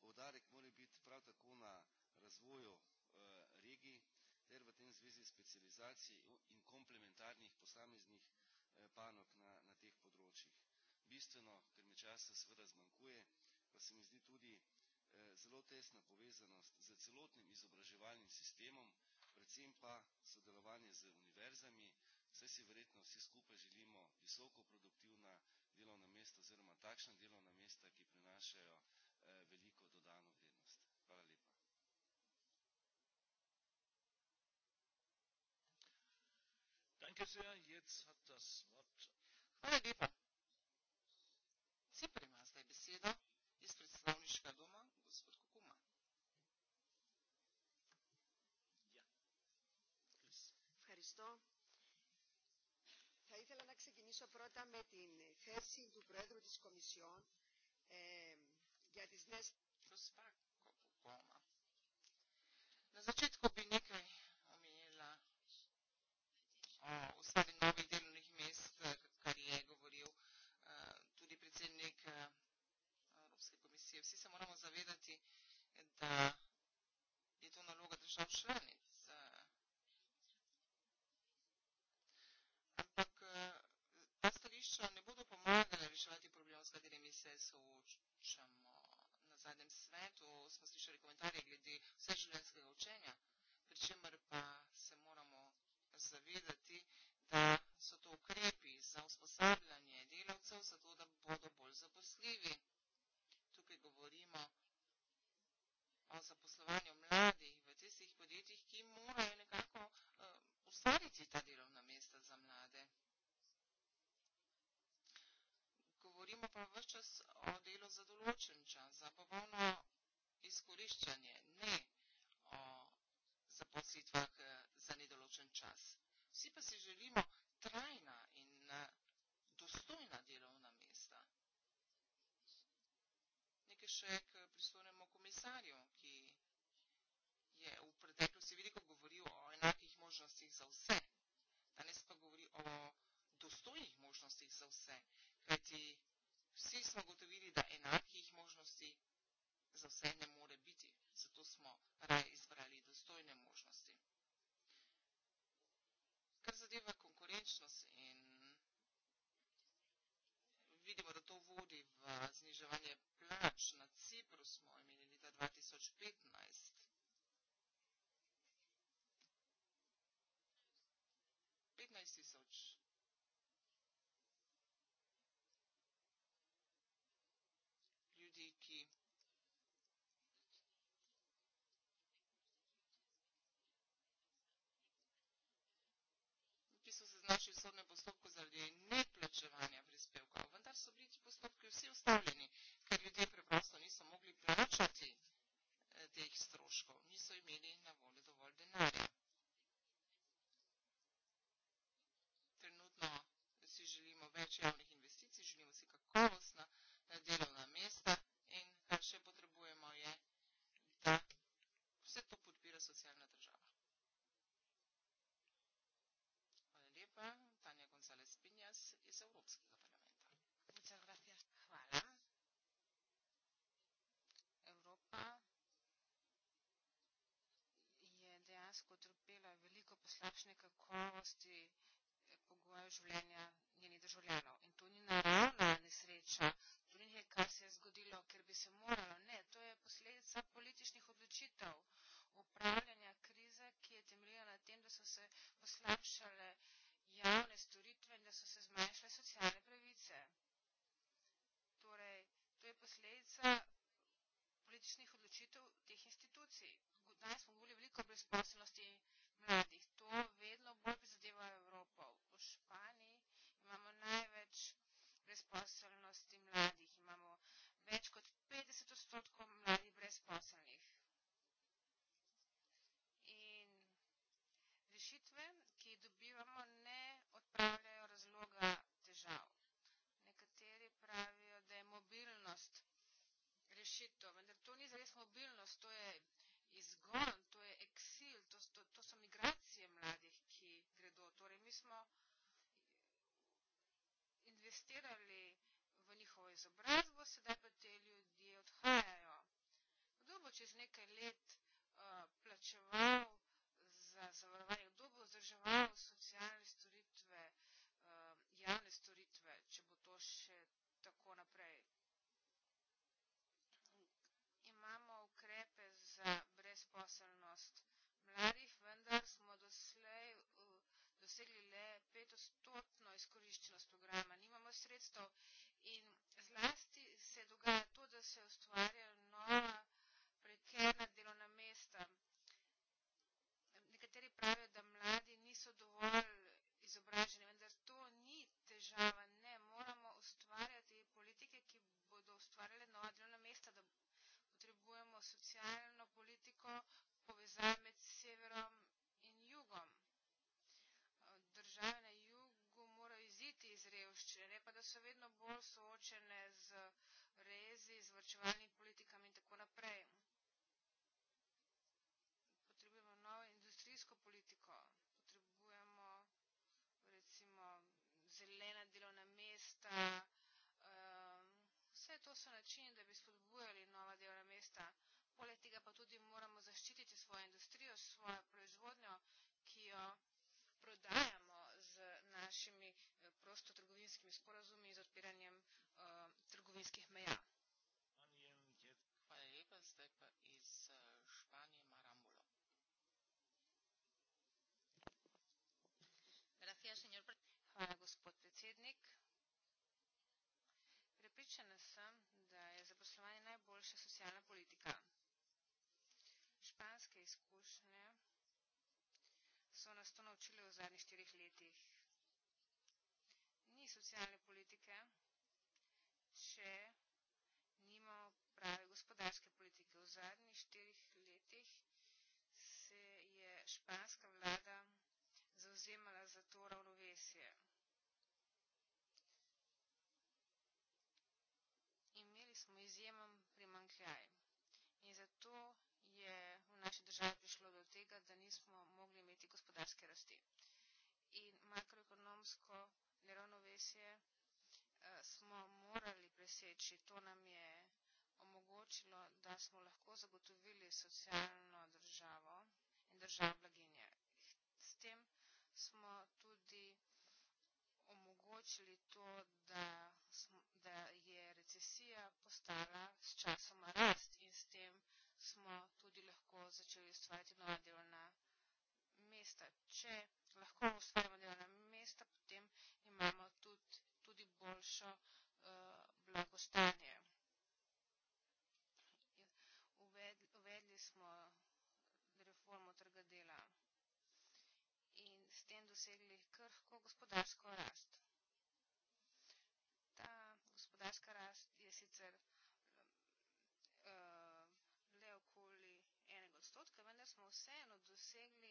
Povdarek mora biti prav tako na razvoju eh, regij ter v tem zvezi specializacije in komplementarnih posameznih eh, panok na, na teh področjih. Bistveno, ker me časa seveda zmanjkuje, pa se mi zdi tudi eh, zelo tesna povezanost z celotnim izobraževalnim sistemom, predvsem pa sodelovanje z univerzami, vse si verjetno vsi skupaj želimo visoko produktivna delovna mesta oziroma takšna delovna mesta, ki prinašajo Danke sehr. Jetzt hat das Wort. Hvala lepa. Vsi prima zdaj besedo iz predstavniškega doma, gospod Kukuma. Ja. Hvala. Θα ήθελα να ξεκινήσω πρώτα με την θέση του Πρόεδρου της Κομισιόν ε, για τις νέες... Προσπάκω, κόμμα. Να ζητήσω κομπινίκαι o ustvari novih delovnih mest, eh, kar je govoril eh, tudi predsednik Evropske eh, komisije. Vsi se moramo zavedati, da je to naloga držav članic. Ampak ta stališča ne bodo pomagala reševati problem, s katerimi se soočamo. Na zadnjem svetu smo slišali komentarje glede vseživljenjskega učenja, pri čemer pa se moramo zavedati, da so to ukrepi za usposabljanje delavcev, zato da bodo bolj zaposljivi. Tukaj govorimo o zaposlovanju mladih v tistih podjetjih, ki morajo nekako uh, ustvariti ta delovna mesta za mlade. Govorimo pa vse čas o delu za določen čas, za popolno izkoriščanje, ne o zaposlitvah. Uh, za nedoločen čas. Vsi pa si želimo trajna in eh, dostojna delovna mesta. Nekaj še k pristojnemu komisarju, ki je v preteklosti veliko govoril o enakih možnostih za vse. Danes pa govori o dostojnih možnostih za vse, kajti vsi smo gotovili, da enakih možnosti za vse ne more biti. Zato smo raje izbrali dostojne možnosti. Kar zadeva konkurenčnost in vidimo, da to vodi v zniževanje plač. Na Cipru smo imeli leta 2015 15 tisoč znašli v sodnem postopku zaradi neplačevanja prispevkov, vendar so bili ti postopki vsi ustavljeni, ker ljudje preprosto niso mogli plačati eh, teh stroškov, niso imeli na voljo dovolj denarja. Trenutno si želimo več javnih investicij, želimo si kakovostna eh, delovna mesta in kar eh, še potrebujemo je, da vse to podpira socialna država. Europa, Tania González Piñas, iz Evropskega parlamenta. Muchas gracias. Hvala. Evropa je dejansko trpela veliko poslabšne kakovosti eh, pogojev življenja njenih državljanov. In to ni naravna nesreča, to ni nekaj, kar se je zgodilo, ker bi se moralo. Ne, to je posledica političnih odločitev upravljanja krize, ki je temeljila na tem, da so se poslabšale javne storitve in da so se zmanjšale socialne pravice. Torej, to je posledica političnih odločitev teh institucij. Danes smo govorili veliko o brezposobnosti mladih. To vedno bolj prizadeva Evropo. V Španiji imamo največ brezposobnosti mladih. Imamo več kot 50 odstotkov mladih brezposobnih. rešitev, vendar to ni zares mobilnost, to je izgon, to je eksil, to, to, to so migracije mladih, ki gredo. Torej, mi smo investirali v njihovo izobrazbo, sedaj pa te ljudje odhajajo. Kdo bo čez nekaj let uh, plačeval za zavarovanje, kdo bo vzdrževal socialne storitve, uh, javne storitve? brezposelnost mladih, vendar smo doslej eh, dosegli le petostotno izkoriščenost programa. Nimamo sredstev in zlasti se dogaja to, da se ustvarja nova prekerna delovna mesta. Nekateri pravijo, da mladi niso dovolj izobraženi, vendar to ni težava. Ne, moramo ustvarjati politike, ki bodo ustvarjale nova delovna mesta, da potrebujemo socialno politiko, povezave med severom in jugom. Države na jugu morajo iziti iz revščine, ne pa da so vedno bolj soočene z rezi, z vrčevalnimi politikami in tako naprej. Potrebujemo novo industrijsko politiko, potrebujemo recimo zelena delovna mesta, eh, vse to so načini, da bi spodbujali nova delovna mesta. Poleg tega pa tudi moramo zaščititi svojo industrijo, svojo proizvodnjo, ki jo prodajamo z našimi eh, prostotrgovinskimi sporazumi z odpiranjem uh, trgovinskih meja. Hvala lepa, zdaj pa iz eh, Španije Marambulo. Hvala, gospod predsednik. Prepričana sem, da je zaposlovanje najboljša socialna politika spontanske izkušnje so nas to naučile v zadnjih štirih letih. Ni socialne politike, če nimamo prave gospodarske politike. V zadnjih štirih letih se je španska vlada zauzemala za to ravnovesje. Imeli smo izjemen primankljaj in zato države prišlo do tega, da nismo mogli imeti gospodarske rasti. In makroekonomsko neravnovesje eh, smo morali preseči, to nam je omogočilo, da smo lahko zagotovili socialno državo in državo blaginje. S tem smo tudi omogočili to, da, da je recesija postala s časoma rast in s tem smo tudi lahko začeli ustvarjati nova delovna mesta. Če lahko ustvarjamo delovna mesta, potem imamo tudi, tudi boljšo uh, blagostanje. Uvedli, uvedli smo reformo trga dela in s tem dosegli krhko gospodarsko rast. vseeno dosegli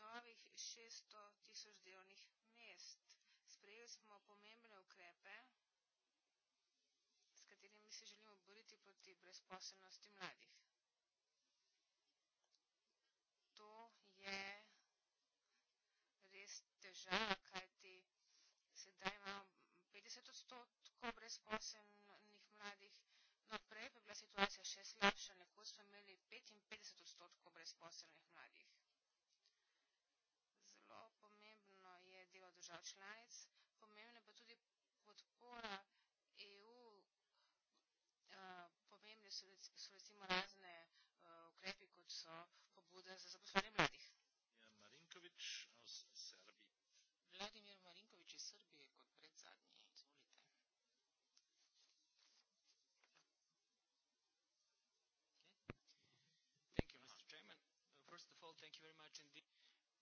novih 600 tisoč delovnih mest. Sprejeli smo pomembne ukrepe, s katerimi se želimo boriti proti brezposelnosti mladih. To je res težava, kajti sedaj imamo 50 odstotkov brezposelnih mladih. No, prej pa je bila situacija še slabša, nekaj smo imeli 55 odstotkov brezposelnih mladih. Zelo pomembno je delo držav članic, pomembna pa tudi podpora EU, eh, pomembne so recimo razne eh, ukrepi, kot so pobude za zaposlene mladih. Marinković iz Srbije. Vladimir Marinković iz Srbije kot predzadnji. thank you very much indeed.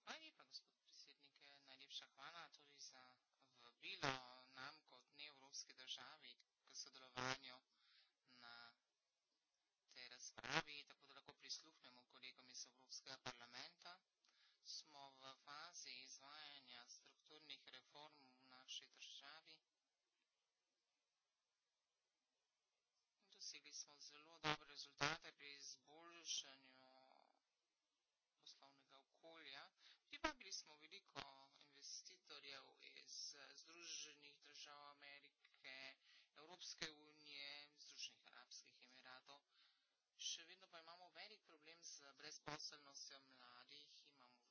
Hvala lepa, gospod predsednik. Eh, najlepša hvala tudi torej za vabilo nam kot neevropski državi k sodelovanju na tej razpravi, tako da lahko prisluhnemo kolegom iz Evropskega parlamenta. Smo v fazi izvajanja strukturnih reform v naši državi. Dosegli smo zelo dobre rezultate pri izboljšanju smo veliko investitorjev iz eh, Združenih držav Amerike, Evropske unije, Združenih arabskih emiratov. Še vedno pa imamo velik problem z brezposelnostjo mladih. Imamo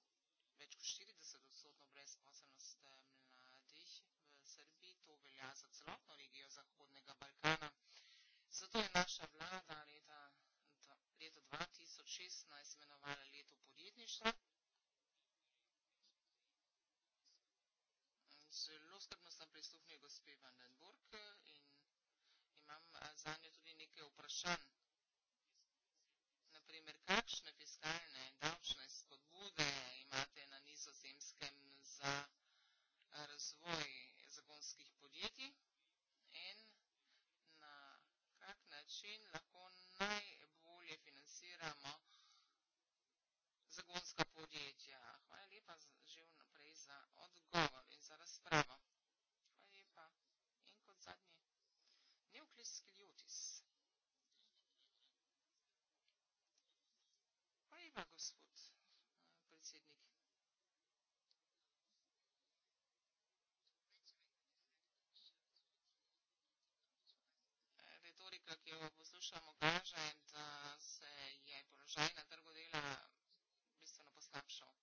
več kot 40 odstotno brezposelnost eh, mladih v Srbiji. To velja za celotno regijo Zahodnega Balkana. Zato je naša vlada leta, leta 2016 imenovala leto podjetništva. posebno sem prisluhnil gospe Vandenburg eh, in imam eh, zanjo tudi nekaj vprašanj. Naprimer, kakšne fiskalne in davčne spodbude imate na nizozemskem za eh, razvoj zagonskih podjetij in na kak način lahko najbolje financiramo zagonska podjetja. Hvala lepa že vnaprej za odgovor in za razpravo. Pontius Gliutis. Pa ima gospod eh, predsednik. Retorika, ki jo poslušamo, kaže, da se je položaj na trgu dela bistveno poslabšal.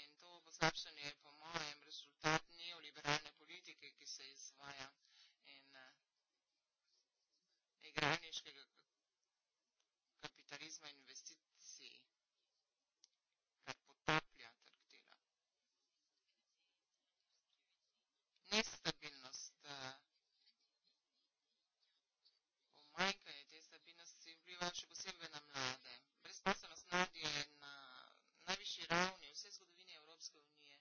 In to poslabšanje je po mojem rezultat neoliberalne politike, ki se izvaja tega rejniškega kapitalizma investicij, kar potaplja trg dela. Nestabilnost, eh, pomanjkanje te stabilnosti vpliva še posebej na mlade. Brezposobnost mladi je na najvišji ravni vse zgodovine Evropske unije.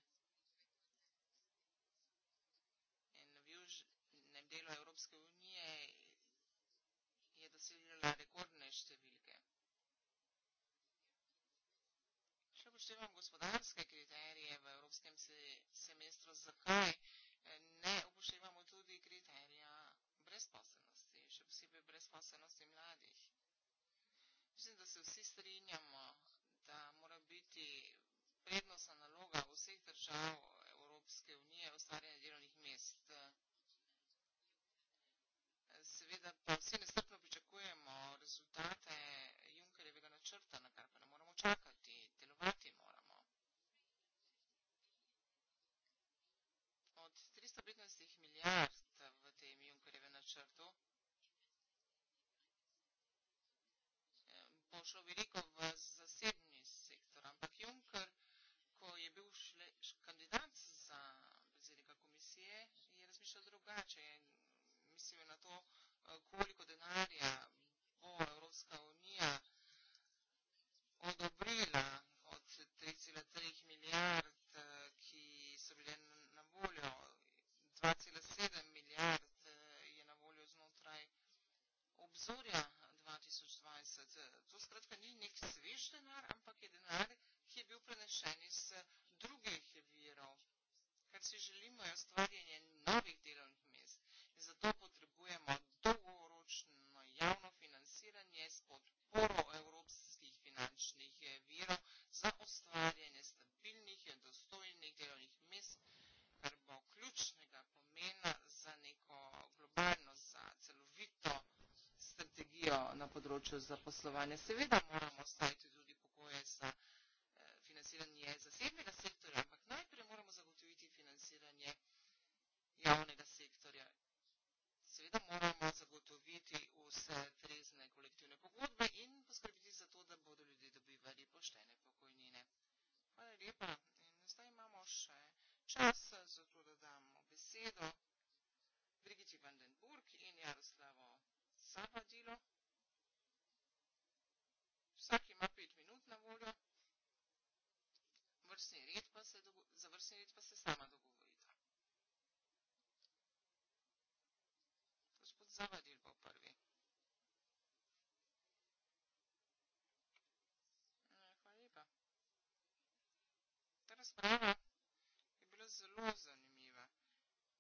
In v južnem delu Evropske unije zaciljala rekordne številke. Če poštevam gospodarske kriterije v evropskem semestru, zakaj eh, ne upoštevamo tudi kriterija brezposobnosti, še posebej brezposobnosti mladih? Mislim, da se vsi strinjamo, da mora biti prednostna naloga vseh držav Evropske unije ustvarjanje delovnih mest seveda pa vsi nestrpno pričakujemo rezultate Junkerjevega načrta, na kar pa ne moramo čakati, delovati moramo. Od 315 milijard v tem Junkerjevem načrtu bo šlo veliko v zasebni sektor, ampak Junker, ko je bil šle, kandidat za predsednika komisije, je razmišljal drugače. Mislim je na to, koliko denarja bo Evropska unija odobrila od 3,3 milijard, ki so bile na voljo, 2,7 milijard eh, je na voljo znotraj obzorja 2020. To skratka ni nek svež denar, ampak je denar, ki je bil prenešen iz eh, drugih virov. Kar si želimo je ustvarjanje novih delovnih mest. In zato potrebujemo brez podporo evropskih finančnih eh, virov za ustvarjanje stabilnih in dostojnih delovnih mest, kar bo ključnega pomena za neko globalno, za celovito strategijo na področju zaposlovanja. Seveda moramo ostati tudi seveda moramo zagotoviti vse trezne kolektivne pogodbe in poskrbiti za to, da bodo ljudje dobivali poštene pokojnine. Hvala lepa. In zdaj imamo še čas, zato da damo besedo Brigiti Vandenburg in Jaroslavo Sabadilo. Vsak ima pet minut na voljo. Vrstni red pa se, za vrstni red pa se sama dogovorite. Zavadil bo prvi. Hvala lepa. Ta razprava je bila zelo zanimiva.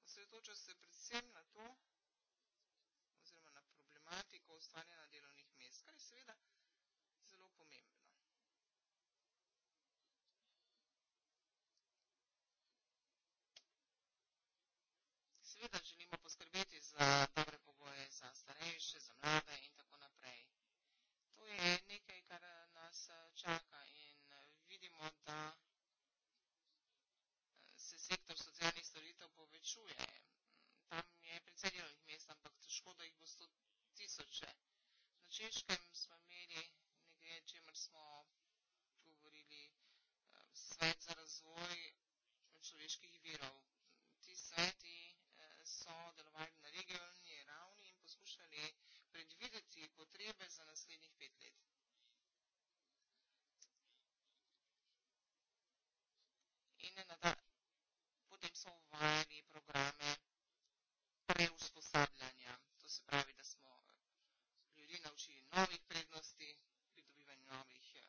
Osredotočal se predvsem na to, oziroma na problematiko ustvarjanja delovnih mest, kar je seveda zelo pomembno. Seveda želimo. sektor socialnih storitev povečuje. Tam je precej delovnih mest, ampak težko, da jih bo sto tisoče. Na Češkem smo imeli nekaj, čemer smo govorili, eh, svet za razvoj človeških virov. Ti sveti eh, so delovali na regionalni ravni in poskušali predvideti potrebe za naslednjih pet let. so uvajali programe preusposabljanja. To se pravi, da smo eh, ljudi naučili novih prednosti, pridobivanja novih eh,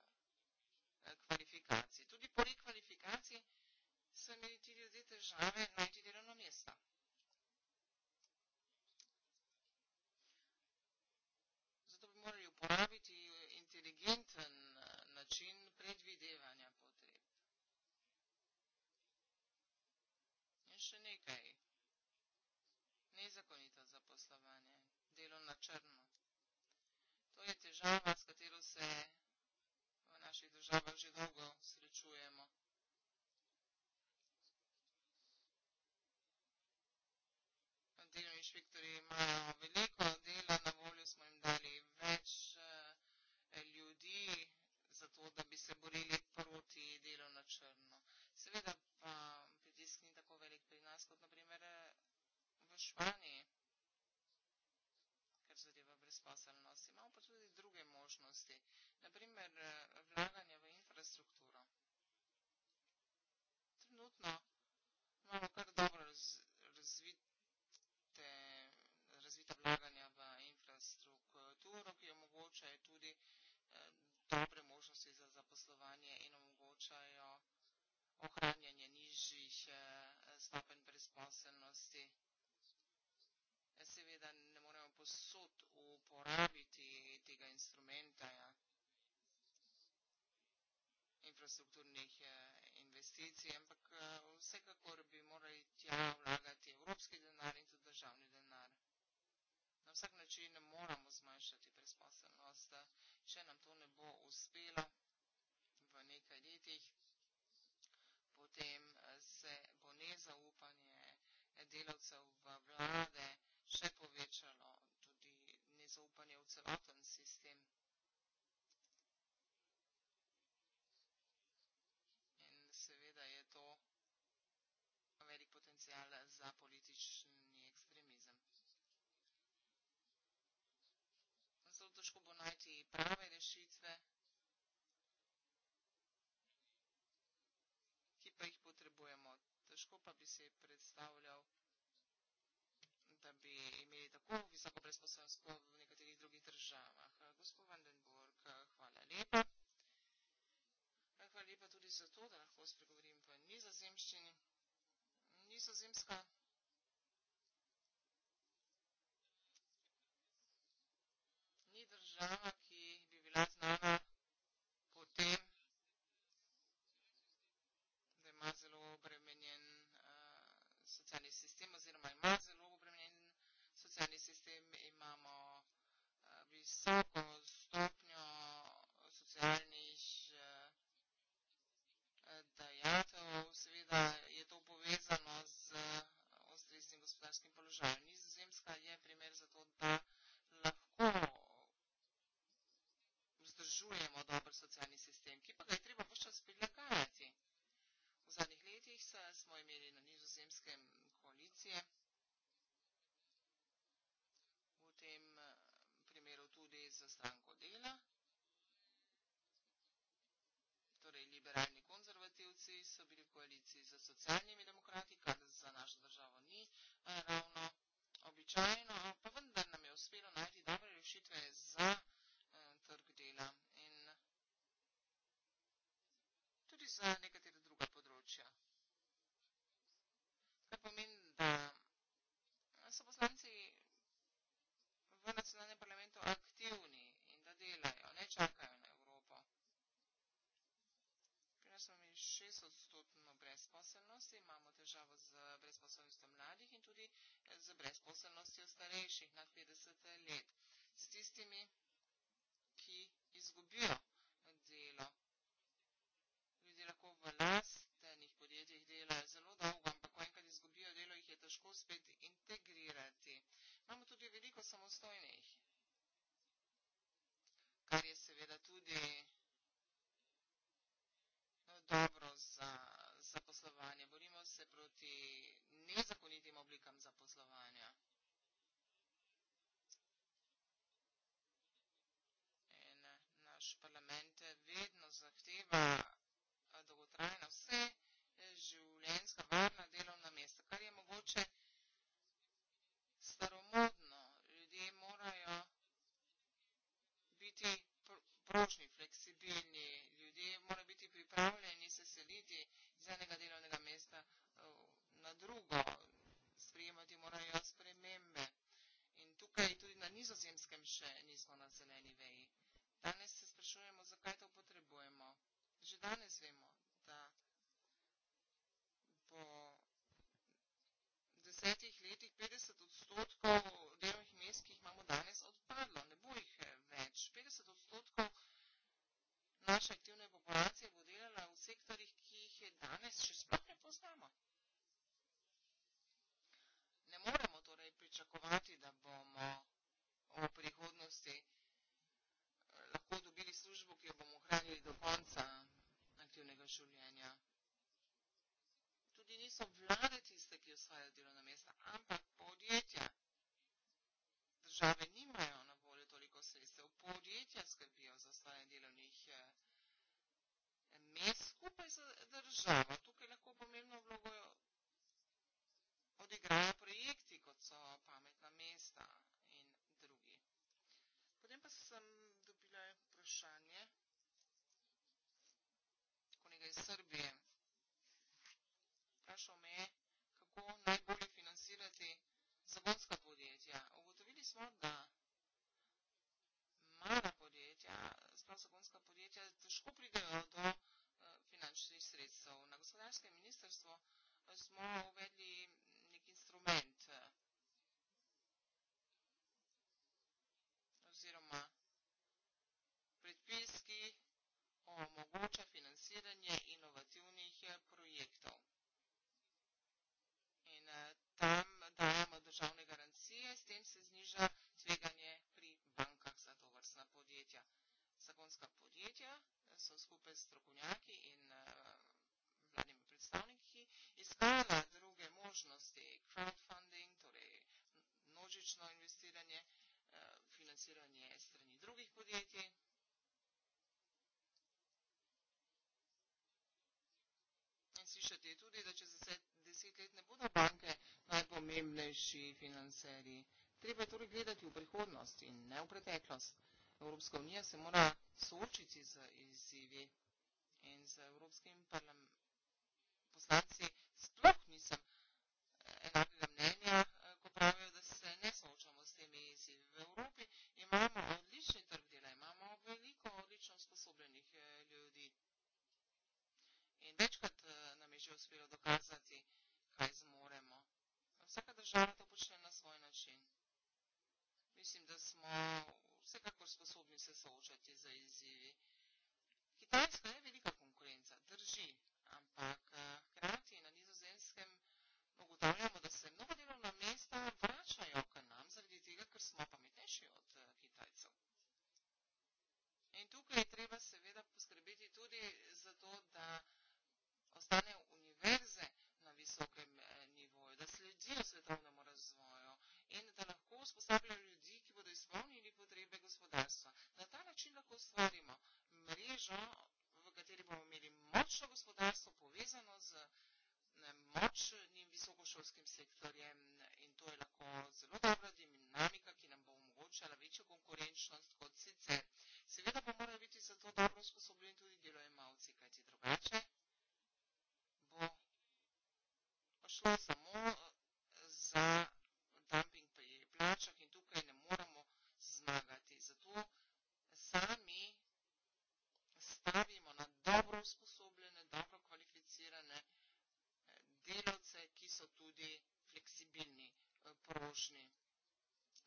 eh, kvalifikacij. Tudi poli kvalifikacij so imeli ti ljudje težave najti delovno mesto. Zato bi morali uporabiti inteligenten način predvidevanja potem. še nekaj. Nezakonito zaposlovanje, delo na črno. To je težava, s katero se v naših državah že dolgo srečujemo. Delovni inšpektori imajo veliko dela, na voljo smo jim dali več eh, ljudi, zato da bi se borili proti delu na črno. Seveda pa obisk ni tako velik pri nas, kot naprimer eh, v Španiji, ker zadeva brezposelnost. Imamo pa tudi druge možnosti, naprimer eh, vlaganje v infrastrukturo. Trenutno imamo kar dobro razvite, razvite vlaganja v infrastrukturo, ki omogočajo tudi eh, dobre možnosti za zaposlovanje in omogočajo ohranjanje nižjih eh, stopenj brezposelnosti. Eh, seveda ne moremo posod uporabiti tega instrumenta ja. infrastrukturnih eh, investicij, ampak vsekakor bi morali tja vlagati evropski denar in tudi državni denar. Na vsak način ne moramo zmanjšati brezposelnost, če nam to ne bo uspelo v nekaj letih potem eh, se bo nezaupanje eh, delavcev v vlade še povečalo, tudi nezaupanje v celoten sistem. In seveda je to velik potencijal za politični ekstremizem. Zelo težko bo najti prave rešitve, potrebujemo. Težko pa bi si predstavljal, da bi imeli tako visoko brezposobnost kot v nekaterih drugih državah. Gospod Vandenburg, hvala lepa. Hvala lepa tudi za to, da lahko spregovorim v nizozemščini. Nizozemska. Ni država, ki bi bila znana. visoko stopnjo socialnih eh, dajatev. Seveda je to povezano z ostrejšim eh, gospodarskim položajem. Nizozemska je primer za to, da lahko vzdržujemo dober socialni sistem, ki pa ga je treba počas prilagajati. V zadnjih letih smo imeli na nizozemskem koalicije. sestanku dela. Torej, liberalni konzervativci so bili v koaliciji z socialnimi demokrati, kar za našo državo ni ravno običajno, pa vendar nam je uspelo najti dobre rešitve za eh, trg dela in tudi za nekatera druga področja. Kar pomeni, da so poslanci v nacionalnem parlamentu aktivni in da delajo, ne čakajo na Evropo. Pri nas imamo šest odstotno brezposelnosti, imamo težavo z brezposelnostjo mladih in tudi z brezposelnostjo starejših nad 50 let. S tistimi, ki izgubijo delo. Ljudje lahko v lastenih podjetjih delajo zelo dolgo, ampak ko enkrat izgubijo delo, jih je težko spet integrirati. Imamo tudi veliko samostojnih, kar je seveda tudi no, dobro za zaposlovanje. Borimo se proti nezakonitim oblikam zaposlovanja. In naš parlament vedno zahteva dolgotrajno vse življenjska varna prožni, fleksibilni ljudje, mora biti pripravljeni se seliti iz enega delovnega mesta eh, na drugo, sprijemati morajo spremembe. In tukaj tudi na nizozemskem še nismo na zeleni veji. Danes se sprašujemo, zakaj to potrebujemo. Že danes vemo, da po desetih letih 50 odstotkov delovnih mest, ki jih imamo danes, odpadlo. Ne bo jih eh, več. 50 odstotkov naše aktivne populacije bo delala v sektorjih, ki jih je danes še sploh ne poznamo. Ne moremo torej pričakovati, da bomo v prihodnosti eh, lahko dobili službo, ki jo bomo hranili do konca aktivnega življenja. Tudi niso vlade tiste, ki osvajajo delovna mesta, ampak podjetja. Države nimajo na podjetja skrbijo za stanje delovnih eh, mest skupaj z državo. Tukaj lahko pomembno vlogo odigrajo projekti, kot so pametna mesta in drugi. Potem pa sem dobila vprašanje konega iz Srbije. Vprašal me, kako najbolje financirati zagonska podjetja. Ugotovili smo, da mala podjetja, sprav sagonska podjetja, težko pridejo do eh, finančnih sredstev. Na gospodarskem ministrstvu eh, smo uvedli nek instrument eh, oziroma predpis, ki omogoča financiranje inovativnih projektov. In tam dajemo državne garancije, s tem se zniža tveganje podjetja. Zagonska podjetja eh, so skupaj s strokovnjaki in uh, vladnimi predstavniki iskala druge možnosti, crowdfunding, torej množično investiranje, uh, financiranje strani drugih podjetij. In slišati je tudi, da čez deset, deset let ne bodo banke najpomembnejši financeri. Treba je torej gledati v prihodnost in ne v preteklost. Uh, Evropska unija se mora soočiti z izzivi in z Evropskim parlamentom. Poslanci sploh nisem eh, enakega mnenja, eh, ko pravijo, da se ne soočamo s temi izzivi. V Evropi imamo odlični trg dela, imamo veliko odlično sposobljenih eh, ljudi. In večkrat nam je že uspelo dokazati, kaj zmoremo. Vsaka država to počne na svoj način. Mislim, da smo v vsekakor sposobni se soočati za izzivi. Kitajska je velika konkurenca, drži, ampak eh, hkrati na nizozemskem ugotavljamo, da se mnogo delovna mesta vračajo k nam zaradi tega, ker smo pametnejši od eh, Kitajcev. In tukaj je treba seveda poskrbeti tudi za to, da ostanejo univerze na visokem eh, nivoju, da sledijo svetovnemu razvoju in da lahko vzpostavljajo ljudi, izpolnili potrebe gospodarstva. Na ta način lahko ustvarimo mrežo, v kateri bomo imeli močno gospodarstvo povezano z močnim visokošolskim sektorjem in to je lahko zelo dobra dinamika, ki nam bo omogočala večjo konkurenčnost kot sicer. Seveda pa morajo biti za to dobro usposobljeni tudi delojemalci, kajti drugače bo šlo samo eh, za usposobljene, dobro kvalificirane eh, delavce, ki so tudi fleksibilni, eh, prožni.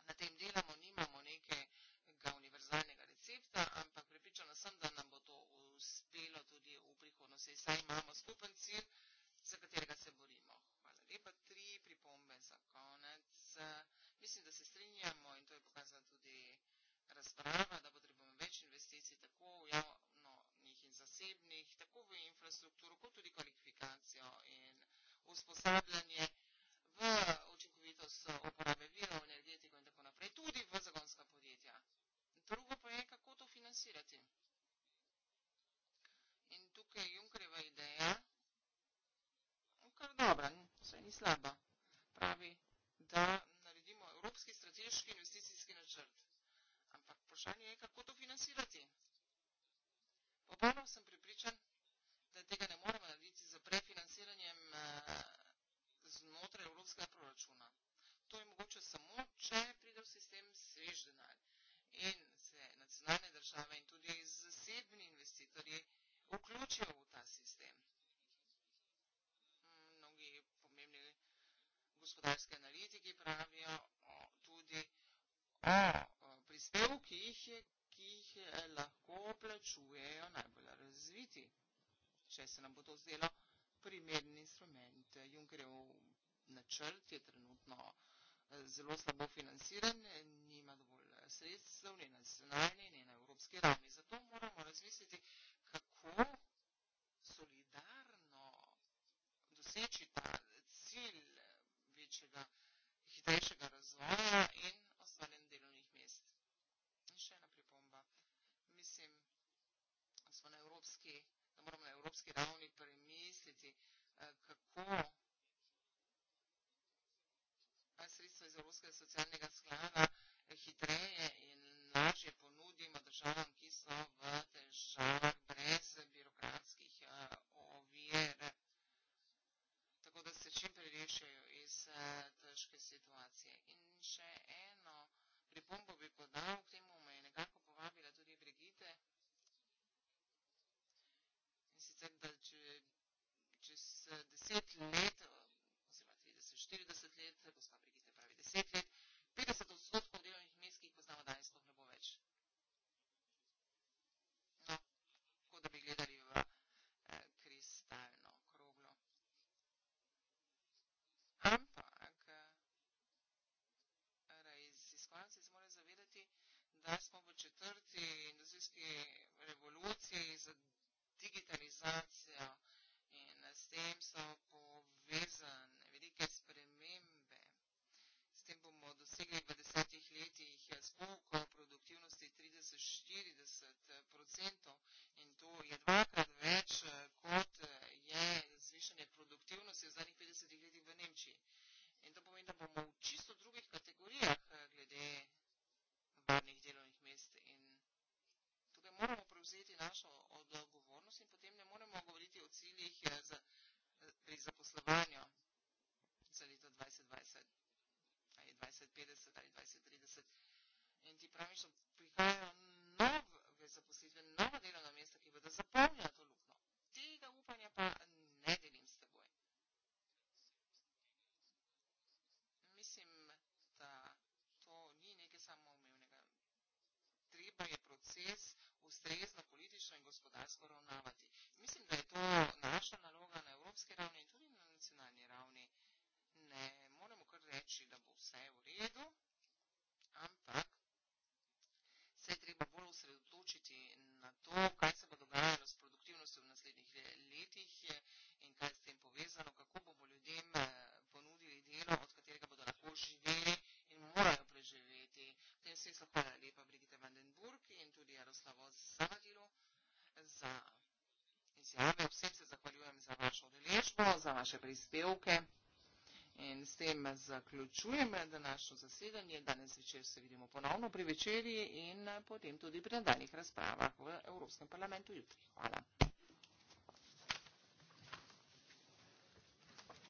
Na tem delamo, nimamo nekega univerzalnega recepta, ampak pripričana sem, da nam bo to uspelo tudi v prihodnosti. Saj imamo skupen cilj, za katerega se borimo. Hvala lepa. Tri pripombe za konec. Mislim, da se strinjamo in to je pokazala tudi razprava, da potrebujemo več investicij tako v javno, osebnih, tako v infrastrukturo, kot tudi kvalifikacijo in usposabljanje v učinkovitost uporabe virov, energetiko in tako naprej, tudi v zagonska podjetja. Drugo pa je, kako to financirati. In tukaj je Junkreva ideja, no, kar dobra, vse ni slaba, pravi, da naredimo Evropski strateški investicijski načrt. Ampak vprašanje je, kako to financirati. Popolno sem pripričan, da tega ne moremo narediti z prefinanciranjem eh, znotraj evropskega proračuna. To je mogoče samo, če pride v sistem svež denar in se nacionalne države in tudi zasebni investitorji vključijo v ta sistem. Mm, mnogi pomembni gospodarski analitiki pravijo tudi o prispevkih, ki jih je lahko plačujejo najbolj razviti, če se nam bo to zdelo primeren instrument. Junkerjev načrt je trenutno eh, zelo slabo financiran, nima dovolj eh, sredstev, ne nacionalni, ne na evropski ravni. Zato moramo razmisliti, kako solidarno doseči ta cilj večjega, hitrejšega razvoja in ostvarjanja. evropski, da moramo na evropski ravni premisliti, eh, kako sredstva iz Evropskega socialnega sklada eh, hitreje in lažje ponudimo državam, ki so v težavah brez birokratskih eh, ovir, tako da se čim prerešajo iz težke situacije. In še eno pripombo bi podal k temu, me je nekako povabila tudi pri tem, da če čez 10 let, oziroma 30-40 let, gospa Brigitte pravi 10 let, 50 odstotkov delovnih mest, ki jih poznamo danes, sploh ne bo več. No, kot da bi gledali v eh, kristalno kroglo. Ampak eh, raziskovalci se morajo zavedati, da smo v četrti industrijski revoluciji za digitalizacijo in s tem so povezane velike spremembe. S tem bomo dosegli v desetih letih spolko produktivnosti 30-40% in to je dvakrat več, kot je zvišanje produktivnosti v zadnjih 50 letih v Nemčiji. In to pomeni, da bomo v čisto drugih kategorijah glede barnih delovnih mest in moramo prevzeti našo odgovornost in potem ne moremo govoriti o ciljih eh, za, eh, pri zaposlovanju za leto 2020 ali 2050 ali 2030. In ti praviš, da prihajajo nove zaposlitve, nova delovna mesta, ki bodo zapolnila to luknjo. Tega upanja pa ne delim s teboj. Mislim, da to ni nekaj samoumevnega. Treba je proces ustrezno politično in gospodarsko ravnavati. Mislim, da je to naša naloga na evropski ravni in tudi na nacionalni ravni. Ne moremo kar reči, da bo vse v redu, ampak se je treba bolj osredotočiti na to, kaj se bo dogajalo s produktivnostjo v naslednjih letih. Je, vseh zahvala lepa Brigitte Vandenburg in tudi Jaroslavo Zavadilu za izjave. Vsem se zahvaljujem za vašo deležbo, za vaše prispevke. In s tem zaključujem današnjo zasedanje. Danes večer se vidimo ponovno pri večerji in potem tudi pri nadaljnih razpravah v Evropskem parlamentu jutri. Hvala.